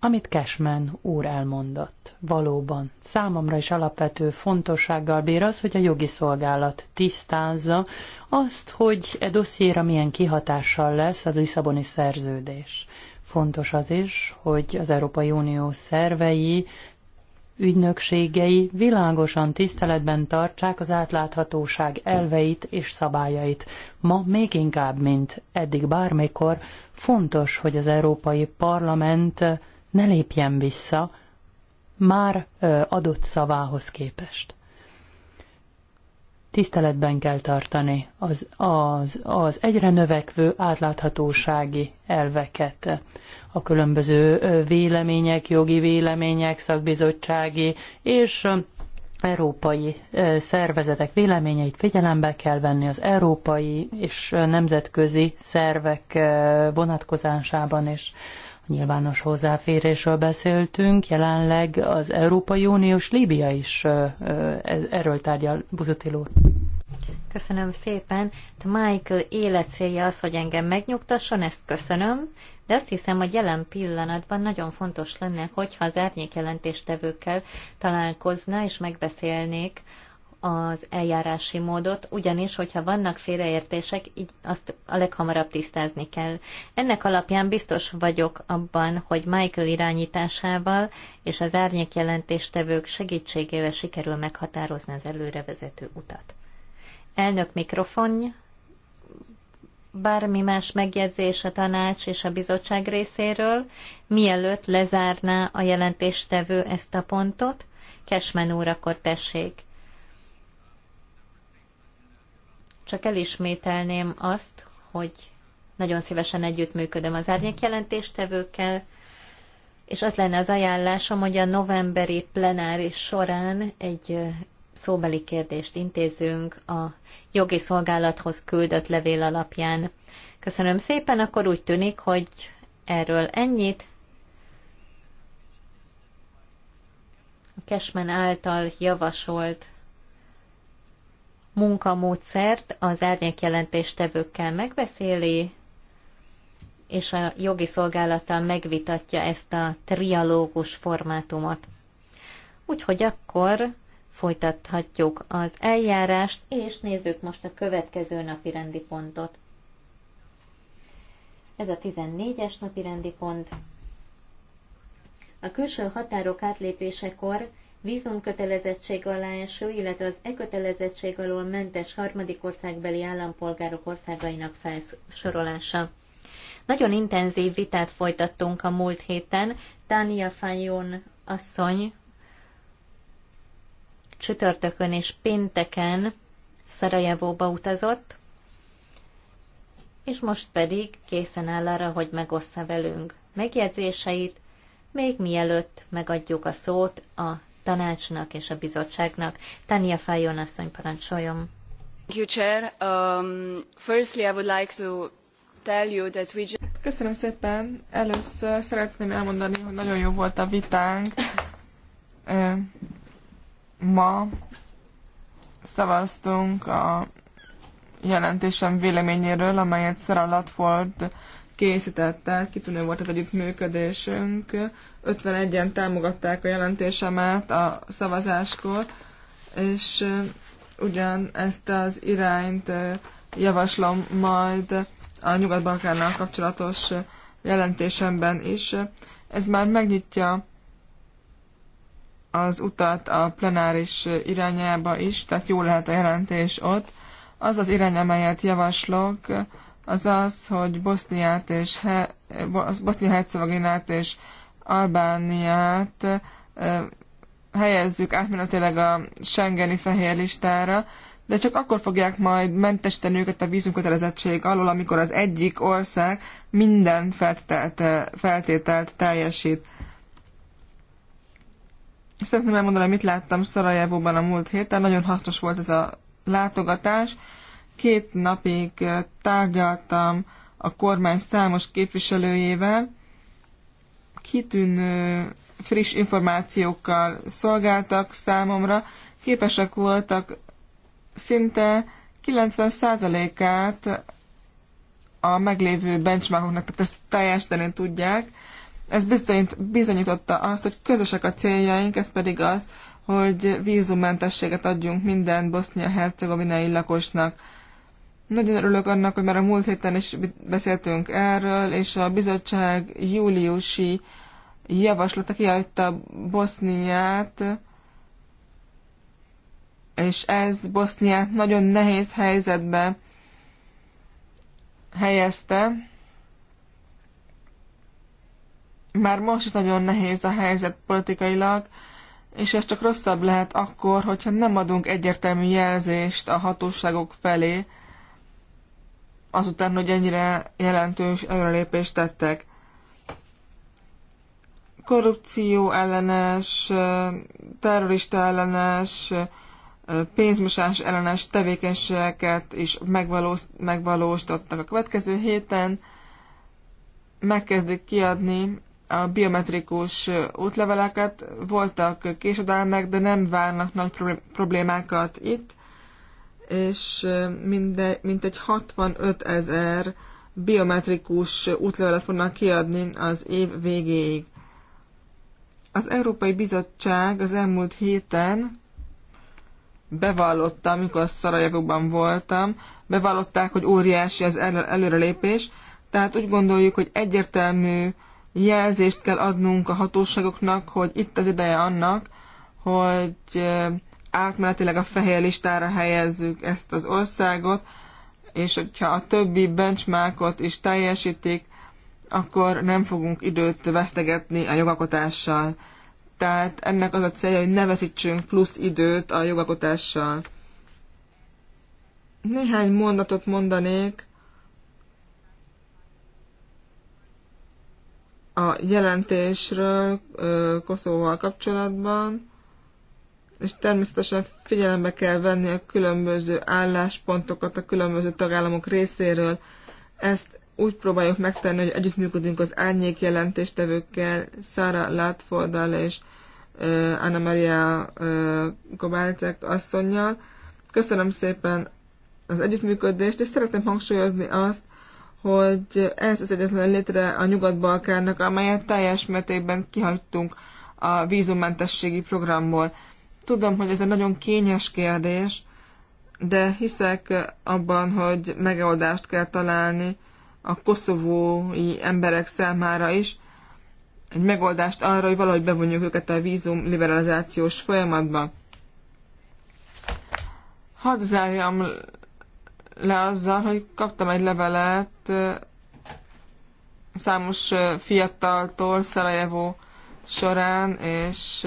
amit Cashman úr elmondott. Valóban, számomra is alapvető fontossággal bír az, hogy a jogi szolgálat tisztázza azt, hogy e dossziéra milyen kihatással lesz a Lisszaboni szerződés. Fontos az is, hogy az Európai Unió szervei, ügynökségei világosan tiszteletben tartsák az átláthatóság elveit és szabályait. Ma még inkább, mint eddig bármikor, fontos, hogy az Európai Parlament ne lépjen vissza már adott szavához képest tiszteletben kell tartani az, az, az egyre növekvő átláthatósági elveket, a különböző vélemények, jogi vélemények, szakbizottsági és európai szervezetek véleményeit figyelembe kell venni az európai és nemzetközi szervek vonatkozásában, és nyilvános hozzáférésről beszéltünk, jelenleg az Európai Uniós Líbia is e, erről tárgyal Buzutil Köszönöm szépen. De Michael élet célja az, hogy engem megnyugtasson, ezt köszönöm, de azt hiszem, hogy jelen pillanatban nagyon fontos lenne, hogyha az árnyékjelentéstevőkkel találkozna és megbeszélnék az eljárási módot, ugyanis, hogyha vannak félreértések, így azt a leghamarabb tisztázni kell. Ennek alapján biztos vagyok abban, hogy Michael irányításával és az árnyék jelentéstevők segítségével sikerül meghatározni az előrevezető utat. Elnök mikrofonja bármi más megjegyzés a tanács és a bizottság részéről, mielőtt lezárná a jelentéstevő ezt a pontot, Kesmen úr, akkor tessék. Csak elismételném azt, hogy nagyon szívesen együttműködöm az árnyékjelentéstevőkkel, és az lenne az ajánlásom, hogy a novemberi plenáris során egy szóbeli kérdést intézünk a jogi szolgálathoz küldött levél alapján. Köszönöm szépen, akkor úgy tűnik, hogy erről ennyit. A által javasolt munkamódszert az árnyékjelentéstevőkkel megbeszéli, és a jogi szolgálattal megvitatja ezt a trialógus formátumot. Úgyhogy akkor folytathatjuk az eljárást, és nézzük most a következő napi rendi pontot. Ez a 14-es napi rendi pont. A külső határok átlépésekor vízumkötelezettség alá eső, illetve az e-kötelezettség alól mentes harmadik országbeli állampolgárok országainak felsorolása. Nagyon intenzív vitát folytattunk a múlt héten. Tania Fajon asszony csütörtökön és pénteken Szarajevóba utazott, és most pedig készen áll arra, hogy megossza velünk megjegyzéseit, még mielőtt megadjuk a szót a tanácsnak és a bizottságnak. Tania Fajon asszony parancsoljon. Um, Köszönöm szépen. Először szeretném elmondani, hogy nagyon jó volt a vitánk. Ma szavaztunk a jelentésem véleményéről, amelyet Sarah Latford készített Kitűnő volt az együttműködésünk. működésünk 51-en támogatták a jelentésemet a szavazáskor, és ugyan ezt az irányt javaslom majd a Nyugat-Balkánnal kapcsolatos jelentésemben is. Ez már megnyitja az utat a plenáris irányába is, tehát jó lehet a jelentés ott. Az az irány, amelyet javaslok, az az, hogy Boszniát és He- Bosznia-Hercegovinát és Albániát helyezzük átmenetileg a Schengeni fehér listára, de csak akkor fogják majd mentesíteni őket a vízumkötelezettség alól, amikor az egyik ország minden feltételt, feltételt teljesít. Szeretném elmondani, mit láttam Szarajevóban a múlt héten. Nagyon hasznos volt ez a látogatás. Két napig tárgyaltam a kormány számos képviselőjével, kitűnő friss információkkal szolgáltak számomra, képesek voltak szinte 90%-át a meglévő benchmarkoknak, tehát ezt teljesíteni tudják. Ez bizonyította azt, hogy közösek a céljaink, ez pedig az, hogy vízummentességet adjunk minden bosznia-hercegovinai lakosnak. Nagyon örülök annak, hogy már a múlt héten is beszéltünk erről, és a bizottság júliusi javaslata kihagyta Boszniát, és ez Boszniát nagyon nehéz helyzetbe helyezte. Már most is nagyon nehéz a helyzet politikailag, és ez csak rosszabb lehet akkor, hogyha nem adunk egyértelmű jelzést a hatóságok felé, azután, hogy ennyire jelentős előrelépést tettek. Korrupció ellenes, terrorista ellenes, pénzmosás ellenes tevékenységeket is megvalós, megvalósítottak. A következő héten megkezdik kiadni a biometrikus útleveleket. Voltak késedelmek, de nem várnak nagy problémákat itt és minde, mintegy 65 ezer biometrikus útlevelet fognak kiadni az év végéig. Az Európai Bizottság az elmúlt héten bevallotta, amikor Szarajevóban voltam, bevallották, hogy óriási az előrelépés, tehát úgy gondoljuk, hogy egyértelmű jelzést kell adnunk a hatóságoknak, hogy itt az ideje annak, hogy átmenetileg a fehér listára helyezzük ezt az országot, és hogyha a többi benchmarkot is teljesítik, akkor nem fogunk időt vesztegetni a jogalkotással. Tehát ennek az a célja, hogy ne veszítsünk plusz időt a jogalkotással. Néhány mondatot mondanék a jelentésről Koszóval kapcsolatban és természetesen figyelembe kell venni a különböző álláspontokat a különböző tagállamok részéről. Ezt úgy próbáljuk megtenni, hogy együttműködünk az árnyék jelentéstevőkkel, Sara Látfordal és uh, Anna Maria uh, Gobálcek asszonynal. Köszönöm szépen az együttműködést, és szeretném hangsúlyozni azt, hogy ez az egyetlen létre a Nyugat-Balkánnak, amelyet teljes mértékben kihagytunk a vízummentességi programból. Tudom, hogy ez egy nagyon kényes kérdés, de hiszek abban, hogy megoldást kell találni a koszovói emberek számára is, egy megoldást arra, hogy valahogy bevonjuk őket a vízum liberalizációs folyamatba. Hadd zárjam le azzal, hogy kaptam egy levelet számos fiataltól Szarajevó során, és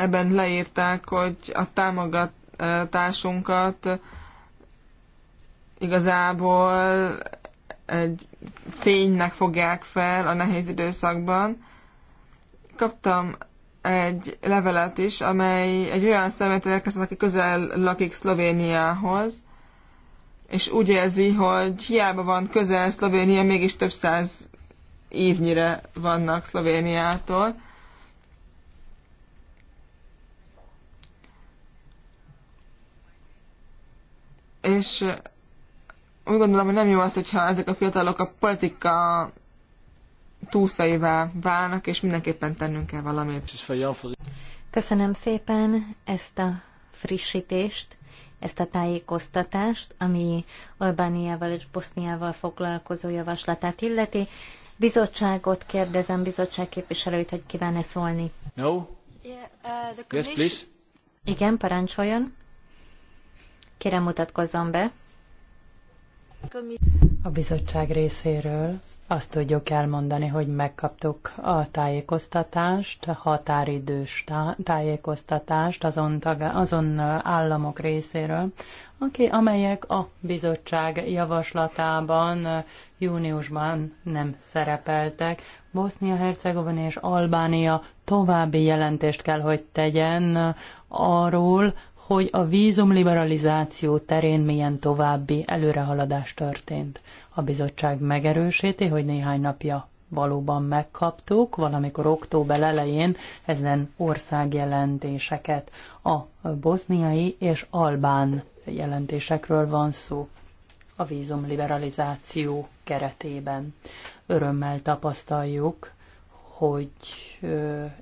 ebben leírták, hogy a támogatásunkat igazából egy fénynek fogják fel a nehéz időszakban. Kaptam egy levelet is, amely egy olyan szemét érkezett, aki közel lakik Szlovéniához, és úgy érzi, hogy hiába van közel Szlovénia, mégis több száz évnyire vannak Szlovéniától. és úgy gondolom, hogy nem jó az, hogyha ezek a fiatalok a politika túlszaivá válnak, és mindenképpen tennünk kell valamit. Köszönöm szépen ezt a frissítést, ezt a tájékoztatást, ami Albániával és Boszniával foglalkozó javaslatát illeti. Bizottságot kérdezem, bizottság képviselőit, hogy kíván-e szólni. No? Yeah, uh, yes, please. Igen, parancsoljon. Kérem mutatkozzon be. A bizottság részéről azt tudjuk elmondani, hogy megkaptuk a tájékoztatást, a határidős tájékoztatást azon, tag, azon államok részéről, aki, amelyek a bizottság javaslatában júniusban nem szerepeltek. Bosznia-Hercegovina és Albánia további jelentést kell, hogy tegyen arról, hogy a vízum liberalizáció terén milyen további előrehaladás történt. A bizottság megerősíti, hogy néhány napja valóban megkaptuk, valamikor október elején ezen országjelentéseket. A boszniai és albán jelentésekről van szó a vízum liberalizáció keretében. Örömmel tapasztaljuk, hogy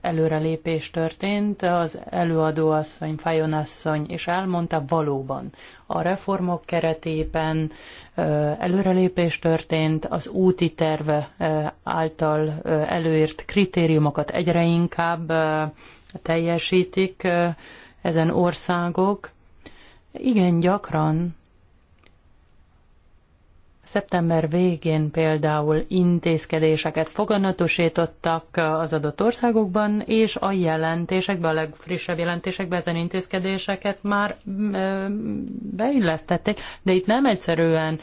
előrelépés történt. Az előadó asszony, Fajon asszony és elmondta valóban. A reformok keretében előrelépés történt, az úti terve által előírt kritériumokat egyre inkább teljesítik ezen országok. Igen gyakran Szeptember végén például intézkedéseket foganatosítottak az adott országokban, és a jelentésekben, a legfrissebb jelentésekben ezen intézkedéseket már mm, beillesztették, de itt nem egyszerűen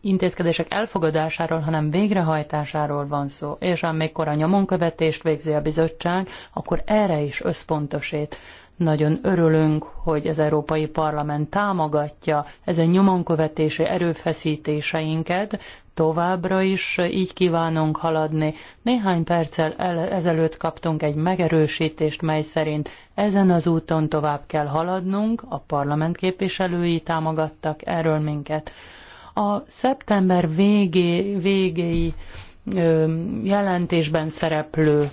intézkedések elfogadásáról, hanem végrehajtásáról van szó. És amikor a nyomonkövetést végzi a bizottság, akkor erre is összpontosít. Nagyon örülünk, hogy az Európai Parlament támogatja ezen nyomonkövetési erőfeszítéseinket, továbbra is így kívánunk haladni. Néhány perccel el, ezelőtt kaptunk egy megerősítést, mely szerint ezen az úton tovább kell haladnunk, a parlament képviselői támogattak erről minket. A szeptember végé, végéi ö, jelentésben szereplő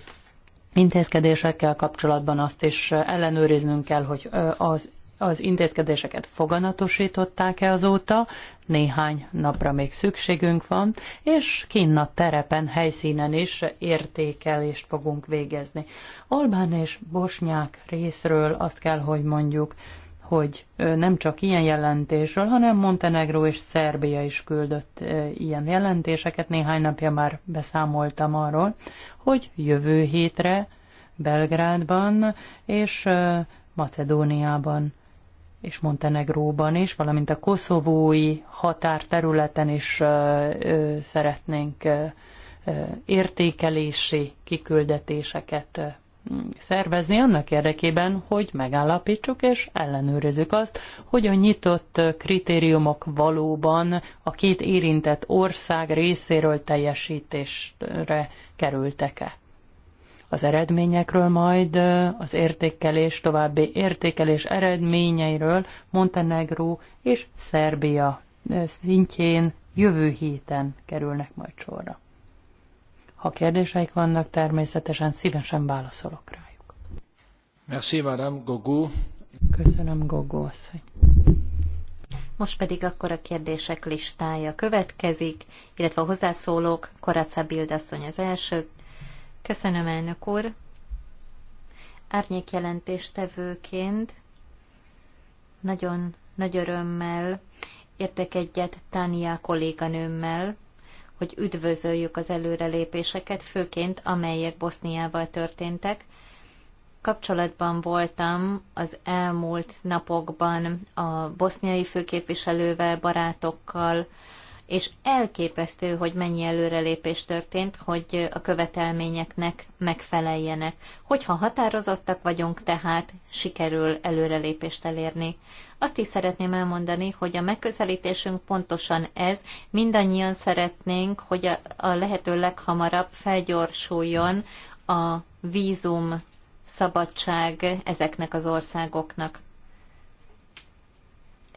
intézkedésekkel kapcsolatban azt is ellenőriznünk kell, hogy az, az intézkedéseket foganatosították-e azóta, néhány napra még szükségünk van, és kinn a terepen, helyszínen is értékelést fogunk végezni. Albán és bosnyák részről azt kell, hogy mondjuk, hogy nem csak ilyen jelentésről, hanem Montenegró és Szerbia is küldött ilyen jelentéseket. Néhány napja már beszámoltam arról, hogy jövő hétre Belgrádban és Macedóniában és Montenegróban is, valamint a koszovói határterületen is szeretnénk értékelési kiküldetéseket szervezni annak érdekében, hogy megállapítsuk és ellenőrizzük azt, hogy a nyitott kritériumok valóban a két érintett ország részéről teljesítésre kerültek-e. Az eredményekről majd az értékelés, további értékelés eredményeiről Montenegró és Szerbia szintjén jövő héten kerülnek majd sorra. Ha kérdéseik vannak, természetesen szívesen válaszolok rájuk. Merci, Madame Gogó. Köszönöm, Gogó asszony. Most pedig akkor a kérdések listája következik, illetve a hozzászólók, Koraca Bildasszony az első. Köszönöm, elnök úr. Árnyék jelentéstevőként nagyon nagy örömmel értek egyet Tánia kolléganőmmel, hogy üdvözöljük az előrelépéseket, főként amelyek Boszniával történtek. Kapcsolatban voltam az elmúlt napokban a boszniai főképviselővel, barátokkal, és elképesztő, hogy mennyi előrelépés történt, hogy a követelményeknek megfeleljenek. Hogyha határozottak vagyunk, tehát sikerül előrelépést elérni. Azt is szeretném elmondani, hogy a megközelítésünk pontosan ez, mindannyian szeretnénk, hogy a, a lehető leghamarabb felgyorsuljon a vízum szabadság ezeknek az országoknak.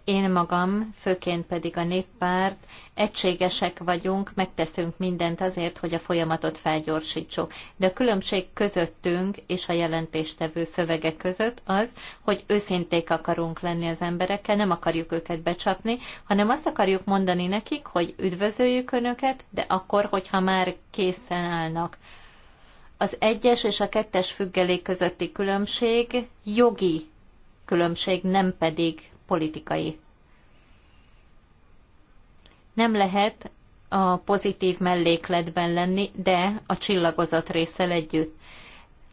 Én magam, főként pedig a néppárt, egységesek vagyunk, megteszünk mindent azért, hogy a folyamatot felgyorsítsuk. De a különbség közöttünk és a jelentéstevő szövege között az, hogy őszinték akarunk lenni az emberekkel, nem akarjuk őket becsapni, hanem azt akarjuk mondani nekik, hogy üdvözöljük önöket, de akkor, hogyha már készen állnak. Az egyes és a kettes függelék közötti különbség jogi különbség, nem pedig politikai. Nem lehet a pozitív mellékletben lenni, de a csillagozat részsel együtt.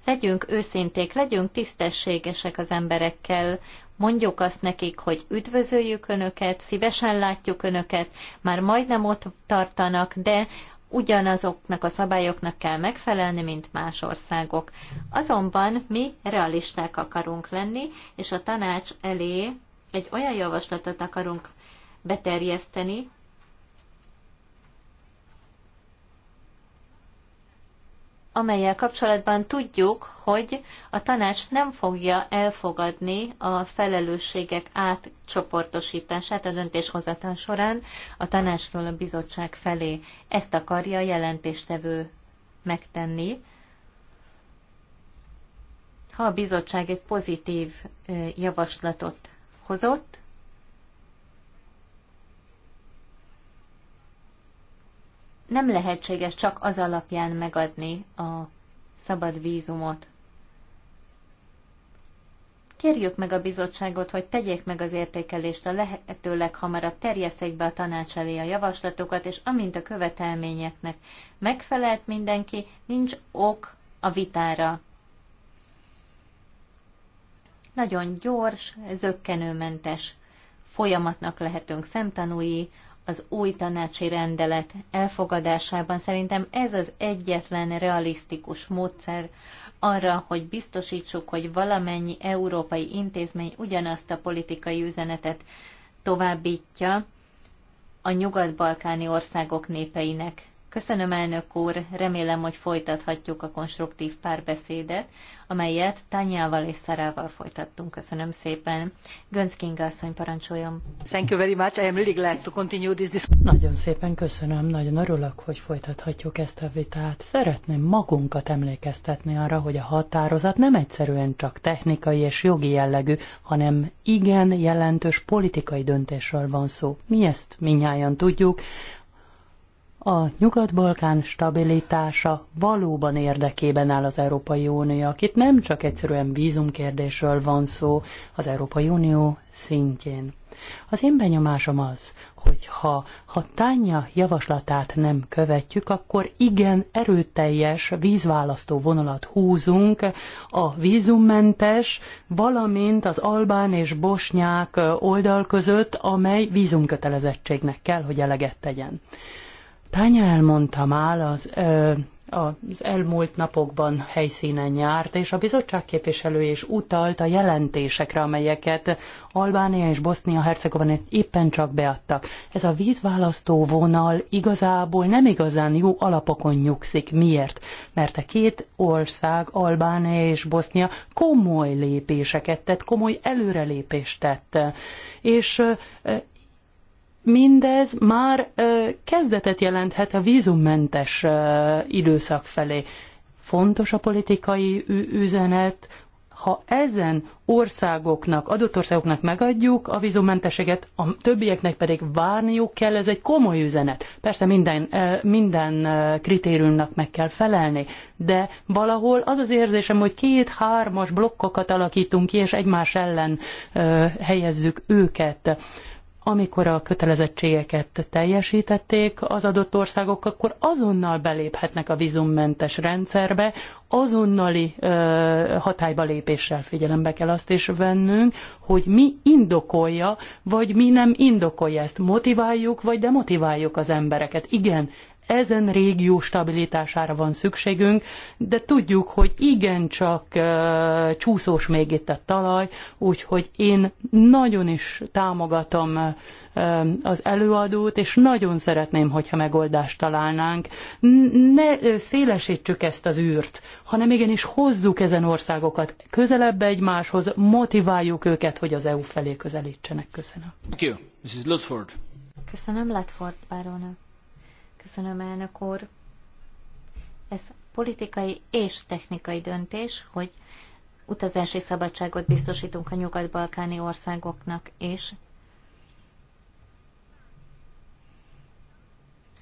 Legyünk őszinték, legyünk tisztességesek az emberekkel, mondjuk azt nekik, hogy üdvözöljük Önöket, szívesen látjuk Önöket, már majdnem ott tartanak, de ugyanazoknak a szabályoknak kell megfelelni, mint más országok. Azonban mi realisták akarunk lenni, és a tanács elé egy olyan javaslatot akarunk beterjeszteni, amelyel kapcsolatban tudjuk, hogy a tanács nem fogja elfogadni a felelősségek átcsoportosítását a döntéshozatal során a tanácsról a bizottság felé. Ezt akarja a jelentéstevő megtenni. Ha a bizottság egy pozitív javaslatot hozott, nem lehetséges csak az alapján megadni a szabad vízumot. Kérjük meg a bizottságot, hogy tegyék meg az értékelést a lehető leghamarabb, terjesszék be a tanács elé a javaslatokat, és amint a követelményeknek megfelelt mindenki, nincs ok a vitára nagyon gyors, zöggenőmentes folyamatnak lehetünk szemtanúi, az új tanácsi rendelet elfogadásában szerintem ez az egyetlen realisztikus módszer arra, hogy biztosítsuk, hogy valamennyi európai intézmény ugyanazt a politikai üzenetet továbbítja a nyugat-balkáni országok népeinek. Köszönöm, elnök úr, remélem, hogy folytathatjuk a konstruktív párbeszédet, amelyet Tanyával és Szarával folytattunk. Köszönöm szépen. Gönc Kinga asszony, parancsoljon. Thank you very much. I am really glad to continue this discussion. Nagyon szépen köszönöm, nagyon örülök, hogy folytathatjuk ezt a vitát. Szeretném magunkat emlékeztetni arra, hogy a határozat nem egyszerűen csak technikai és jogi jellegű, hanem igen jelentős politikai döntésről van szó. Mi ezt minnyáján tudjuk, a Nyugat-Balkán stabilitása valóban érdekében áll az Európai Uniónak. Itt nem csak egyszerűen vízumkérdésről van szó az Európai Unió szintjén. Az én benyomásom az, hogy ha, ha tánya javaslatát nem követjük, akkor igen erőteljes vízválasztó vonalat húzunk a vízummentes, valamint az albán és bosnyák oldal között, amely vízumkötelezettségnek kell, hogy eleget tegyen. Tánya elmondta már az, ö, az elmúlt napokban helyszínen járt, és a bizottság képviselő is utalt a jelentésekre, amelyeket Albánia és Bosznia-Hercegovina éppen csak beadtak. Ez a vízválasztó vonal igazából nem igazán jó alapokon nyugszik. Miért? Mert a két ország, Albánia és Bosznia komoly lépéseket tett, komoly előrelépést tett. És mindez már kezdetet jelenthet a vízummentes időszak felé. Fontos a politikai üzenet, ha ezen országoknak, adott országoknak megadjuk a vízummenteséget, a többieknek pedig várniuk kell, ez egy komoly üzenet. Persze minden, minden kritériumnak meg kell felelni, de valahol az az érzésem, hogy két-hármas blokkokat alakítunk ki, és egymás ellen helyezzük őket amikor a kötelezettségeket teljesítették az adott országok, akkor azonnal beléphetnek a vízummentes rendszerbe, azonnali ö, hatályba lépéssel figyelembe kell azt is vennünk, hogy mi indokolja, vagy mi nem indokolja ezt. Motiváljuk, vagy demotiváljuk az embereket. Igen, ezen régió stabilitására van szükségünk, de tudjuk, hogy igencsak e, csúszós még itt a talaj, úgyhogy én nagyon is támogatom az előadót, és nagyon szeretném, hogyha megoldást találnánk. Ne szélesítsük ezt az űrt, hanem igenis hozzuk ezen országokat közelebb egymáshoz, motiváljuk őket, hogy az EU felé közelítsenek. Köszönöm. Thank you. Mrs. Lutford. Köszönöm, Lutford, barona. Köszönöm, elnök úr. Ez politikai és technikai döntés, hogy utazási szabadságot biztosítunk a nyugat-balkáni országoknak, és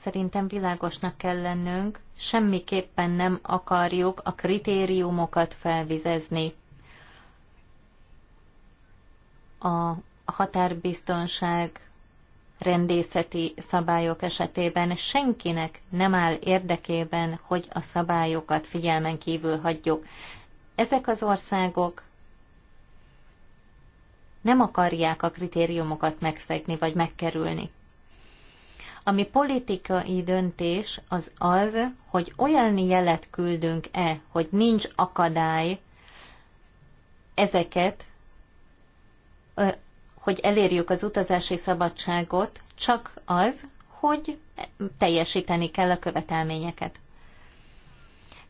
szerintem világosnak kell lennünk, semmiképpen nem akarjuk a kritériumokat felvizezni. A határbiztonság rendészeti szabályok esetében senkinek nem áll érdekében, hogy a szabályokat figyelmen kívül hagyjuk. Ezek az országok nem akarják a kritériumokat megszegni vagy megkerülni. Ami politikai döntés az az, hogy olyan jelet küldünk-e, hogy nincs akadály ezeket hogy elérjük az utazási szabadságot, csak az, hogy teljesíteni kell a követelményeket.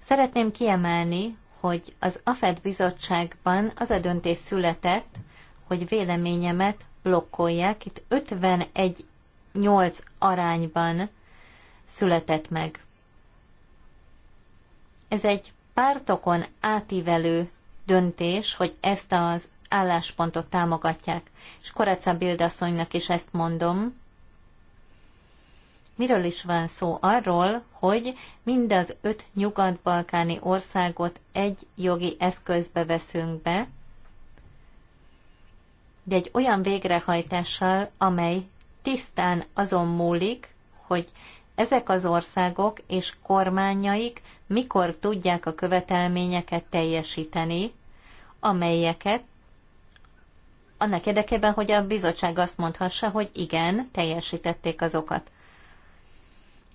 Szeretném kiemelni, hogy az AFED bizottságban az a döntés született, hogy véleményemet blokkolják. Itt 51-8 arányban született meg. Ez egy pártokon átívelő döntés, hogy ezt az álláspontot támogatják. És Koreca Bildasszonynak is ezt mondom. Miről is van szó? Arról, hogy mind az öt nyugat-balkáni országot egy jogi eszközbe veszünk be, de egy olyan végrehajtással, amely tisztán azon múlik, hogy ezek az országok és kormányaik mikor tudják a követelményeket teljesíteni, amelyeket annak érdekében, hogy a bizottság azt mondhassa, hogy igen, teljesítették azokat.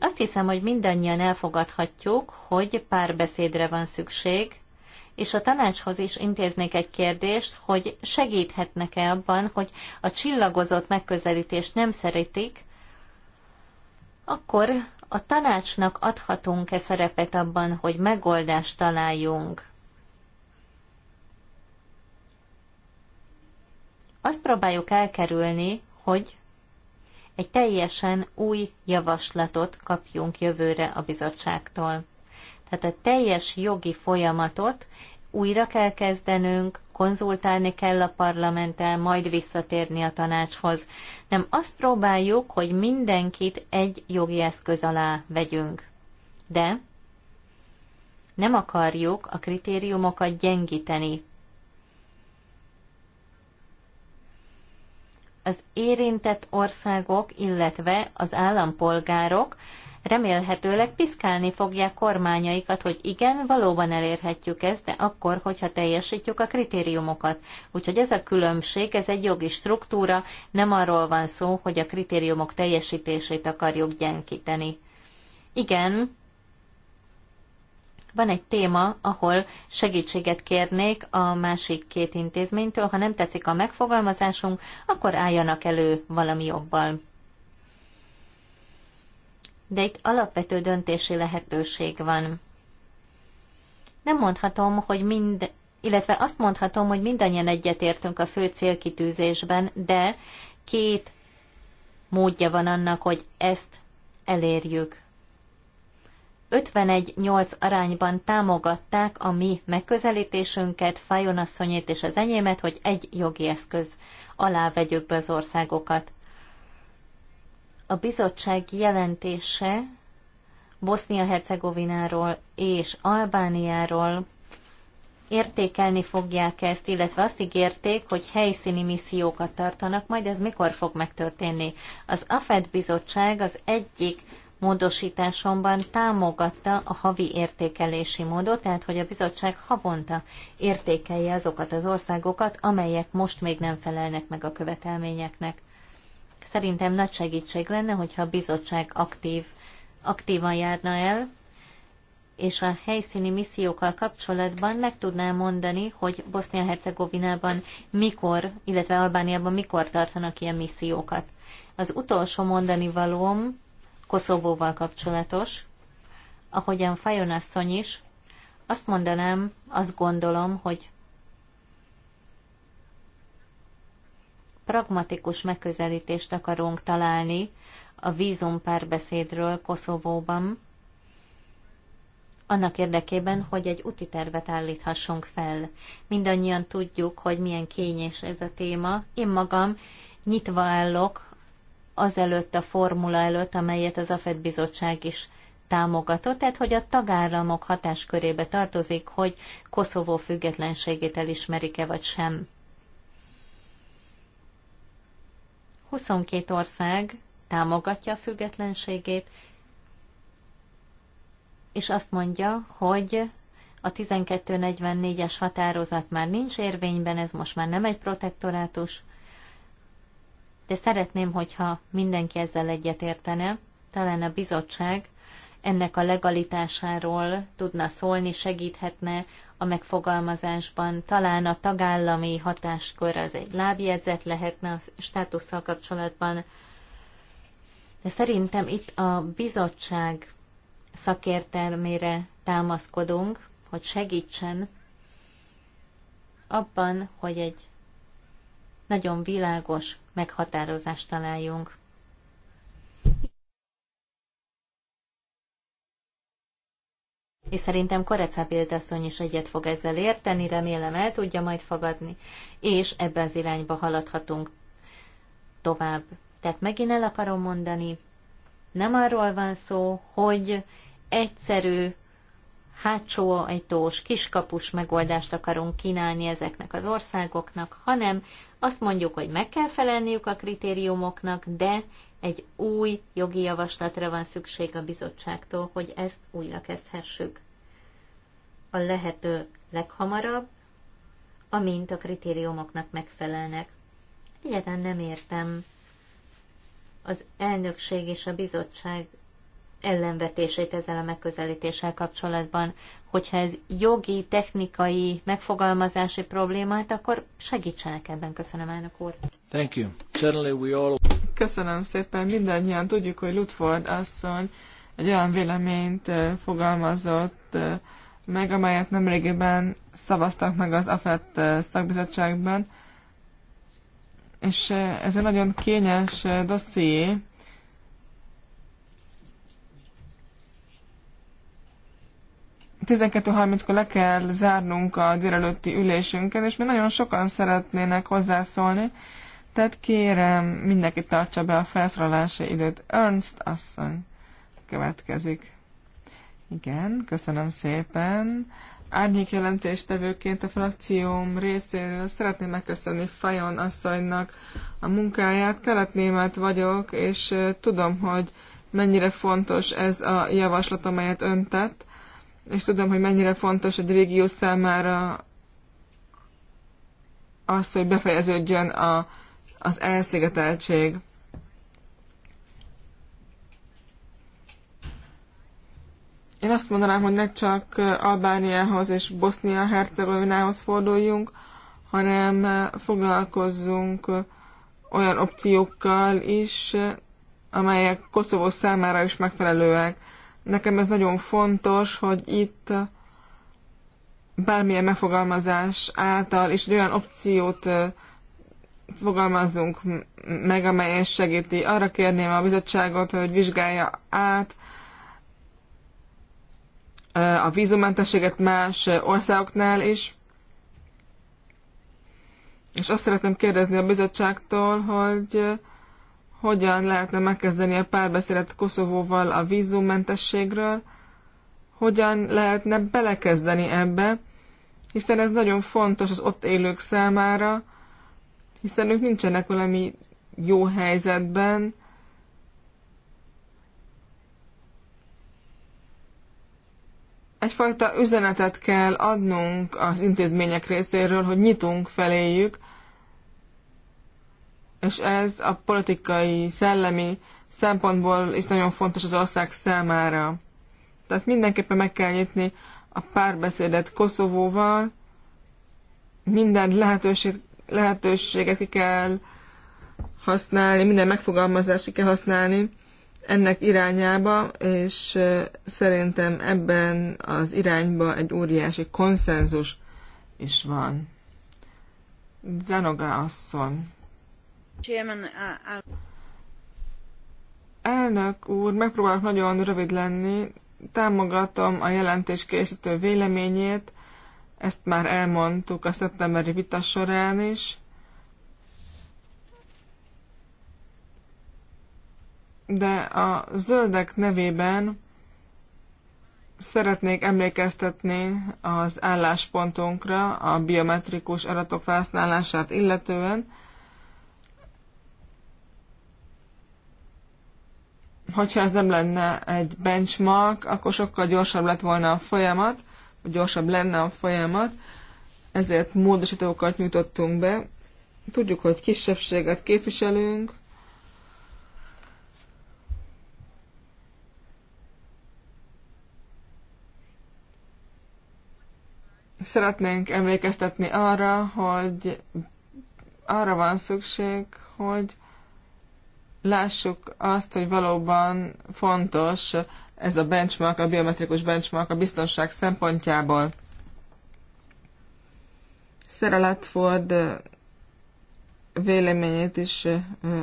Azt hiszem, hogy mindannyian elfogadhatjuk, hogy párbeszédre van szükség, és a tanácshoz is intéznék egy kérdést, hogy segíthetnek-e abban, hogy a csillagozott megközelítést nem szeretik, akkor a tanácsnak adhatunk-e szerepet abban, hogy megoldást találjunk Azt próbáljuk elkerülni, hogy egy teljesen új javaslatot kapjunk jövőre a bizottságtól. Tehát a teljes jogi folyamatot újra kell kezdenünk, konzultálni kell a parlamenttel, majd visszatérni a tanácshoz. Nem azt próbáljuk, hogy mindenkit egy jogi eszköz alá vegyünk. De nem akarjuk a kritériumokat gyengíteni. az érintett országok, illetve az állampolgárok remélhetőleg piszkálni fogják kormányaikat, hogy igen, valóban elérhetjük ezt, de akkor, hogyha teljesítjük a kritériumokat. Úgyhogy ez a különbség, ez egy jogi struktúra, nem arról van szó, hogy a kritériumok teljesítését akarjuk gyenkíteni. Igen, van egy téma, ahol segítséget kérnék a másik két intézménytől, ha nem tetszik a megfogalmazásunk, akkor álljanak elő valami jobbal. De itt alapvető döntési lehetőség van. Nem mondhatom, hogy mind, illetve azt mondhatom, hogy mindannyian egyetértünk a fő célkitűzésben, de két módja van annak, hogy ezt elérjük. 51-8 arányban támogatták a mi megközelítésünket, Fajon asszonyét és az enyémet, hogy egy jogi eszköz alá vegyük be az országokat. A bizottság jelentése Bosznia-Hercegovináról és Albániáról értékelni fogják ezt, illetve azt ígérték, hogy helyszíni missziókat tartanak, majd ez mikor fog megtörténni. Az AFED bizottság az egyik módosításomban támogatta a havi értékelési módot, tehát hogy a bizottság havonta értékelje azokat az országokat, amelyek most még nem felelnek meg a követelményeknek. Szerintem nagy segítség lenne, hogyha a bizottság aktív, aktívan járna el, és a helyszíni missziókkal kapcsolatban meg tudná mondani, hogy Bosznia-Hercegovinában mikor, illetve Albániában mikor tartanak ilyen missziókat. Az utolsó mondani valóm Koszovóval kapcsolatos. Ahogyan Fajon asszony is, azt mondanám, azt gondolom, hogy pragmatikus megközelítést akarunk találni a vízum párbeszédről Koszovóban, annak érdekében, hogy egy úti tervet állíthassunk fel. Mindannyian tudjuk, hogy milyen kényes ez a téma. Én magam nyitva állok azelőtt a formula előtt, amelyet az AFED bizottság is támogatott, tehát hogy a tagállamok hatáskörébe tartozik, hogy Koszovó függetlenségét elismerik-e vagy sem. 22 ország támogatja a függetlenségét, és azt mondja, hogy a 1244-es határozat már nincs érvényben, ez most már nem egy protektorátus, de szeretném, hogyha mindenki ezzel egyetértene, talán a bizottság ennek a legalitásáról tudna szólni, segíthetne a megfogalmazásban. Talán a tagállami hatáskör az egy lábjegyzet lehetne a státusszal kapcsolatban. De szerintem itt a bizottság szakértelmére támaszkodunk, hogy segítsen abban, hogy egy nagyon világos meghatározást találjunk. És szerintem Koreca Bildasszony is egyet fog ezzel érteni, remélem el tudja majd fogadni, és ebbe az irányba haladhatunk tovább. Tehát megint el akarom mondani, nem arról van szó, hogy egyszerű, hátsó ajtós, kiskapus megoldást akarunk kínálni ezeknek az országoknak, hanem azt mondjuk, hogy meg kell felelniük a kritériumoknak, de egy új jogi javaslatra van szükség a bizottságtól, hogy ezt újra kezdhessük. A lehető leghamarabb, amint a kritériumoknak megfelelnek. Egyáltalán nem értem az elnökség és a bizottság ellenvetését ezzel a megközelítéssel kapcsolatban. Hogyha ez jogi, technikai, megfogalmazási problémát, akkor segítsenek ebben. Köszönöm, elnök úr. Thank you. Certainly we all... Köszönöm szépen. Mindannyian tudjuk, hogy Ludford asszony egy olyan véleményt fogalmazott meg, amelyet nemrégiben szavaztak meg az AFET szakbizottságban, és ez egy nagyon kényes dosszié, 12.30-kor le kell zárnunk a délelőtti ülésünket, és mi nagyon sokan szeretnének hozzászólni, tehát kérem, mindenki tartsa be a felszólalási időt. Ernst asszony következik. Igen, köszönöm szépen. Árnyék jelentéstevőként a frakcióm részéről szeretném megköszönni Fajon asszonynak a munkáját. Keletnémet német vagyok, és tudom, hogy mennyire fontos ez a javaslat, amelyet öntett és tudom, hogy mennyire fontos egy régió számára az, hogy befejeződjön a, az elszigeteltség. Én azt mondanám, hogy ne csak Albániához és Bosznia-Hercegovinához forduljunk, hanem foglalkozzunk olyan opciókkal is, amelyek Koszovó számára is megfelelőek. Nekem ez nagyon fontos, hogy itt bármilyen megfogalmazás által és egy olyan opciót fogalmazzunk meg, amely segíti. Arra kérném a bizottságot, hogy vizsgálja át a vízumentességet más országoknál is. És azt szeretném kérdezni a bizottságtól, hogy hogyan lehetne megkezdeni a párbeszédet Koszovóval a vízummentességről, hogyan lehetne belekezdeni ebbe, hiszen ez nagyon fontos az ott élők számára, hiszen ők nincsenek valami jó helyzetben, egyfajta üzenetet kell adnunk az intézmények részéről, hogy nyitunk feléjük, és ez a politikai, szellemi szempontból is nagyon fontos az ország számára. Tehát mindenképpen meg kell nyitni a párbeszédet Koszovóval, minden lehetőség, lehetőséget ki kell használni, minden megfogalmazást ki kell használni ennek irányába, és szerintem ebben az irányba egy óriási konszenzus is van. Zanoga asszony. Uh, Elnök úr, megpróbálok nagyon rövid lenni. Támogatom a jelentés készítő véleményét, ezt már elmondtuk a szeptemberi vita során is. De a zöldek nevében szeretnék emlékeztetni az álláspontunkra a biometrikus adatok felhasználását illetően, Hogyha ez nem lenne egy benchmark, akkor sokkal gyorsabb lett volna a folyamat, vagy gyorsabb lenne a folyamat, ezért módosítókat nyújtottunk be. Tudjuk, hogy kisebbséget képviselünk, szeretnénk emlékeztetni arra, hogy arra van szükség, hogy lássuk azt, hogy valóban fontos ez a benchmark, a biometrikus benchmark a biztonság szempontjából. Sarah Latford véleményét is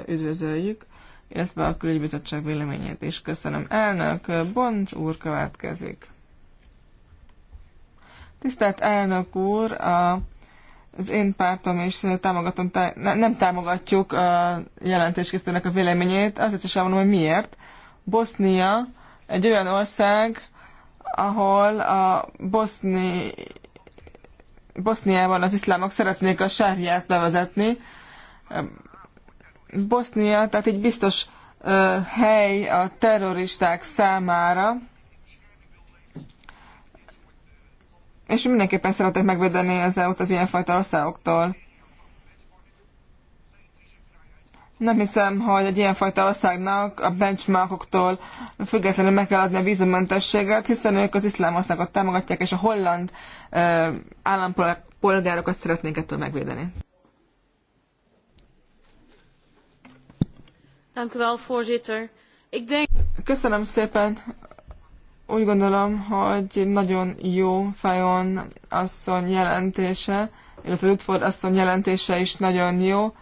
üdvözöljük, illetve a külügybizottság véleményét is. Köszönöm. Elnök, Bond úr következik. Tisztelt elnök úr, a az én pártom is eh, támogatom, tá- ne, nem támogatjuk a eh, jelentéskészítőnek a véleményét, azért is elmondom, hogy miért. Bosznia egy olyan ország, ahol a boszni Boszniában az iszlámok szeretnék a sárját bevezetni. Bosznia, tehát egy biztos eh, hely a terroristák számára, és mindenképpen szeretek megvédeni az EU-t az ilyenfajta országoktól. Nem hiszem, hogy egy ilyenfajta országnak a benchmarkoktól függetlenül meg kell adni a vízummentességet, hiszen ők az iszlám országot támogatják, és a holland állampolgárokat szeretnénk ettől megvédeni. Köszönöm szépen, úgy gondolom, hogy nagyon jó Fajon asszony jelentése, illetve Ludford asszony jelentése is nagyon jó.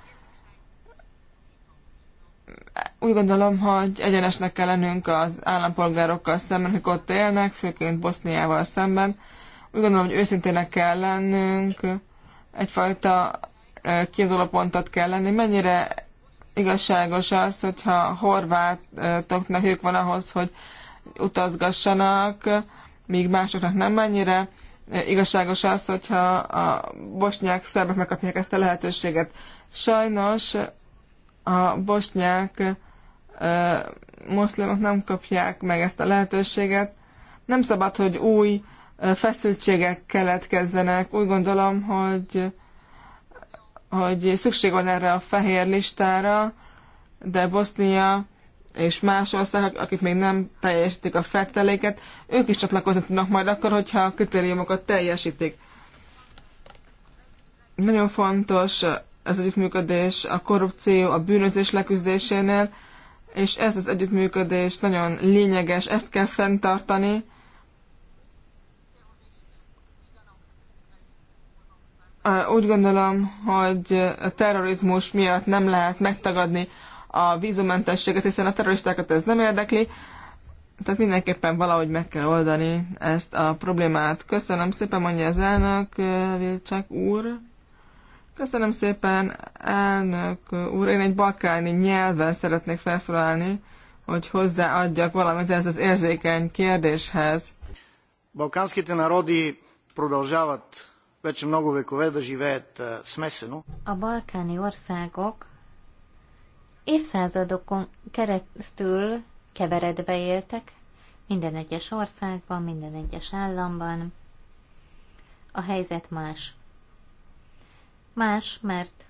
Úgy gondolom, hogy egyenesnek kell lennünk az állampolgárokkal szemben, akik ott élnek, főként Boszniával szemben. Úgy gondolom, hogy őszintének kell lennünk, egyfajta kiinduló pontot kell lenni. Mennyire igazságos az, hogyha horvátoknak ők van ahhoz, hogy utazgassanak, míg másoknak nem mennyire Igazságos az, hogyha a bosnyák szerbek megkapják ezt a lehetőséget. Sajnos a bosnyák moszlimok nem kapják meg ezt a lehetőséget. Nem szabad, hogy új feszültségek keletkezzenek. Úgy gondolom, hogy, hogy szükség van erre a fehér listára, de Bosznia és más országok, akik még nem teljesítik a fetteléket, ők is csatlakozni tudnak majd akkor, hogyha a kritériumokat teljesítik. Nagyon fontos ez együttműködés a korrupció, a bűnözés leküzdésénél, és ez az együttműködés nagyon lényeges, ezt kell fenntartani. Úgy gondolom, hogy a terrorizmus miatt nem lehet megtagadni a vízumentességet, hiszen a terroristákat ez nem érdekli. Tehát mindenképpen valahogy meg kell oldani ezt a problémát. Köszönöm szépen, mondja az elnök, eh, Vilcsák úr. Köszönöm szépen, elnök úr. Én egy balkáni nyelven szeretnék felszólalni, hogy hozzáadjak valamit ez az érzékeny kérdéshez. narodi вече много векове да живеят смесено. A balkáni országok évszázadokon keresztül keveredve éltek minden egyes országban, minden egyes államban. A helyzet más. Más, mert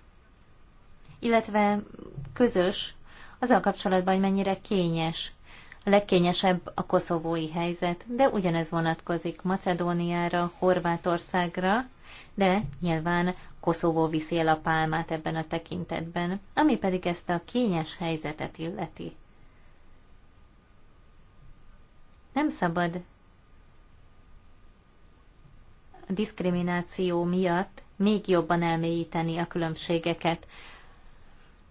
illetve közös azzal kapcsolatban, hogy mennyire kényes. A legkényesebb a koszovói helyzet, de ugyanez vonatkozik Macedóniára, Horvátországra, de nyilván Koszovó viszi el a pálmát ebben a tekintetben, ami pedig ezt a kényes helyzetet illeti. Nem szabad a diszkrimináció miatt még jobban elmélyíteni a különbségeket.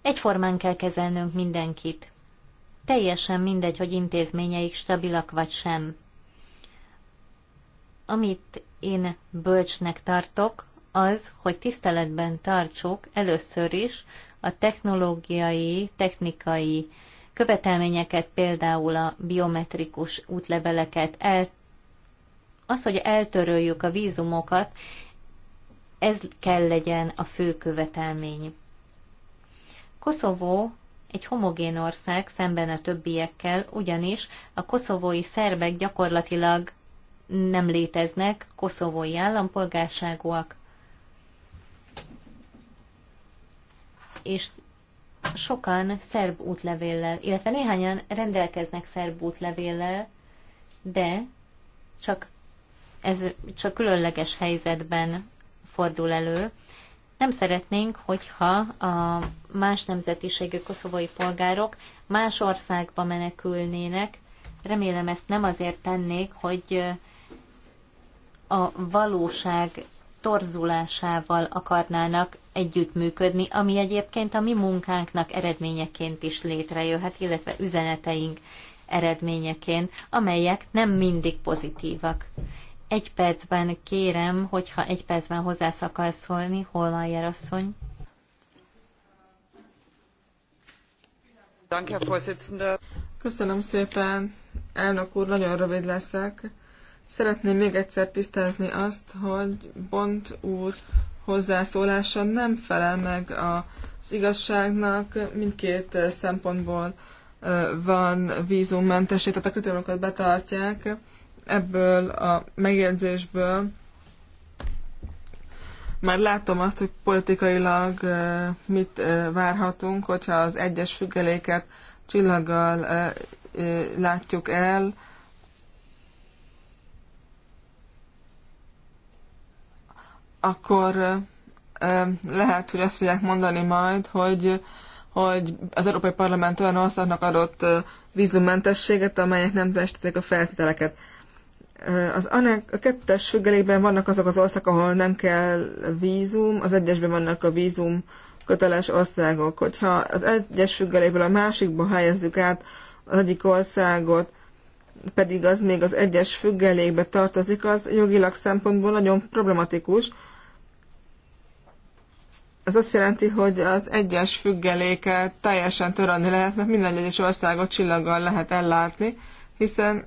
Egyformán kell kezelnünk mindenkit. Teljesen mindegy, hogy intézményeik stabilak vagy sem. Amit én bölcsnek tartok, az, hogy tiszteletben tartsuk először is a technológiai, technikai követelményeket, például a biometrikus útleveleket, el, az, hogy eltöröljük a vízumokat, ez kell legyen a fő követelmény. Koszovó egy homogén ország szemben a többiekkel, ugyanis a koszovói szerbek gyakorlatilag nem léteznek, koszovói állampolgárságúak, és sokan szerb útlevéllel, illetve néhányan rendelkeznek szerb útlevéllel, de csak ez csak különleges helyzetben fordul elő. Nem szeretnénk, hogyha a más nemzetiségű koszovói polgárok más országba menekülnének. Remélem ezt nem azért tennék, hogy a valóság torzulásával akarnának együttműködni, ami egyébként a mi munkánknak eredményeként is létrejöhet, illetve üzeneteink eredményeként, amelyek nem mindig pozitívak. Egy percben kérem, hogyha egy percben hozzász akarsz szólni, Holmeyer asszony. Köszönöm szépen, elnök úr, nagyon rövid leszek Szeretném még egyszer tisztázni azt, hogy Bont úr hozzászólása nem felel meg az igazságnak, mindkét szempontból van vízummentesé, tehát a kritériumokat betartják. Ebből a megjegyzésből már látom azt, hogy politikailag mit várhatunk, hogyha az egyes függeléket csillaggal látjuk el, akkor lehet, hogy azt fogják mondani majd, hogy, hogy az Európai Parlament olyan országnak adott vízummentességet, amelyek nem testették a feltételeket. Az anek, a kettes függelékben vannak azok az országok, ahol nem kell vízum, az egyesben vannak a vízum köteles országok. Hogyha az egyes függelékből a másikba helyezzük át az egyik országot, pedig az még az egyes függelékbe tartozik, az jogilag szempontból nagyon problematikus, ez azt jelenti, hogy az egyes függeléket teljesen törölni lehet, mert minden egyes országot csillaggal lehet ellátni, hiszen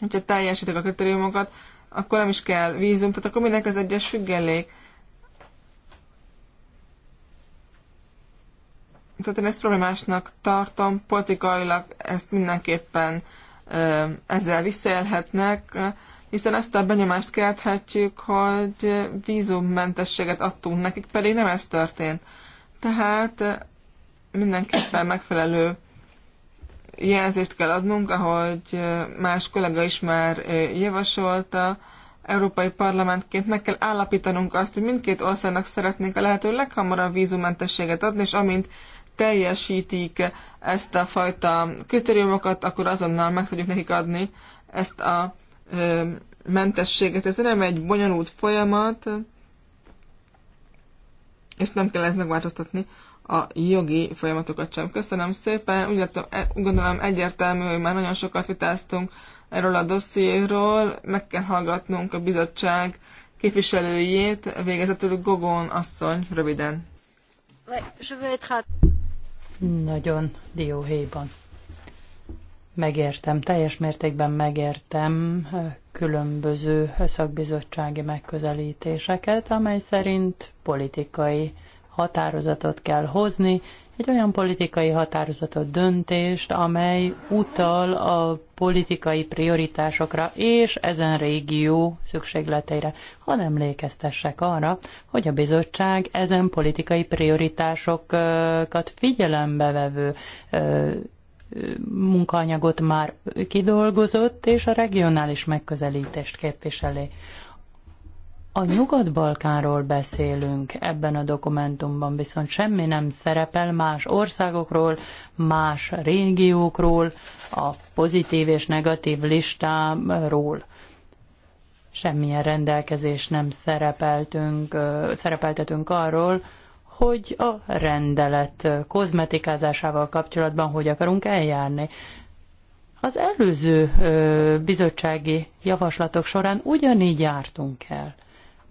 hogyha teljesítik a kritériumokat, akkor nem is kell vízum, tehát akkor minek az egyes függelék. Tehát én ezt problémásnak tartom, politikailag ezt mindenképpen ezzel visszaélhetnek, hiszen ezt a benyomást kelthetjük, hogy vízummentességet adtunk nekik, pedig nem ez történt. Tehát mindenképpen megfelelő jelzést kell adnunk, ahogy más kollega is már javasolta, Európai Parlamentként meg kell állapítanunk azt, hogy mindkét országnak szeretnénk a lehető leghamarabb vízumentességet adni, és amint teljesítik ezt a fajta kritériumokat, akkor azonnal meg tudjuk nekik adni ezt a mentességet. Ez nem egy bonyolult folyamat, és nem kell ezt megváltoztatni a jogi folyamatokat sem. Köszönöm szépen, úgy látom, e, gondolom egyértelmű, hogy már nagyon sokat vitáztunk erről a dossziéről. meg kell hallgatnunk a bizottság képviselőjét, végezetül Gogon asszony, röviden. Nagyon dióhéjban megértem, teljes mértékben megértem különböző szakbizottsági megközelítéseket, amely szerint politikai határozatot kell hozni, egy olyan politikai határozatot, döntést, amely utal a politikai prioritásokra és ezen régió szükségleteire. Hadd emlékeztessek arra, hogy a bizottság ezen politikai prioritásokat figyelembe vevő munkaanyagot már kidolgozott, és a regionális megközelítést képviseli. A Nyugat-Balkánról beszélünk ebben a dokumentumban, viszont semmi nem szerepel más országokról, más régiókról, a pozitív és negatív listáról. Semmilyen rendelkezés nem szerepeltünk, szerepeltetünk arról, hogy a rendelet kozmetikázásával kapcsolatban hogy akarunk eljárni. Az előző ö, bizottsági javaslatok során ugyanígy jártunk el.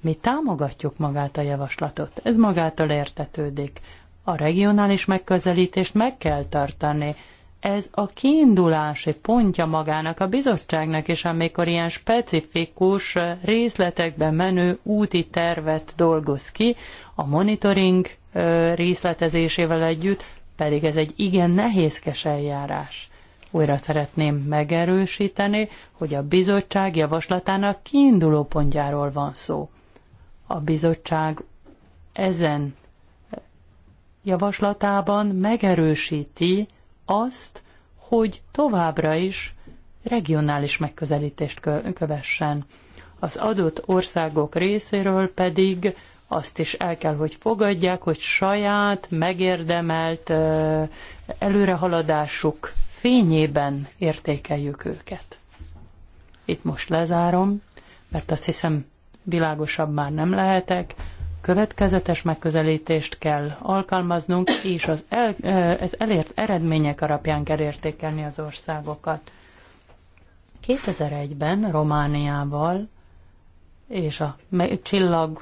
Mi támogatjuk magát a javaslatot, ez magától értetődik. A regionális megközelítést meg kell tartani, ez a kiindulási pontja magának a bizottságnak is, amikor ilyen specifikus eh, részletekben menő úti tervet dolgoz ki, a monitoring eh, részletezésével együtt, pedig ez egy igen nehézkes eljárás. Újra szeretném megerősíteni, hogy a bizottság javaslatának kiinduló pontjáról van szó. A bizottság ezen eh, javaslatában megerősíti azt, hogy továbbra is regionális megközelítést kövessen. Az adott országok részéről pedig azt is el kell, hogy fogadják, hogy saját, megérdemelt előrehaladásuk fényében értékeljük őket. Itt most lezárom, mert azt hiszem világosabb már nem lehetek következetes megközelítést kell alkalmaznunk, és az el, ez elért eredmények alapján kell értékelni az országokat. 2001-ben Romániával és a csillag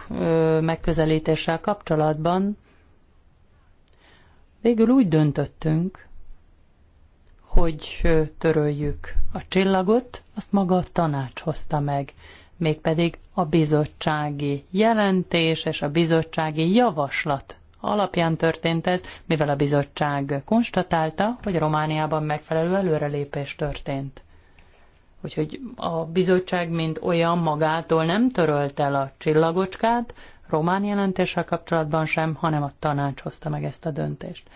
megközelítéssel kapcsolatban végül úgy döntöttünk, hogy töröljük a csillagot, azt maga a tanács hozta meg mégpedig a bizottsági jelentés és a bizottsági javaslat alapján történt ez, mivel a bizottság konstatálta, hogy Romániában megfelelő előrelépés történt. Úgyhogy a bizottság, mint olyan magától nem törölt el a csillagocskát, román jelentéssel kapcsolatban sem, hanem a tanács hozta meg ezt a döntést.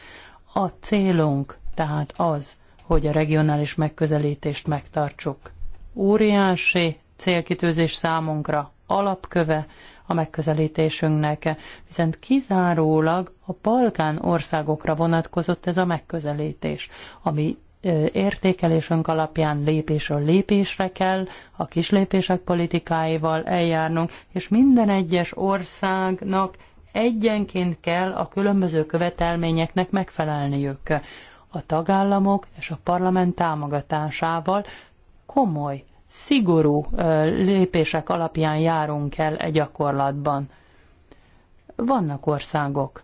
A célunk tehát az, hogy a regionális megközelítést megtartsuk. Óriási célkitűzés számunkra alapköve a megközelítésünknek, viszont kizárólag a Balkán országokra vonatkozott ez a megközelítés, ami értékelésünk alapján lépésről lépésre kell a kislépések politikáival eljárnunk, és minden egyes országnak egyenként kell a különböző követelményeknek megfelelniük. A tagállamok és a parlament támogatásával komoly szigorú lépések alapján járunk el egy gyakorlatban. Vannak országok,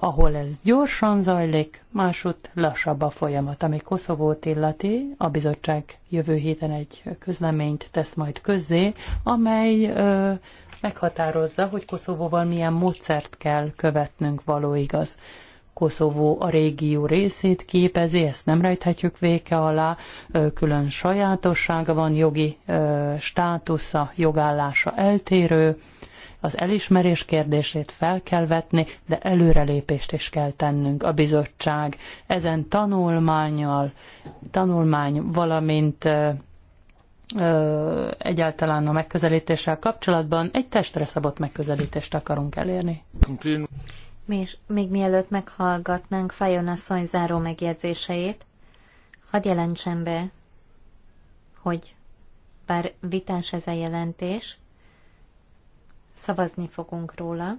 ahol ez gyorsan zajlik, másút lassabb a folyamat. Ami Koszovót illeti, a bizottság jövő héten egy közleményt tesz majd közzé, amely ö, meghatározza, hogy Koszovóval milyen módszert kell követnünk való igaz. Koszovó a régió részét képezi, ezt nem rejthetjük véke alá, külön sajátossága van, jogi státusza, jogállása eltérő, az elismerés kérdését fel kell vetni, de előrelépést is kell tennünk a bizottság. Ezen tanulmányal, tanulmány, valamint egyáltalán a megközelítéssel kapcsolatban egy testre szabott megközelítést akarunk elérni. És még mielőtt meghallgatnánk Fajon asszony záró megjegyzéseit, hadd jelentsem be, hogy bár vitás ez a jelentés, szavazni fogunk róla.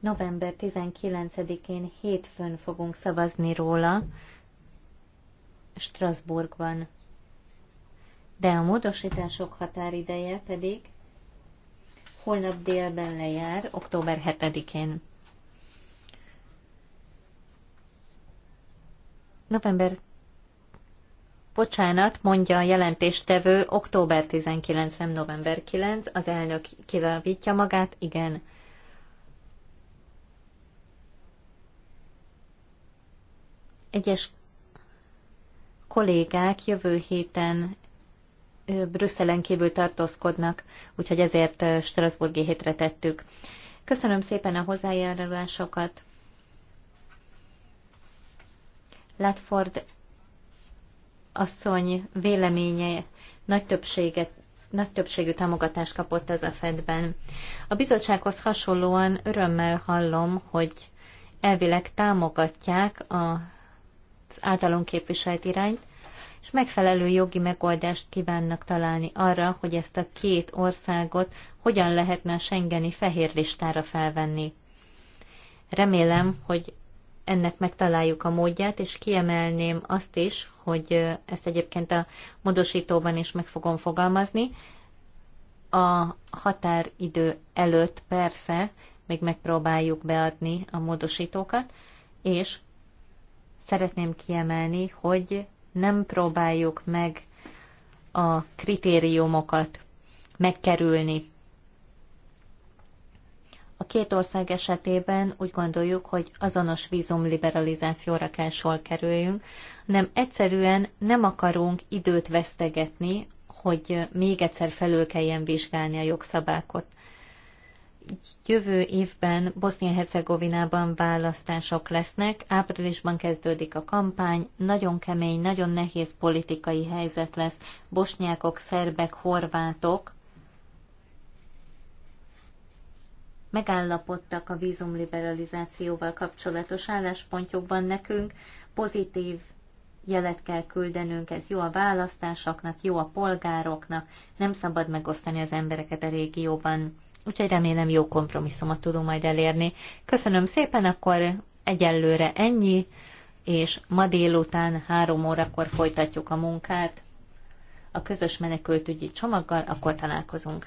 November 19-én hétfőn fogunk szavazni róla Strasbourgban. De a módosítások határideje pedig holnap délben lejár, október 7-én. November Bocsánat, mondja a jelentéstevő, október 19, nem november 9, az elnök kivávítja magát, igen. Egyes kollégák jövő héten Brüsszelen kívül tartózkodnak, úgyhogy ezért Strasburgi hétre tettük. Köszönöm szépen a hozzájárulásokat. Latford asszony véleménye nagy többséget nagy többségű támogatást kapott ez a Fedben. A bizottsághoz hasonlóan örömmel hallom, hogy elvileg támogatják az általunk képviselt irányt, és megfelelő jogi megoldást kívánnak találni arra, hogy ezt a két országot hogyan lehetne a Schengeni fehér listára felvenni. Remélem, hogy ennek megtaláljuk a módját, és kiemelném azt is, hogy ezt egyébként a módosítóban is meg fogom fogalmazni. A határidő előtt persze még megpróbáljuk beadni a módosítókat, és szeretném kiemelni, hogy nem próbáljuk meg a kritériumokat megkerülni. A két ország esetében úgy gondoljuk, hogy azonos vízumliberalizációra kell sor kerüljünk, nem egyszerűen nem akarunk időt vesztegetni, hogy még egyszer felül kelljen vizsgálni a jogszabákot jövő évben Bosznia-Hercegovinában választások lesznek, áprilisban kezdődik a kampány, nagyon kemény, nagyon nehéz politikai helyzet lesz, bosnyákok, szerbek, horvátok megállapodtak a vízumliberalizációval kapcsolatos álláspontjukban nekünk, pozitív jelet kell küldenünk, ez jó a választásoknak, jó a polgároknak, nem szabad megosztani az embereket a régióban Úgyhogy remélem jó kompromisszumot tudunk majd elérni. Köszönöm szépen, akkor egyelőre ennyi, és ma délután három órakor folytatjuk a munkát. A közös menekültügyi csomaggal akkor találkozunk.